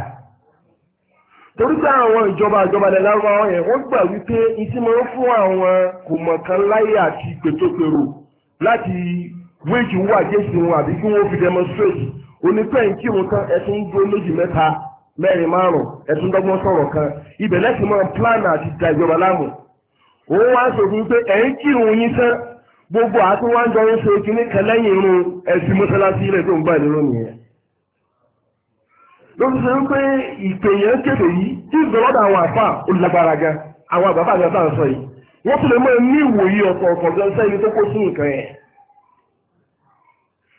torí pé àwọn ìjọba ìjọba ilẹ̀ lárúbáwọ̀ yẹn wọ́n gbà wípé ìtí mọ́ fún àwọn kò mọ̀ kan láyé àti pètòpèrò láti wéjì wà jésì wọn àbí kí wọ́n fi demonstrate onípẹ́ ń kírun tán ẹ̀sùn ń gbó méjì mẹ́ta mẹ́rin márùn-ún ẹ̀sùn dọ́gbọ́n sọ̀rọ̀ kan ibẹ̀ lẹ́sìn máa pílánà àti da ìjọba láàmú. òun wá sòfin gbogbo àti wá ń jọ ń ṣe kinní kan lẹ́yìn ẹ̀sìn mọ́sálásí ilẹ̀ tó ń gbà nìyẹn. ló ti sọ pé kéde yìí tí àwọn àfà gan àwọn sọ yìí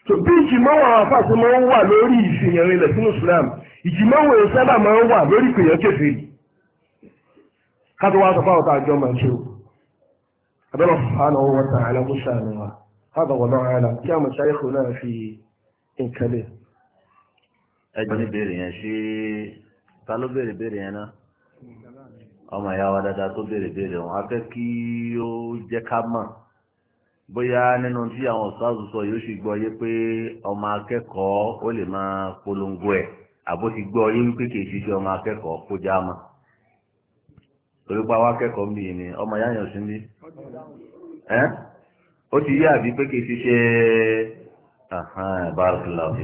tó bí ìjìmọ̀ àwọn afáàtì máa ń wà lórí ìfihàn ilẹ̀ sínú Islam ìjìmọ̀ wo sábà máa ń wà lórí ìpèyàn kẹfì kátó wá sọ fáwọn tá a jọ máa ṣe o abẹ́rẹ́ fàánà owó wọ́ta aláwọ̀sá ni wa هذا والله أعلم kí a mọ̀ sáyé kò náà fi nǹkan lè. ẹgbẹ́ ní béèrè yẹn ṣé ta ló béèrè béèrè yẹn náà ọmọ ìyá wa dáadáa tó béèrè béèrè wọn a fẹ́ kí ó jẹ́ ká mọ̀. bóyá nínú tí àwọn ọ̀sáàzù sọ yóò ṣe gbọ́ yé pé ọmọ akẹ́kọ̀ọ́ ó lè máa polongo ẹ̀ àbó ti gbọ́ yé wípé kì í ṣiṣẹ́ ọmọ akẹ́kọ̀ọ́ kó já mọ́ torí pa wá kẹ́kọ̀ọ́ mi ni ọmọ yáyàn sí ní ẹ́ ó ti yé àbí pé kì í ṣiṣẹ́ barakallahu.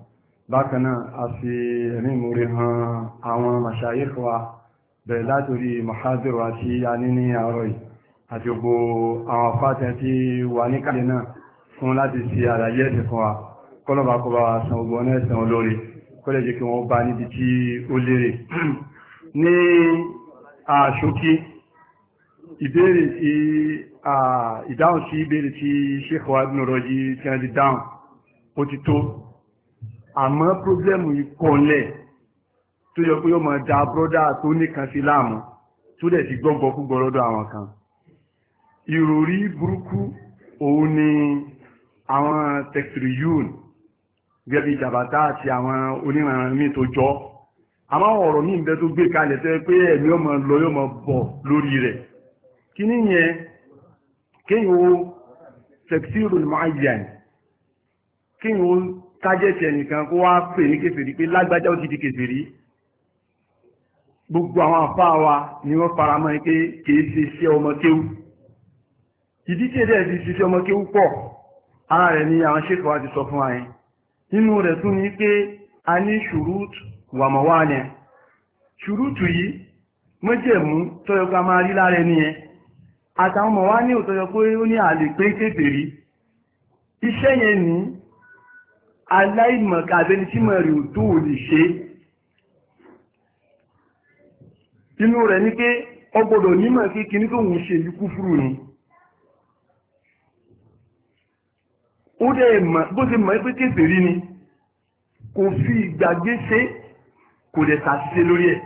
bákan náà a fi ẹ̀mí múrí han àwọn màṣáyíkọ wa bẹ̀rẹ̀ látòrí mahadir wa tí a ní ní àárọ̀ yìí àti gbogbo àwọn afáàtẹ̀ tí wà ní kàlẹ̀ náà fún láti ṣe àlàyé ẹ̀sìn fún wa kọ́lọ̀bà san ogun ọ̀nà ẹ̀sìn olóore kọ́lẹ̀ àmọ́ pírọ́blẹ́mù ìkọlẹ̀ tó yọ pé ó máa da bọ́dà tó nìkan sí láàmú tó dẹ̀ ti gbọ́ngbọ́ fún gbọ́lọ́dọ̀ àwọn kan ìròrí burúkú òun ni àwọn tẹ̀sírìyún gẹ́bí jàbátá àti àwọn oníranran míì tó jọ àmọ́ ọ̀rọ̀ míì bẹ́ tó gbé kalẹ̀ tẹ́ pé ẹ̀mí ọmọ lọ yóò máa bọ̀ lórí rẹ̀ kí ní kéyìn ó tẹ̀sírìyún máa yàn kéyìn ó kájẹ́sì ẹnìkan kó wá pè ní kèfèrí pé lágbájá ó ti di kèfèrí gbogbo àwọn àfá wa ni wọ́n fara mọ́ pé kìí ṣe iṣẹ́ ọmọ kéwú ìdí tí èdè ti ṣiṣẹ́ ọmọ kéwú pọ̀ ara rẹ̀ ni àwọn ṣèkọ̀ wa ti sọ fún wa yẹn nínú rẹ̀ tún ni pé a ní ṣùrùtù wàmọ̀wánẹ ṣùrùtù yìí mọ́jẹ̀mú tọ́yọ pé a máa rí lára ẹni yẹn àtàwọn ọmọ wa ní òtọ́yọ pé ó ní àlè pé kéfèrí iṣẹ́ yẹn nìí aláìmọ̀ká abẹni tí mọ̀ rí tó ò lè ṣe inú rẹ̀ ní pé ọgbọ̀dọ̀ nímọ̀ kí kí ní kò ń ṣe ikú fúrù ni ó dẹ̀ mọ̀ bó ṣe mọ̀ pé kéfè rí ni kò fi ìgbàgbé ṣe kò dẹ̀ ṣàṣìṣe lórí ẹ̀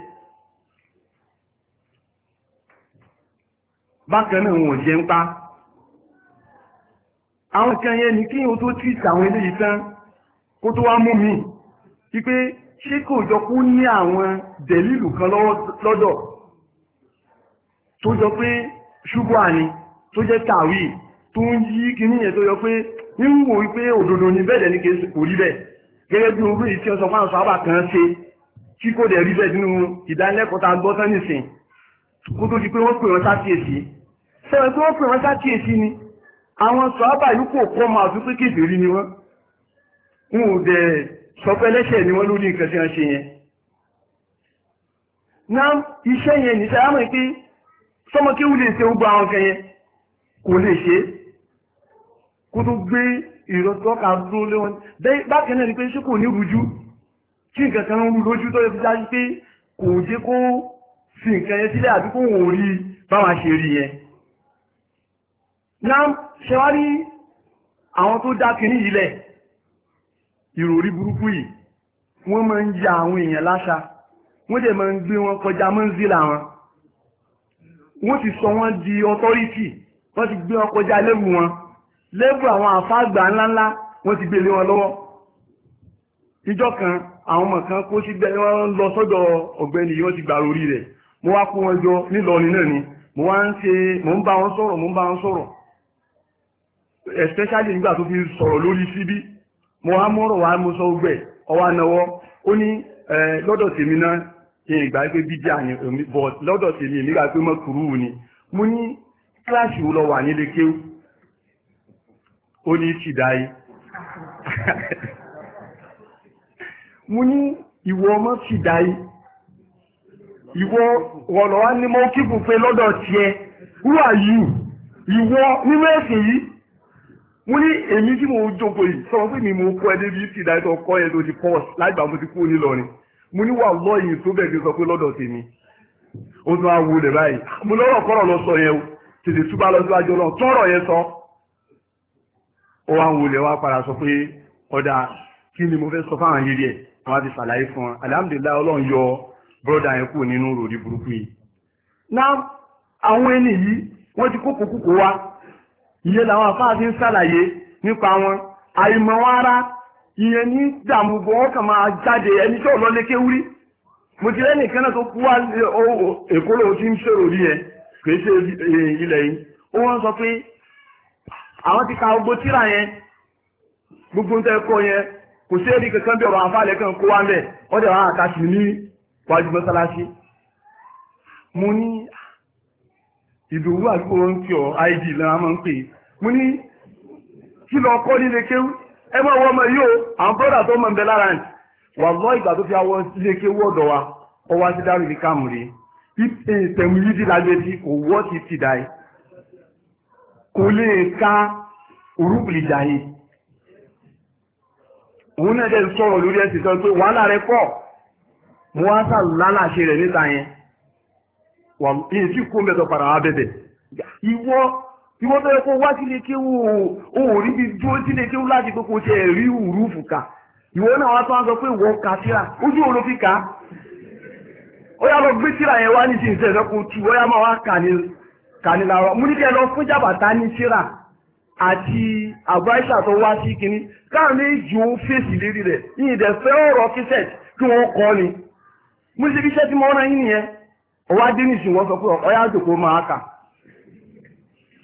bákan náà wọ́n jẹ́ ń pa kó tó wá mú mi wípé ṣé kò jọ kó ní àwọn dẹ̀lílù kan lọ́dọ̀ tó jọ pé ṣubú àní tó jẹ́ tàwí tó ń yí kíní yẹn tó jọ pé ń wò wípé òdodo ni bẹ́ẹ̀ ní kèsì kò rí bẹ́ẹ̀ gẹ́gẹ́ bí orú ìtí ọsàn fáwọn sábà kan ṣe tí kò ni àwọn sábà yìí kò kọ́ máa tún pé ni wọ́n ń ò dẹ̀ sọpẹ́ lẹ́ṣẹ̀ ni wọ́n lórí nǹkan tí wọ́n ṣe yẹn náà iṣẹ́ yẹn nìṣẹ́ àmọ́ pé sọmọ kí ó lè ṣe gbogbo àwọn kan yẹn kò lè ṣe kó tó gbé ìrọ̀tọ́ka dúró lé wọn bákan náà ni pé ṣé kò ní rújú kí nǹkan kan rú lójú tó yẹ fi dájú pé kò jẹ́ kó fi nǹkan yẹn sílẹ̀ àbí kó wọ́n ò rí báwọn ṣe rí yẹn náà ṣe wá rí àwọn tó dá kìíní yìí lẹ̀ ìròrí burúkú yìí wọ́n máa ń ya àwọn èèyàn láṣà wọ́n dẹ̀ máa ń gbé wọn kọjá mọ́ńsílà wọn wọ́n ti sọ wọ́n di ọtọ́rítì wọ́n ti gbé wọn kọjá lẹ́wù wọn lẹ́wù àwọn àfáàgbà ńláńlá wọ́n ti gbélé wọn lọ́wọ́ ìjọ kan àwọn ọmọ kan kó sí bẹ́ẹ̀ wọ́n lọ sọ́dọ̀ ọ̀gbẹ́ni yìí wọ́n ti gbà lórí rẹ̀ mo wá kó wọn jọ nílọrin náà ni mo wá ń ṣe mo ń bá wọn sọ̀rọ̀ mo ń bá wọn sọ̀rọ̀ especially nígbà tó fi sọ̀rọ̀ lórí síbí muhammadu wa musa ogbe ọwọ́ anáwọ́ ó ní lọ́dọ̀ tèmi náà kí n gbà pé bídí àyàn but lọ́dọ̀ tèmi nígbà pé mọ́ kúrú ni mo ní kíláàsì wo lọ wà nílé kéwù ó ní tìdáyé mo ní ìwọ ọmọ tìdáyé ìwọ wọ̀lọ́wá ní mọ́ kíkù pé lọ́dọ̀ tiẹ̀ who are you ìwọ nínú ẹ̀sìn yìí mo ní èmi tí mo jókòó yìí sọ pé mi mo kọ́ ẹ débi tí ìdájọ́ kọ́ ẹ tó ti pọ̀ lágbà mo ti kú onílọrin mo ní wà lọ́yìn tó bẹ̀ kí n sọ pé lọ́dọ̀ tèmi ó tún á wulẹ̀ báyìí mo lọ́rọ̀ kọ́rọ̀ lọ sọ yẹn o tètè túbà lọ síwájú náà tọ́rọ̀ yẹn sọ ó wá ń wulẹ̀ wá padà sọ pé ọ̀dà kí ni mo fẹ́ sọ fáwọn yìí rẹ̀ wọ́n á ti ṣàlàyé fún wọn ọlọ́run yọ ìyẹn làwọn àfáà ti ń sàlàyé nípa wọn àìmọ̀ wọn ara ìyẹn ní dàmùgbò wọn kàn máa jáde ẹni tó lọ lékè wúrí mo ti rẹ́nì kan náà tó kú wá èkó lòun ti ń ṣèrò rí ẹ kìí ṣe ilẹ̀ yìí ó wọ́n sọ pé àwọn ti ka gbogbo tíra yẹn gbogbo tẹ́ kọ yẹn kò sí èdè kankan bí ọ̀rọ̀ àfáàlẹ̀ kan kó wá mẹ́ ọ̀dẹ̀ wọn àkàtì ní wájú mọ́sálásí mo ní ìdòwú àdúgbò wọn kí ọ id lára máa ń pè mú ní kí lọ kọ́ nílé kéwú ẹ máa wọ́n ọmọ yóò àwọn bọ́dà tó mọ̀ ń bẹ lára ẹ̀ wà lọ ìgbà tó fi àwọn ilé kéwú ọ̀dọ̀ wa ọ wá sí dárò ní káàmù rí ìtẹ̀mú yìí dìlà gbé tí kò wọ́ ti ti dà yìí kò lè ka orúbìlì dà yìí òun náà jẹ́ sọ̀rọ̀ lórí ẹ̀sìn tó wàhálà rẹ̀ pọ̀ wọ́n á sà lálàṣe rẹ̀ níta yẹn wọ́n yìí tí kó mẹ́tọ̀ padà wá bẹ̀bẹ̀ ìwọ ìwọ tó yẹ kó wá sílé kéwù o ò rí bí dúró sílé kéwù láti pé kò tiẹ̀ rí òrùfù ká ìwọ náà wá tó wá sọ pé ìwọ kà síra ojú òun ló fi kà á ó yá lọ gbé síra yẹn wá ní sí ìṣẹ̀lẹ̀ kò tù ó yá máa wá kà ní lára mú ní kẹ́ lọ fún jàbàtà ní síra àti àbúráṣà tó wá sí kínní káàmì jù ú fèsì lérí rẹ̀ ìyìn dẹ̀ fẹ́ ọ̀rọ̀ kíṣẹ̀ kí wọ́n kọ́ ni mú sí kíṣẹ́ tí mo rán yín nìyẹn ọwá dé n'isi wọ́n sọ pé ọ̀yá àjòkó máa kà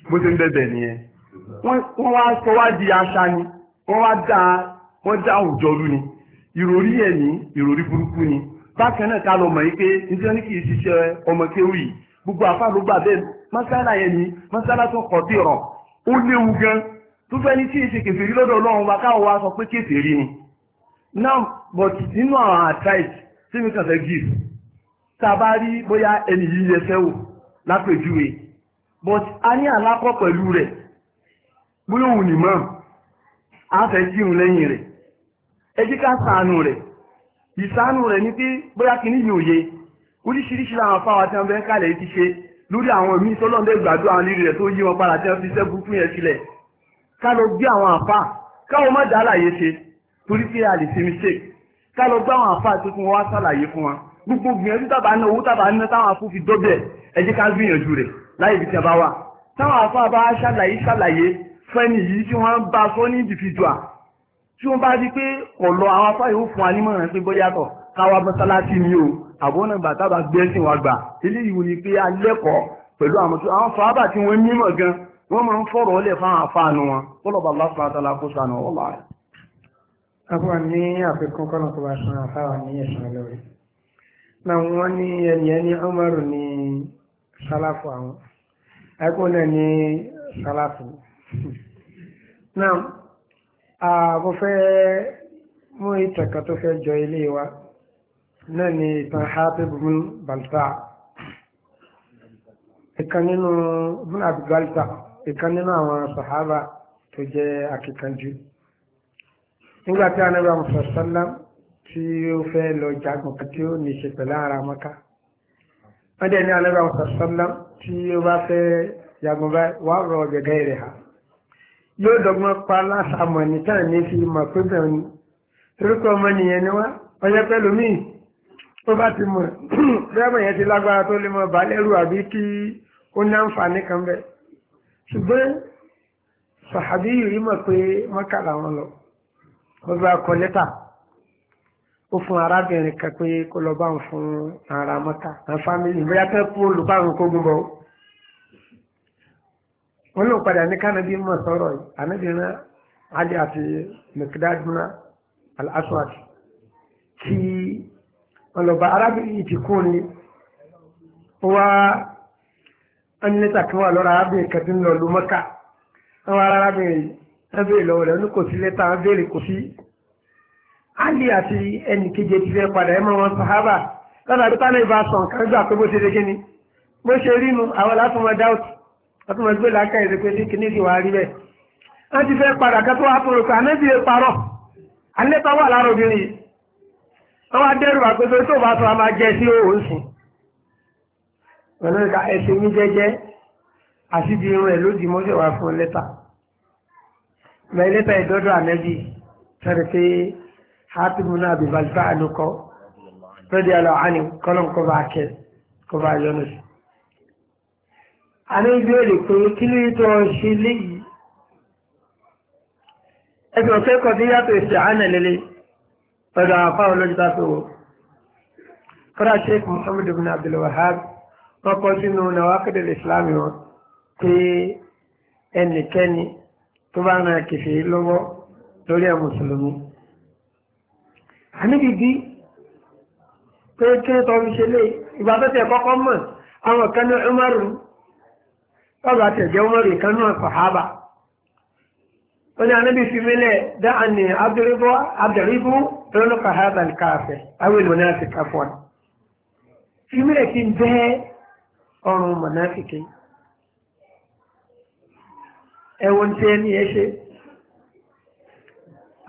bó ti ń bẹ̀bẹ̀ wọ́n wá ni wọ́n wá dá ni ìròrí ìròrí burúkú ni bákan náà ká lọ mọ̀ yí pé ní kì í ọmọ kéwì yìí gbogbo ló gbà bẹẹ mọsálà yẹn ni mọsálà tó kọ̀ dé ó léwu gan tó fẹ́ ní ṣe lọ́dọ̀ ọlọ́run wa káwọn wa sọ pé tàbá rí bóyá ẹni yìí yẹ sẹ́wò lápèjúwe but a ní àlákọ̀ pẹ̀lú rẹ̀ bóyá òun ni mọ́ a fẹ́ kírun lẹ́yìn rẹ̀ ẹ jẹ́ ká ṣàánú rẹ̀ ìṣàánú rẹ̀ ní pé bóyá kìíní yìí òye oríṣiríṣi làwọn fáwọn tí wọ́n fẹ́ kálẹ̀ ti ṣe lórí àwọn míì tọ́lọ́ndẹ́ ìgbàdúrà àwọn lírí rẹ̀ tó yí wọn padà tí wọ́n fi ṣẹ́ burúkú yẹn sílẹ̀ ká lọ gbé àwọn àfà káwọn má dá àlàyé ṣe torí pé a lè ṣe mistake ká lọ gbé àwọn àfà tuntun wọn wá ṣàlàyé fún wọn gbogbo gbìyànjú tàbá ná owó tàbá ná táwọn afú fi dọ́bẹ̀ ẹ jẹ́ ká gbìyànjú rẹ̀ láyé ibi tí a bá wà táwọn afú àbá ṣàlàyé ṣàlàyé fẹ́ni yìí tí wọ́n bá sọ ní individual tí wọ́n bá rí pé ọ̀lọ́ àwọn afá yóò fún anímọ̀ràn pé bọ́yá tọ̀ káwa mọ́sálásí ni o àbọ̀nà ìgbà tábà gbẹ́sìn wa gbà eléyìí ni pé alẹ́kọ̀ọ́ pẹ̀lú àwọn tó àwọn fàábà tí wọ́n mímọ̀ gan wọ́n máa ń fọ̀rọ̀ ọlẹ̀ fáwọn àfáànù wọn kọ́lọ̀bà lásìkò kó sànà ọlọ́rẹ̀. àbúrò ní àfikún kọ́nà tó bá san àfáà ní ẹ̀sán lórí na wọ́n ní ẹnìyẹn ní Umaru ní sálàfù àwọn ẹkùn náà ní sálàfù náà àbúfẹ́ mú ìtàkà tó fẹ́ jọ ilé wa náà ní ìtàn Hatib bin Balta ìkan nínú bin Abi Balta ìkan nínú àwọn sàhábà tó jẹ́ akíkanjú nígbà tí a náà bá tí ó fẹ́ lọ jagun kan tí ó ní ṣe pẹ̀lú ara mọ́ká wọ́n dẹ̀ ní alẹ́bàá ọ̀sọ̀sọ́lá tí ó bá fẹ́ jagun bá wà rọ gẹ̀gẹ́ rẹ̀ ha yóò dọ́gbọ́n pa lásàmọ̀ nìkan ní fi mọ̀ pé bẹ̀rù ni torúkọ ọmọ nìyẹn ni wá ọyẹ pẹ̀lú míì tó bá ti mọ̀ bẹ́ẹ̀mọ̀ yẹn ti lágbára tó lè mọ̀ bá lẹ́rù àbí kí ó ní àǹfààní kan bẹ̀ ṣùgbọ́n sàhàbí yìí mọ̀ pé mọ́kàlá wọn lọ wọ́n bá kọ lẹ́tà ó fún arábìnrin kan pé kó lọ bá òun fún ara mọ́ta àwọn fámìlì bóyá tán kú olùbárùn kó gbogbo wọn ló padà ní kánàbí mọ̀ sọ̀rọ̀ yìí ànábìnrin alẹ́ àti mẹ̀kídádúná al-aswad tí wọn lọ bá arábìnrin yìí ti kú ni wá ẹnìta kan wà lọ́ra arábìnrin kan tí lọ mọ́ta wọn arábìnrin yìí wọn béèrè lọ́wọ́ rẹ̀ wọn kò sí lẹ́tà wọn béèrè kò sí. Ali àti ẹnì keje ti fẹ́ padà ẹmọ wọn sàhábà lọ́nà àdúgbò náà ìbá sàn kan gbà pé bó ni bó ṣe rí nu àwọn látọmọ dáùtù látọmọ gbé làákà ìrè pé ní kìíní ìwà rí bẹ́ẹ̀. wọ́n ti fẹ́ padà kẹ́tọ́ wá fún àná ìbílẹ̀ parọ́ tó wà mi irun lódì hatibu náà bí balfa àlùkọ́ rẹ́dí aláwọ̀ánì kọ́lọ́n kó bá kẹ́ kó bá yọnu sí. a ní ìbéèrè pé kí ló tó ń ṣe léyìí ẹgbẹ́ òkẹ́kọ̀ọ́ tí yàtọ̀ ìṣe àánà lélẹ̀ pẹ̀lú àwọn afáwọn olójútà tó sheikh muhammad ibn abdul wahab wọ́n kọ́ sínú nawakidil islam wọn pé ẹnikẹ́ni tó bá ń ra kìfì lọ́wọ́ lórí ẹ̀ àníbi bí pé kí ni tọ́wọ́ ṣe lé ìgbà tó tẹ̀ kọ́kọ́ mọ̀ àwọn kan ní Umaru bàbá tẹ̀ jẹ́ Umaru ìkan náà sàhábà ó ní àníbi fi mílẹ̀ dáhà ní abdùrìbù lọ́nà kàhádà káfẹ́ àwọn èlò náà ti káfọ́ fi mílẹ̀ ti bẹ́ ọrùn mọ̀náfìkì ẹ̀wọ̀n tí ẹni ẹ ṣe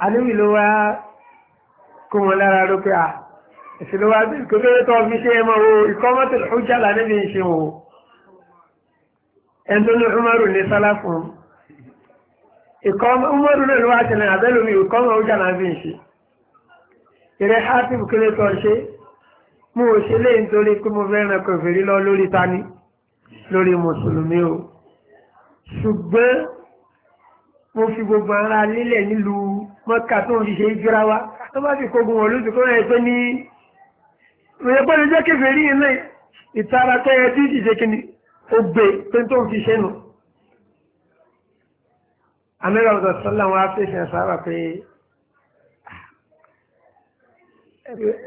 àníbi ló wá kó wọn lára ló pé à ìṣèlú wa bí kò lóore tó fi ṣe é mọ́ o ìkọ́mọ́tò ìjà lànà bí ṣe wò ẹni tó ní Umaru ní sálàfún ìkọ́mọ́ Umaru náà ló wá ṣẹlẹ̀ àbẹ́lómi ìkọ́mọ́ ìjà lànà bí ṣe ìrẹ́ hátìbù kí ló tọ́ ṣe mú o ṣe léyìn torí pé mo fẹ́ràn kò fèrí lọ lórí tani lórí mùsùlùmí o ṣùgbọ́n mo fi gbogbo ara lílẹ̀ nílùú mọ́kà tó ń ṣe ìjírá wa tó bá ti kogun wọ̀lú ti kó rẹ̀ pé ní ìrẹ́pẹ́ lè jẹ́ kéfèé rí ilé ìtara tẹ́yẹ tí ìṣe kí ni ó gbé pé tó fi ṣe nù amẹ́rọ ọ̀dọ̀ sọ́lá wọn á fèsì ẹ̀ sára pé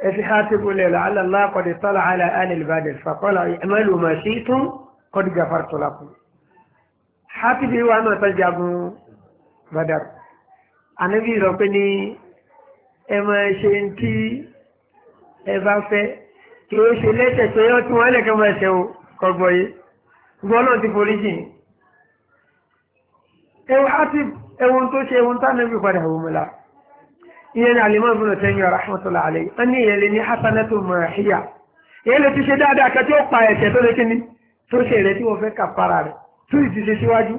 ẹ̀fí ha ti bú lẹ̀ lọ́la lákọ̀dé tọ́lá alẹ́ alẹ́lẹ́bàdẹ̀ fàkọ́lá ẹ̀mẹ́lù mà ẹ máa ṣe ń tí ẹ bá fẹ́ kí ó ṣe lẹ́sẹ̀ pé ó tún wọ́n lẹ́kẹ́ máa ṣe kọgbọ́ yìí gbọ́n náà ti forí jìn ẹwọ́n àti ẹwọ́n tó ṣe ẹwọ́n tánà bí padà wọ́n mọ́lá ìyẹn ni alimọ́ ibùn tẹ́yìn rahmatullah alayhi wọ́n ní ìyẹn lè ní hasanatu mahiya ìyẹn lè ti ṣe dáadáa kẹ́ ó pa ẹ̀ṣẹ̀ tó lè kí ni tó ṣe rẹ̀ tí wọ́n fẹ́ kà para rẹ̀ tó ì ti ṣe síwájú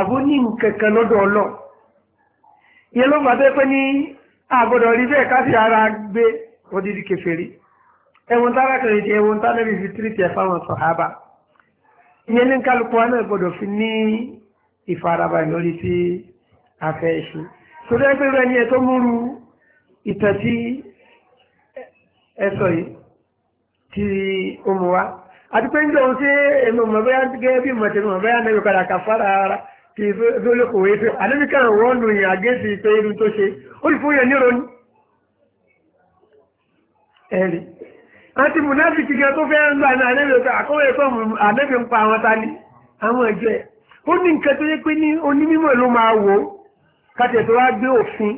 àbó ní nǹkan kan lọ́dọ̀ ìyẹn ló fà tó pé ní àgbọ̀dọ̀ rí bẹ́ẹ̀ káfí ara gbé odidi kèfèrí ẹ̀wọ̀n tára kẹrin ti ẹ̀wọ̀n tára rí fi tírìtì ẹ̀fà wọn sàhábà ìyẹn ní kálukú wa náà gbọ́dọ̀ fi ní ìfaraba lórí tí a fẹ́ ṣe torí ẹgbẹ́ rẹ ni ẹ tó múru ìtàn tí ẹ sọ yìí tí ó mú wa àdúpẹ́ ń lọ́wọ́ sí ẹ̀mọ̀ gẹ́gẹ́ bí mọ̀tẹ́mọ̀ mọ̀bẹ́yà náà yóò padà kà fara ara kì í fi olókòwò yìí fi àdébíkà wọ́n lù ó rí fún yẹn nírò ní ẹ̀rí àti mùnáfi kíkẹ́ tó fẹ́ ń gbà ní ànẹ́bì ń pa àwọn tani àwọn ẹ̀jọ́ ẹ̀ ó ní nǹkan tó yẹ pé ní onímọ̀ ló máa wò ó kàtẹ̀ tó wá gbé òfin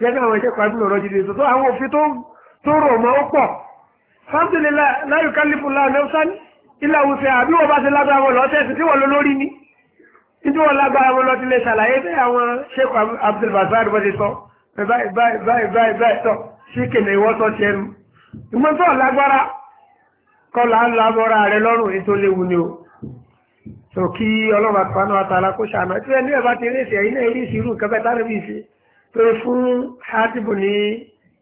gẹ́gẹ́ àwọn iṣẹ́ pàdé lọ́rọ̀ jíde tó àwọn òfin tó rọ̀ fẹ́ ni nítorí wọ́n lágbára wọn lọ́tí lè ṣàlàyé bẹ́ àwọn ṣẹ́kù Abdul Basir bọ́ ti báyìí báyìí báyìí báyìí báyìí tọ́ sí kèlè ìwọ́ tọ́ ti ìgbọ́n tó lágbára kọ́ là ń rẹ lọ́rùn èyí ni o tó kí ọlọ́run àtàwọn àtàlà kó ṣàmà tí ẹni ẹ̀ bá ti rí ìṣẹ̀ yìí náà rí ìṣirú nǹkan bẹ́ẹ̀ tánà bí ìṣe tó fún hátìbù ní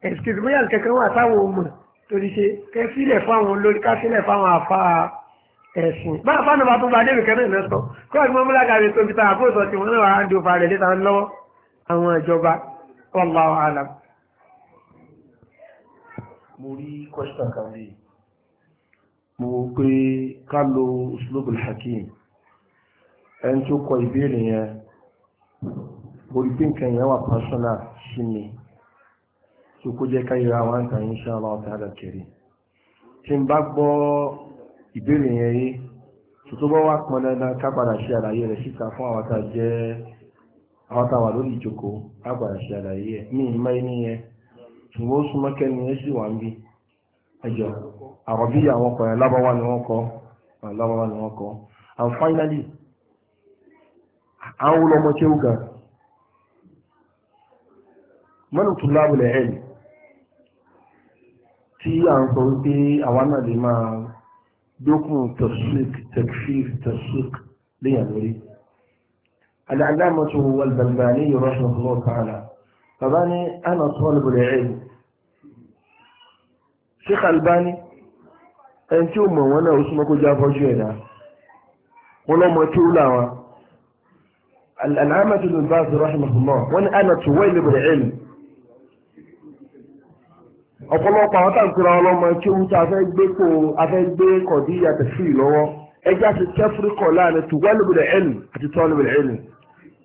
ẹ̀sìkìtì bóyá kẹ̀kẹ́ wọn àtàwọn ọmọ torí ṣe kẹ́ sílẹ̀ fáwọn olórí ká sílẹ̀ fáwọn àfáà ẹ̀sìn bá fánà bá tún bá débi kẹ́rin ìná sọ kọ́ ẹ̀gbọ́n múlágàrí wallahu alam. mo rí question kan lè mo pé ká lo uslubul hakim ẹni tó kọ ìbéèrè yẹn mo rí pé nǹkan yẹn wà personal sí mi tó kó jẹ́ káyọ̀ àwọn àǹtà insha Allah ta'ala kiri tí n bá gbọ́ ìbéèrè yẹn yìí tó tó bá wà pọn dandan ká padà ṣe àlàyé rẹ̀ síta fún àwọn tá àwọn táwà lórí ìjókòó agbára ṣe àlàyé ẹ̀ ní ìmọ̀ ẹni yẹn ṣùgbọ́n ó súnmọ́ kẹ́ni ẹ sì wà ń bí ẹjọ́ àwọn àwọn ọkọ̀ yẹn ni wọ́n kọ́ lábáwá ni wọ́n kọ́ and finally àwọn olọmọ tí ó ga mọ́nà tó lábùlẹ̀ ẹ̀ tí à ń sọ wípé àwa náà lè máa dókun tẹ̀sík tẹ̀sík tẹ̀sík léyàn lórí. العلامة والبلباني رحمه الله تعالى فباني أنا طالب العلم شيخ الباني ẹni tí ó mọ̀ wọn náà ó súnmọ́ kó já fọ́jú ẹ̀dá wọn lọ́mọ tí ó láwọn aláàmàtí ló bá sọ rahimahullah wọn ni ana tó wáyé lébèrè ẹ̀lì ọ̀pọ̀lọpọ̀ àwọn táǹkìrà ọlọ́mọ tí ó ń ta afẹ́ gbé kó afẹ́ gbé kọ̀dí yàtọ̀ sí ìlọ́wọ́ ẹjá ti tẹ́fúrí kọ̀ láàrin tó wáyé lébèrè ẹ̀lì àti tọ́ lébèrè ẹ̀lì